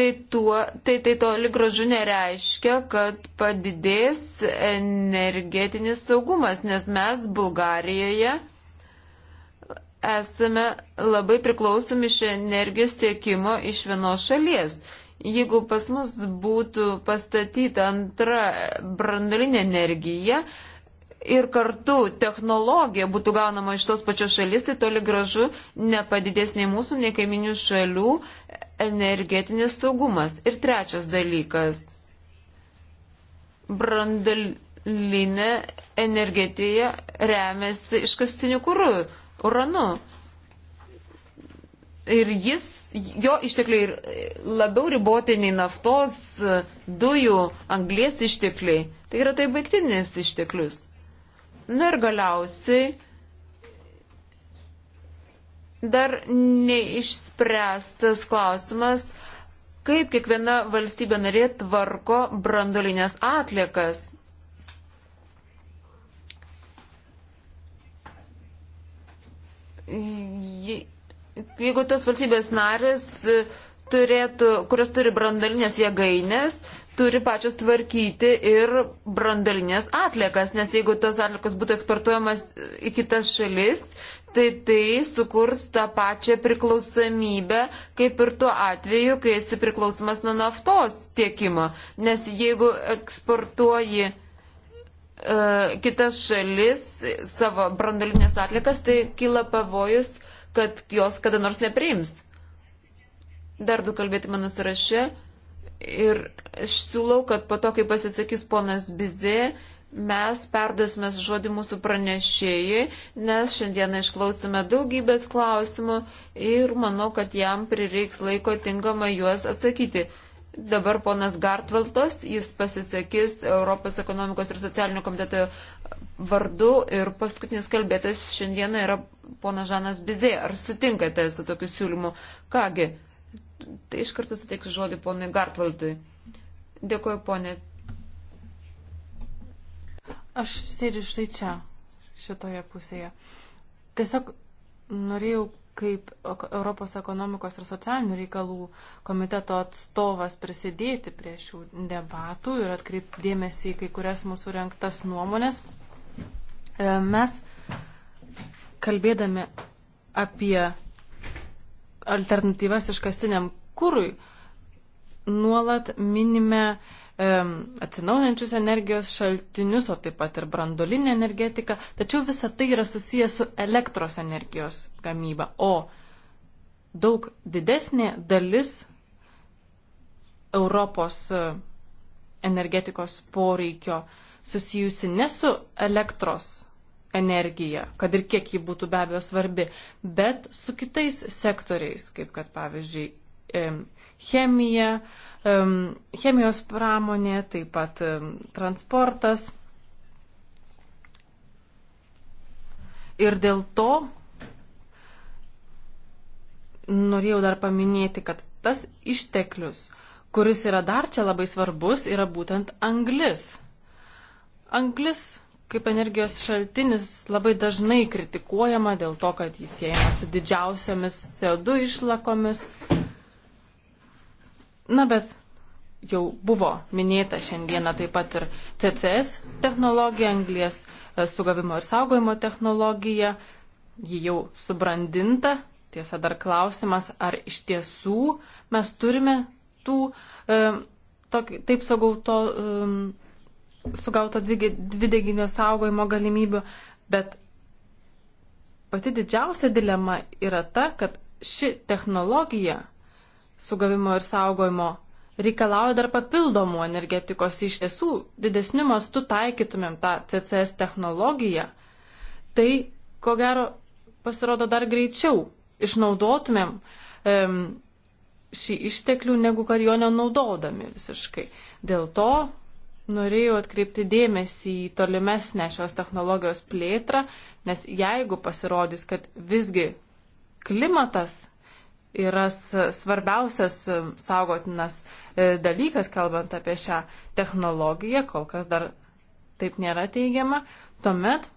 tai, tuo, tai, tai toli gražu nereiškia, kad padidės energetinis saugumas, nes mes Bulgarijoje esame labai priklausomi iš energijos tiekimo iš vienos šalies. Jeigu pas mus būtų pastatyta antra brandalinė energija ir kartu technologija būtų gaunama iš tos pačios šalis, tai toli gražu nepadidės nei mūsų, nei kaiminių šalių energetinis saugumas. Ir trečias dalykas brandalinė energetija remiasi iškastiniu kūru uranu. Ir jis, jo ištekliai labiau riboti nei naftos, dujų, anglės ištekliai. Tai yra tai baigtinis išteklius. Na ir galiausiai dar neišspręstas klausimas, kaip kiekviena valstybė narė tvarko brandolinės atliekas. jeigu tos valstybės narės e, turėtų, kurios turi brandalinės jėgainės, turi pačios tvarkyti ir brandalinės atliekas, nes jeigu tos atliekos būtų eksportuojamas e, į kitas šalis, tai tai sukurs tą pačią priklausomybę, kaip ir tuo atveju, kai esi priklausomas nuo naftos tiekimo. Nes jeigu eksportuoji E, kitas šalis savo brandolinės atlikas, tai kyla pavojus, kad jos kada nors nepriims. Dar du kalbėti mano sąraše. Ir aš siūlau, kad po to, kai pasisakys ponas Bizė, mes perdasime žodį mūsų pranešėjai, nes šiandieną išklausime daugybės klausimų ir manau, kad jam prireiks laiko tinkamai juos atsakyti. Dabar ponas Gartvaltas, jis pasisakys Europos ekonomikos ir socialinio komiteto vardu ir paskutinis kalbėtas šiandieną yra ponas Žanas Bizė. Ar sutinkate su tokiu siūlymu? Kągi, tai iš karto suteiksiu žodį ponui Gartvaltui. Dėkuoju, ponė. Aš sėdžiu štai čia, šitoje pusėje. Tiesiog norėjau kaip Europos ekonomikos ir socialinių reikalų komiteto atstovas prisidėti prie šių debatų ir atkreipti dėmesį į kai kurias mūsų renktas nuomonės. E, mes kalbėdami apie alternatyvas iškastiniam kūrui nuolat minime atsinaujančius energijos šaltinius, o taip pat ir brandolinę energetiką, tačiau visa tai yra susijęs su elektros energijos gamyba, o daug didesnė dalis Europos e, energetikos poreikio susijusi ne su elektros energija, kad ir kiek ji būtų be abejo svarbi, bet su kitais sektoriais, kaip kad pavyzdžiui chemija, chemijos pramonė, taip pat transportas. Ir dėl to norėjau dar paminėti, kad tas išteklius, kuris yra dar čia labai svarbus, yra būtent anglis. Anglis kaip energijos šaltinis labai dažnai kritikuojama dėl to, kad jis siejama su didžiausiamis CO2 išlakomis Na bet jau buvo minėta šiandieną taip pat ir CCS technologija, anglės e, sugavimo ir saugojimo technologija. Ji jau subrandinta. Tiesa, dar klausimas, ar iš tiesų mes turime tų e, tokį, taip sugauto, e, sugauto dvideginio saugojimo galimybių, bet pati didžiausia dilema yra ta, kad ši technologija sugavimo ir saugojimo reikalauja dar papildomų energetikos iš tiesų didesniu mastu taikytumėm tą CCS technologiją, tai ko gero pasirodo dar greičiau išnaudotumėm um, šį išteklių, negu kad jo nenaudodami visiškai. Dėl to norėjau atkreipti dėmesį į tolimesnę šios technologijos plėtrą, nes jeigu pasirodys, kad visgi klimatas yra svarbiausias e, saugotinas e, dalykas, kalbant apie šią technologiją, kol kas dar taip nėra teigiama, tuomet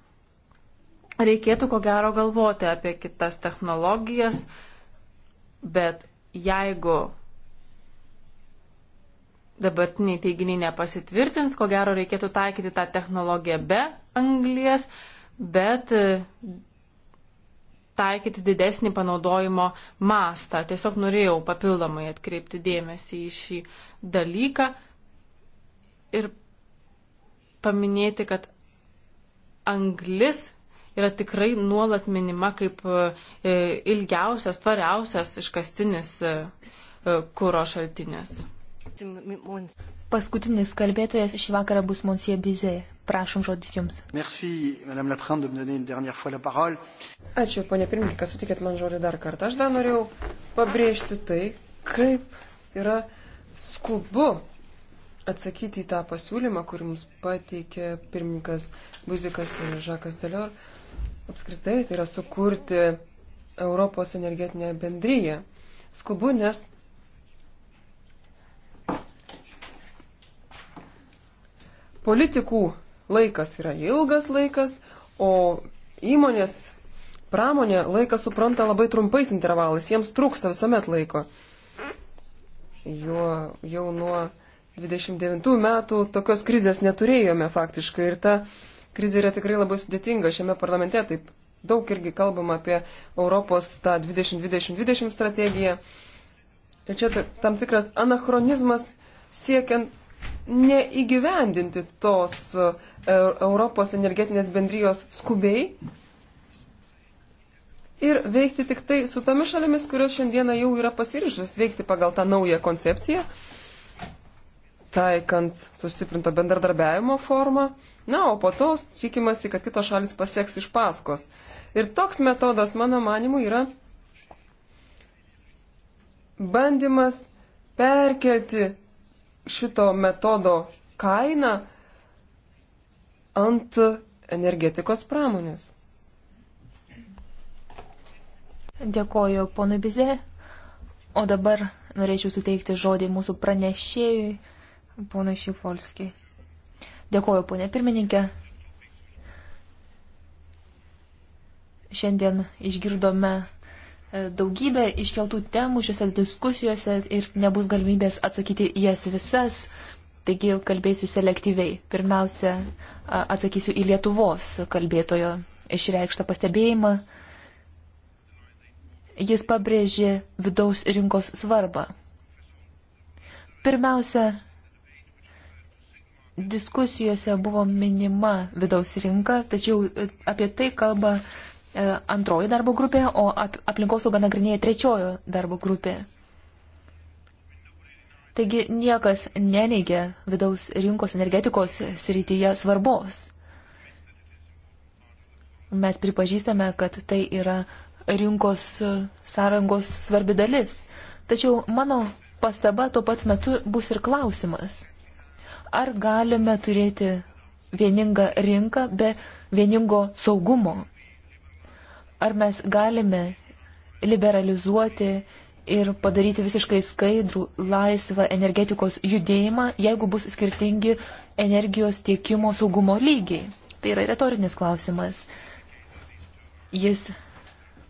reikėtų ko gero galvoti apie kitas technologijas, bet jeigu dabartiniai teiginiai nepasitvirtins, ko gero reikėtų taikyti tą technologiją be anglies, bet e, taikyti didesnį panaudojimo mastą. Tiesiog norėjau papildomai atkreipti dėmesį į šį dalyką ir paminėti, kad anglis yra tikrai nuolat minima kaip e, ilgiausias, tvariausias iškastinis e, e, kūro šaltinis. Paskutinis kalbėtojas šį vakarą bus Monsie Bizė. Prašom žodis Jums. Merci, Madame Laprin, de me donner une dernière fois la parole. Euh, Ačiū, ponė pirmininkė, kad sutikėt man žodį dar kartą. Aš dar norėjau pabrėžti tai, kaip yra skubu atsakyti į tą pasiūlymą, kurį mums pateikė pirmininkas Buzikas ir Žakas Delior. Apskritai, tai yra sukurti Europos energetinę bendryją. Skubu, nes politikų laikas yra ilgas laikas, o įmonės pramonė laiką supranta labai trumpais intervalais, jiems trūksta visuomet laiko. Jo jau nuo 29 metų tokios krizės neturėjome faktiškai ir ta krizė yra tikrai labai sudėtinga šiame parlamente. Taip daug irgi kalbama apie Europos tą 2020-2020 strategiją. Ir čia tam tikras anachronizmas siekiant neįgyvendinti tos e, Europos energetinės bendrijos skubiai ir veikti tik tai su tomis šalimis, kurios šiandieną jau yra pasiryžus veikti pagal tą naują koncepciją, taikant sustiprinto bendradarbiavimo formą. Na, o po to tikimasi, kad kitos šalis pasieks iš paskos. Ir toks metodas, mano manimu, yra bandymas perkelti šito metodo kainą ant energetikos pramonės. Dėkoju ponui Bize. O dabar norėčiau suteikti žodį mūsų pranešėjui, ponui Šifolskiai. Dėkoju, ponė pirmininkė. Šiandien išgirdome e, daugybę iškeltų temų šiuose diskusijose ir nebus galimybės atsakyti į jas visas, taigi kalbėsiu selektyviai. Pirmiausia, atsakysiu į Lietuvos kalbėtojo išreikštą pastebėjimą Jis pabrėžė vidaus rinkos svarbą. Pirmiausia, diskusijose buvo minima vidaus rinka, tačiau e, apie tai kalba e, antroji darbo grupė, o aplinkosauga nagrinėja trečiojo darbo grupė. Taigi niekas neneigia vidaus rinkos energetikos srityje svarbos. Mes pripažįstame, kad tai yra rinkos sąrangos svarbi dalis. Tačiau mano pastaba tuo pat metu bus ir klausimas. Ar galime turėti vieningą rinką be vieningo saugumo? Ar mes galime liberalizuoti ir padaryti visiškai skaidrų, laisvą energetikos judėjimą, jeigu bus skirtingi energijos tiekimo saugumo lygiai? Tai yra retorinis klausimas. Jis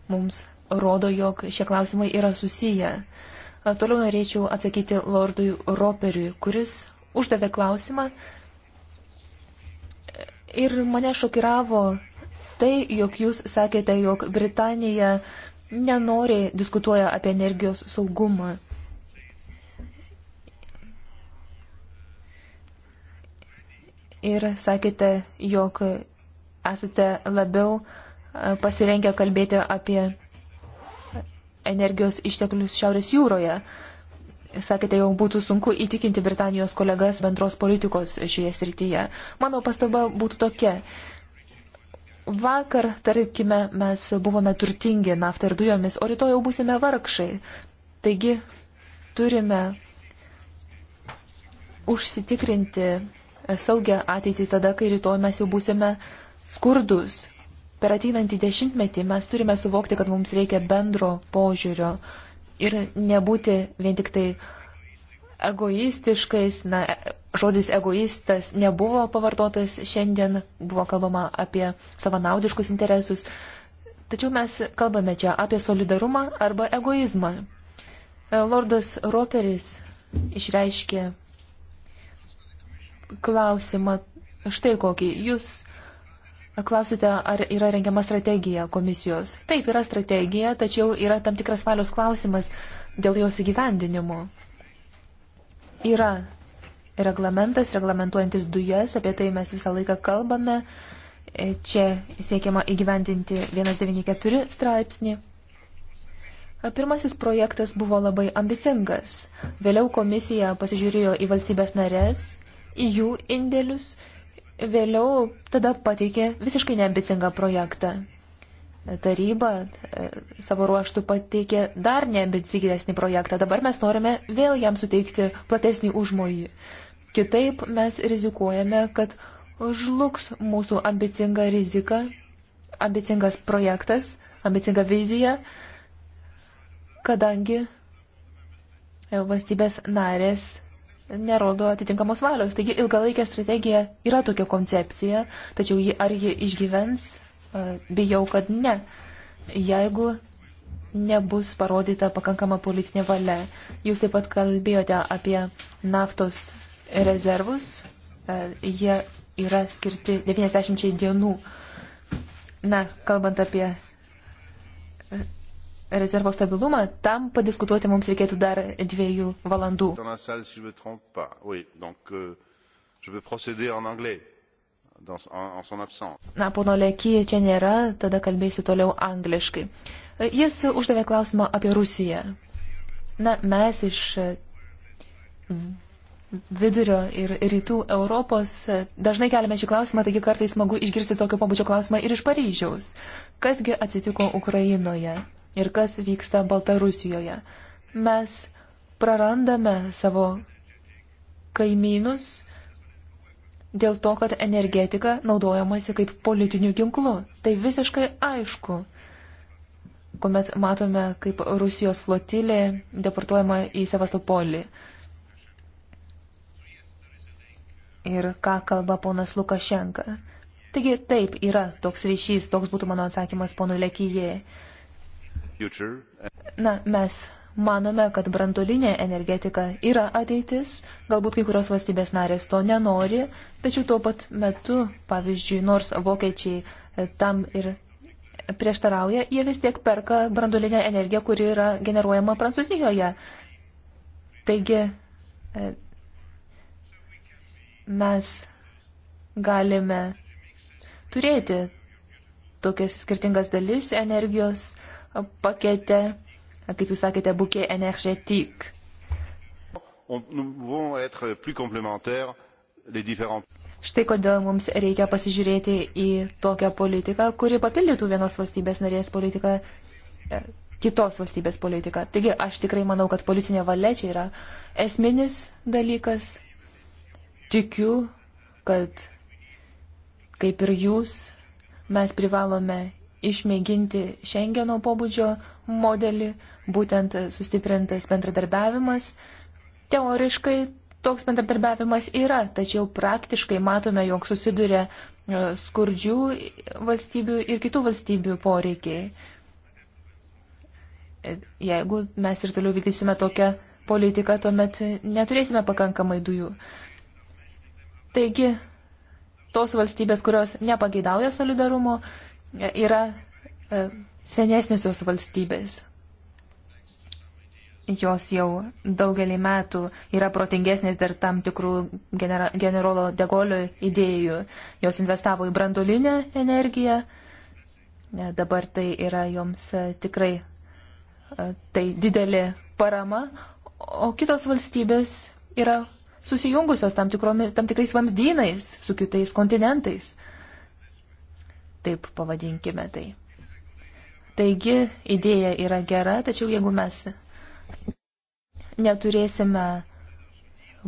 mums rodo, jog šie klausimai yra susiję. Toliau norėčiau atsakyti Lordui Roperiui, kuris uždavė klausimą ir mane šokiravo tai, jog jūs sakėte, jog Britanija nenori diskutuoja apie energijos saugumą. Ir sakėte, jog esate labiau uh, pasirengę kalbėti apie energijos išteklius Šiaurės jūroje. Sakėte, jau būtų sunku įtikinti Britanijos kolegas bendros politikos šioje srityje. Mano pastaba būtų tokia. Vakar, tarkime, mes buvome turtingi naftą ir dujomis, o rytoj jau būsime vargšai. Taigi turime užsitikrinti saugią ateitį tada, kai rytoj mes jau būsime skurdus per ateinantį dešimtmetį mes turime suvokti, kad mums reikia bendro požiūrio ir nebūti vien tik tai egoistiškais. Na, žodis egoistas nebuvo pavartotas šiandien, buvo kalbama apie savanaudiškus interesus. Tačiau mes kalbame čia apie solidarumą arba egoizmą. E, Lordas Roperis išreiškė klausimą štai kokį. Jūs Klausite, ar yra rengiama strategija komisijos? Taip, yra strategija, tačiau yra tam tikras valios klausimas dėl jos įgyvendinimo. Yra reglamentas, reglamentuojantis dujas, apie tai mes visą laiką kalbame. Čia siekiama įgyvendinti 194 straipsnį. Pirmasis projektas buvo labai ambicingas. Vėliau komisija pasižiūrėjo į valstybės narės, į jų indėlius vėliau tada pateikė visiškai neambicingą projektą. Taryba e, savo ruoštų pateikė dar neambicingesnį projektą. Dabar mes norime vėl jam suteikti platesnį užmojį. Kitaip mes rizikuojame, kad žlugs mūsų ambicinga rizika, ambicingas projektas, ambicinga vizija, kadangi valstybės narės nerodo atitinkamos valios. Taigi ilgalaikė strategija yra tokia koncepcija, tačiau ji, ar ji išgyvens, e, bijau, kad ne. Jeigu nebus parodyta pakankama politinė valia. Jūs taip pat kalbėjote apie naftos rezervus. E, jie yra skirti 90 dienų. Na, kalbant apie rezervo stabilumą, tam padiskutuoti mums reikėtų dar dviejų valandų. Euh, Na, pono Leki čia nėra, tada kalbėsiu toliau angliškai. E, jis uždavė klausimą apie Rusiją. Na, mes iš e, vidurio ir rytų Europos. E, dažnai keliame šį klausimą, taigi kartais smagu išgirsti tokio pabudžio klausimą ir iš Paryžiaus. Kasgi atsitiko Ukrainoje? ir kas vyksta Baltarusijoje. Mes prarandame savo kaimynus dėl to, kad energetika naudojamasi kaip politiniu ginklu. Tai visiškai aišku, kuomet matome, kaip Rusijos flotilė deportuojama į Sevastopolį. Ir ką kalba ponas Lukašenka. Taigi taip yra toks ryšys, toks būtų mano atsakymas ponui Lekijai. Na, mes manome, kad brandolinė energetika yra ateitis, galbūt kai kurios valstybės narės to nenori, tačiau tuo pat metu, pavyzdžiui, nors vokiečiai e, tam ir prieštarauja, jie vis tiek perka brandolinę energiją, kuri yra generuojama Prancūzijoje. Taigi e, mes galime turėti tokias skirtingas dalis energijos pakete, kaip jūs sakėte, bukė energetik. Štai kodėl mums reikia pasižiūrėti į tokią politiką, kuri papildytų vienos valstybės narės politiką e, kitos valstybės politiką. Taigi aš tikrai manau, kad politinė valia čia yra esminis dalykas. Tikiu, kad kaip ir jūs, mes privalome išmėginti Schengeno pobūdžio modelį, būtent sustiprintas bendradarbiavimas. Teoriškai toks bendradarbiavimas yra, tačiau praktiškai matome, jog susiduria e, skurdžių valstybių ir kitų valstybių poreikiai. E, jeigu mes ir toliau vykdysime tokią politiką, tuomet neturėsime pakankamai dujų. Taigi, tos valstybės, kurios nepageidauja solidarumo, yra e, senesniusios valstybės. Jos jau daugelį metų yra protingesnės dar tam tikrų genera, generolo Degolio idėjų. Jos investavo į brandolinę energiją. E, dabar tai yra joms e, tikrai tai didelė parama, o kitos valstybės yra susijungusios tam, tikromis, tam tikrais vamzdynais su kitais kontinentais taip pavadinkime tai. Taigi, idėja yra gera, tačiau jeigu mes neturėsime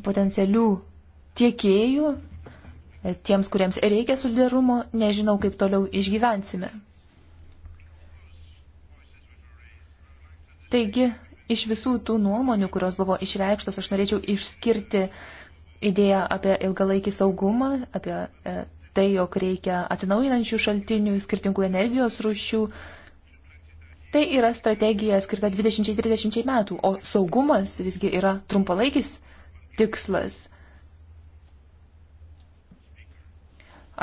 potencialių tiekėjų, e, tiems, kuriems reikia solidarumo, nežinau, kaip toliau išgyvensime. Taigi, iš visų tų nuomonių, kurios buvo išreikštos, aš norėčiau išskirti idėją apie ilgalaikį saugumą, apie e, tai, jog reikia atsinaujinančių šaltinių, skirtingų energijos rušių. Tai yra strategija skirta 20-30 metų, o saugumas visgi yra trumpalaikis tikslas.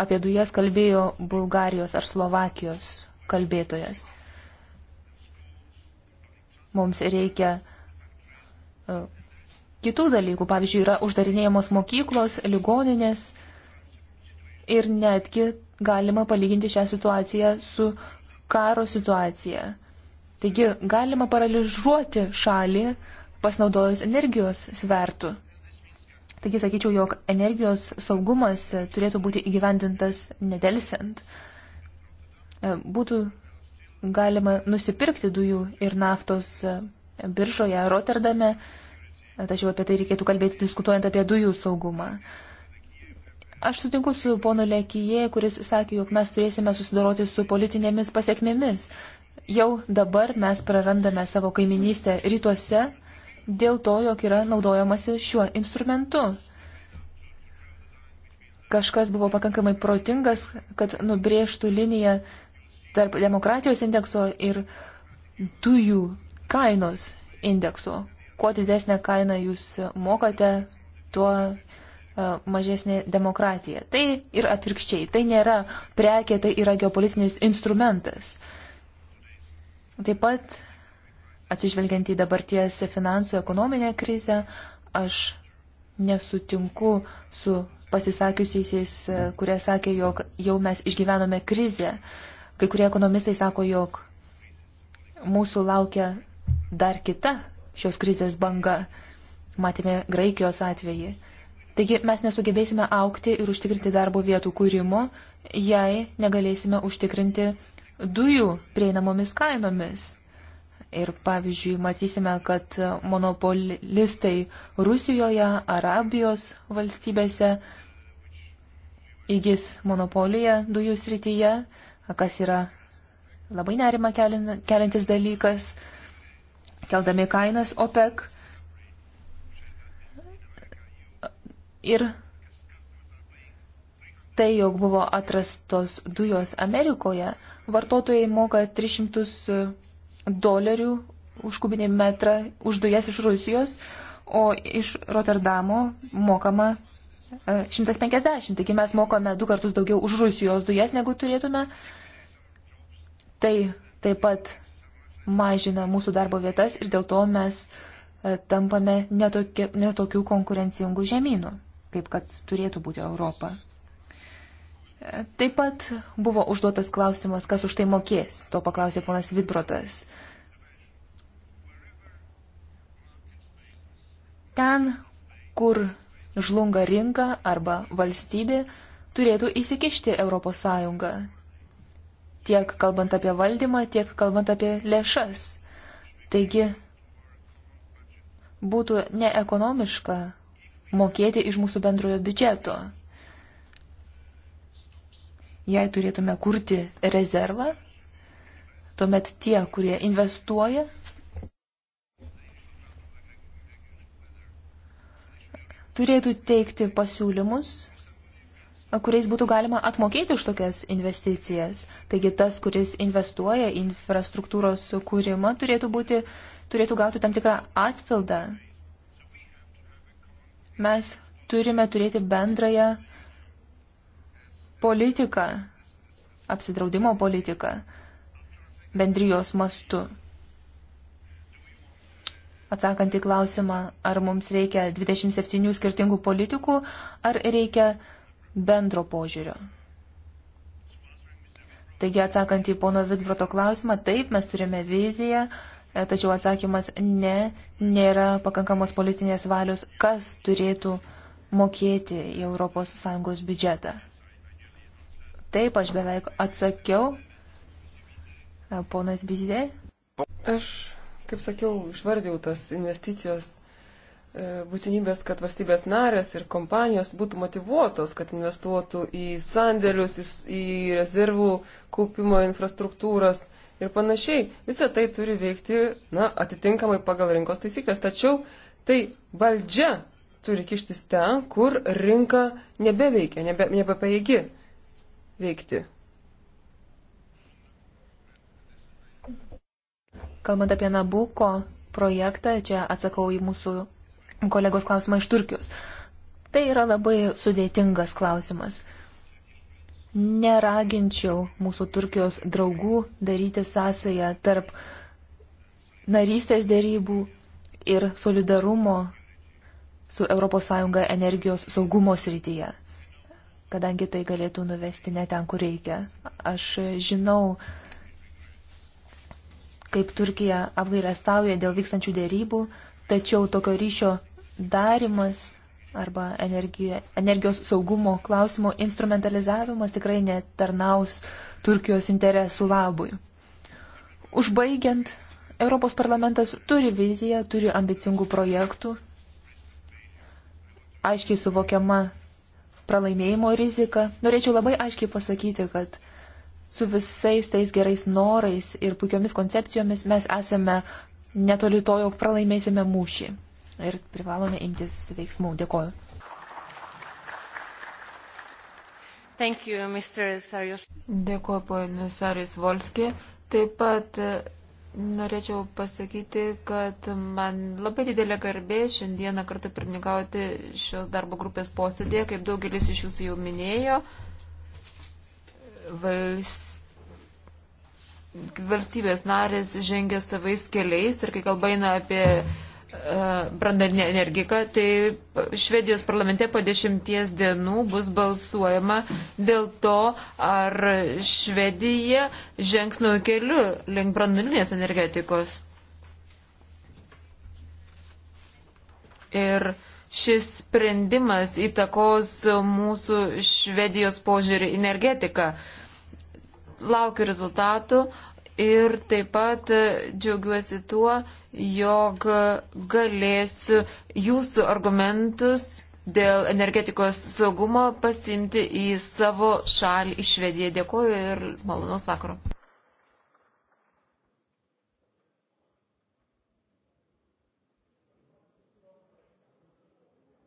Apie dujas kalbėjo Bulgarijos ar Slovakijos kalbėtojas. Mums reikia e, kitų dalykų. Pavyzdžiui, yra uždarinėjamos mokyklos, ligoninės, ir netgi galima palyginti šią situaciją su karo situacija. Taigi galima paralyžuoti šalį pasinaudojus energijos svertų. Taigi sakyčiau, jog energijos saugumas turėtų būti įgyvendintas nedelsiant. E, būtų galima nusipirkti dujų ir naftos e, biržoje Rotterdame, e, tačiau apie tai reikėtų kalbėti diskutuojant apie dujų saugumą. Aš sutinku su ponu Lekijė, kuris sakė, jog mes turėsime susidoroti su politinėmis pasiekmėmis. Jau dabar mes prarandame savo kaiminystę rytuose dėl to, jog yra naudojamasi šiuo instrumentu. Kažkas buvo pakankamai protingas, kad nubrėžtų liniją tarp demokratijos indekso ir dujų kainos indekso. Kuo didesnę kainą jūs mokate, tuo E, mažesnė demokratija. Tai ir atvirkščiai. Tai nėra prekė, tai yra geopolitinis instrumentas. Taip pat, atsižvelgiant į dabarties finansų ekonominę krizę, aš nesutinku su pasisakiusiais, e, kurie sakė, jog jau mes išgyvenome krizę. Kai kurie ekonomistai sako, jog mūsų laukia dar kita šios krizės banga. Matėme Graikijos atvejį. Taigi mes nesugebėsime aukti ir užtikrinti darbo vietų kūrimo, jei negalėsime užtikrinti dujų prieinamomis kainomis. Ir pavyzdžiui, matysime, kad monopolistai Rusijoje, Arabijos valstybėse įgis monopoliją dujų srityje, kas yra labai nerima keliantis dalykas, keldami kainas OPEC Ir tai, jog buvo atrastos dujos Amerikoje, vartotojai moka 300 e, dolerių už kubinį metrą už dujas iš Rusijos, o iš Rotterdamo mokama 150. E, Taigi mes mokame du kartus daugiau už Rusijos dujas, negu turėtume. Tai taip pat mažina mūsų darbo vietas ir dėl to mes e, tampame netokių, netokių konkurencingų žemynų kaip kad turėtų būti Europa. Taip pat buvo užduotas klausimas, kas už tai mokės. To paklausė ponas Vidbrotas. Ten, kur žlunga rinka arba valstybė, turėtų įsikišti ES. Tiek kalbant apie valdymą, tiek kalbant apie lėšas. Taigi, būtų neekonomiška mokėti iš mūsų bendrojo biudžeto. Jei turėtume kurti rezervą, tuomet tie, kurie investuoja, turėtų teikti pasiūlymus kuriais būtų galima atmokėti už tokias investicijas. Taigi tas, kuris investuoja į infrastruktūros sukūrimą, turėtų, būti, turėtų gauti tam tikrą atpildą. Mes turime turėti bendrąją politiką, apsidraudimo politiką bendrijos mastu. Atsakant į klausimą, ar mums reikia 27 skirtingų politikų, ar reikia bendro požiūrio. Taigi, atsakant į pono Vidbroto klausimą, taip, mes turime viziją, E, tačiau atsakymas ne, nėra pakankamos politinės valios, kas turėtų mokėti į ES biudžetą. Taip, aš beveik atsakiau, e, ponas Bizidė. Aš, kaip sakiau, išvardėjau tas investicijos e, būtinybės, kad valstybės narės ir kompanijos būtų motivuotos, kad investuotų į sandėlius, į rezervų kaupimo infrastruktūras ir panašiai. Visą tai turi veikti na, atitinkamai pagal rinkos taisyklės. Tačiau tai valdžia turi kištis ten, kur rinka nebeveikia, nebe, nebepaėgi veikti. Kalbant apie Nabuko projektą, čia atsakau į mūsų kolegos klausimą iš Turkijos. Tai yra labai sudėtingas klausimas. Uh, neraginčiau mūsų Turkijos draugų daryti sąsąją tarp narystės dėrybų ir solidarumo su ES energijos saugumo srityje, kadangi tai galėtų nuvesti ne ten, kur reikia. Aš žinau, kaip Turkija apgailestauja dėl vykstančių dėrybų, tačiau tokio ryšio darimas arba energija, energijos saugumo klausimo instrumentalizavimas tikrai netarnaus Turkijos interesų labui. Užbaigiant, Europos parlamentas turi viziją, turi ambicingų projektų, aiškiai suvokiama pralaimėjimo rizika. Norėčiau labai aiškiai pasakyti, kad su visais tais gerais norais ir puikiomis koncepcijomis mes esame netoli to, jog pralaimėsime mūšį ir privalome imtis veiksmų. Dėkoju. Thank you, Dėkuoju, ponas Sarijus Volski. Taip pat e, norėčiau pasakyti, kad man labai didelė garbė šiandieną kartą pirmininkauti šios darbo grupės posėdėje, kaip daugelis iš jūsų jau minėjo. Valst valstybės narės žengia savais keliais ir kai kalba eina apie E, brandarinė energika, tai Švedijos parlamente po dešimties dienų bus balsuojama dėl to, ar Švedija žengs naujų kelių link brandarinės energetikos. Ir šis sprendimas įtakos mūsų Švedijos požiūrį energetiką. Laukiu rezultatų ir taip pat džiaugiuosi tuo, jog galėsiu jūsų argumentus dėl energetikos saugumo pasimti į savo šalį, į Švediją. Dėkuoju ir malonaus vakaro.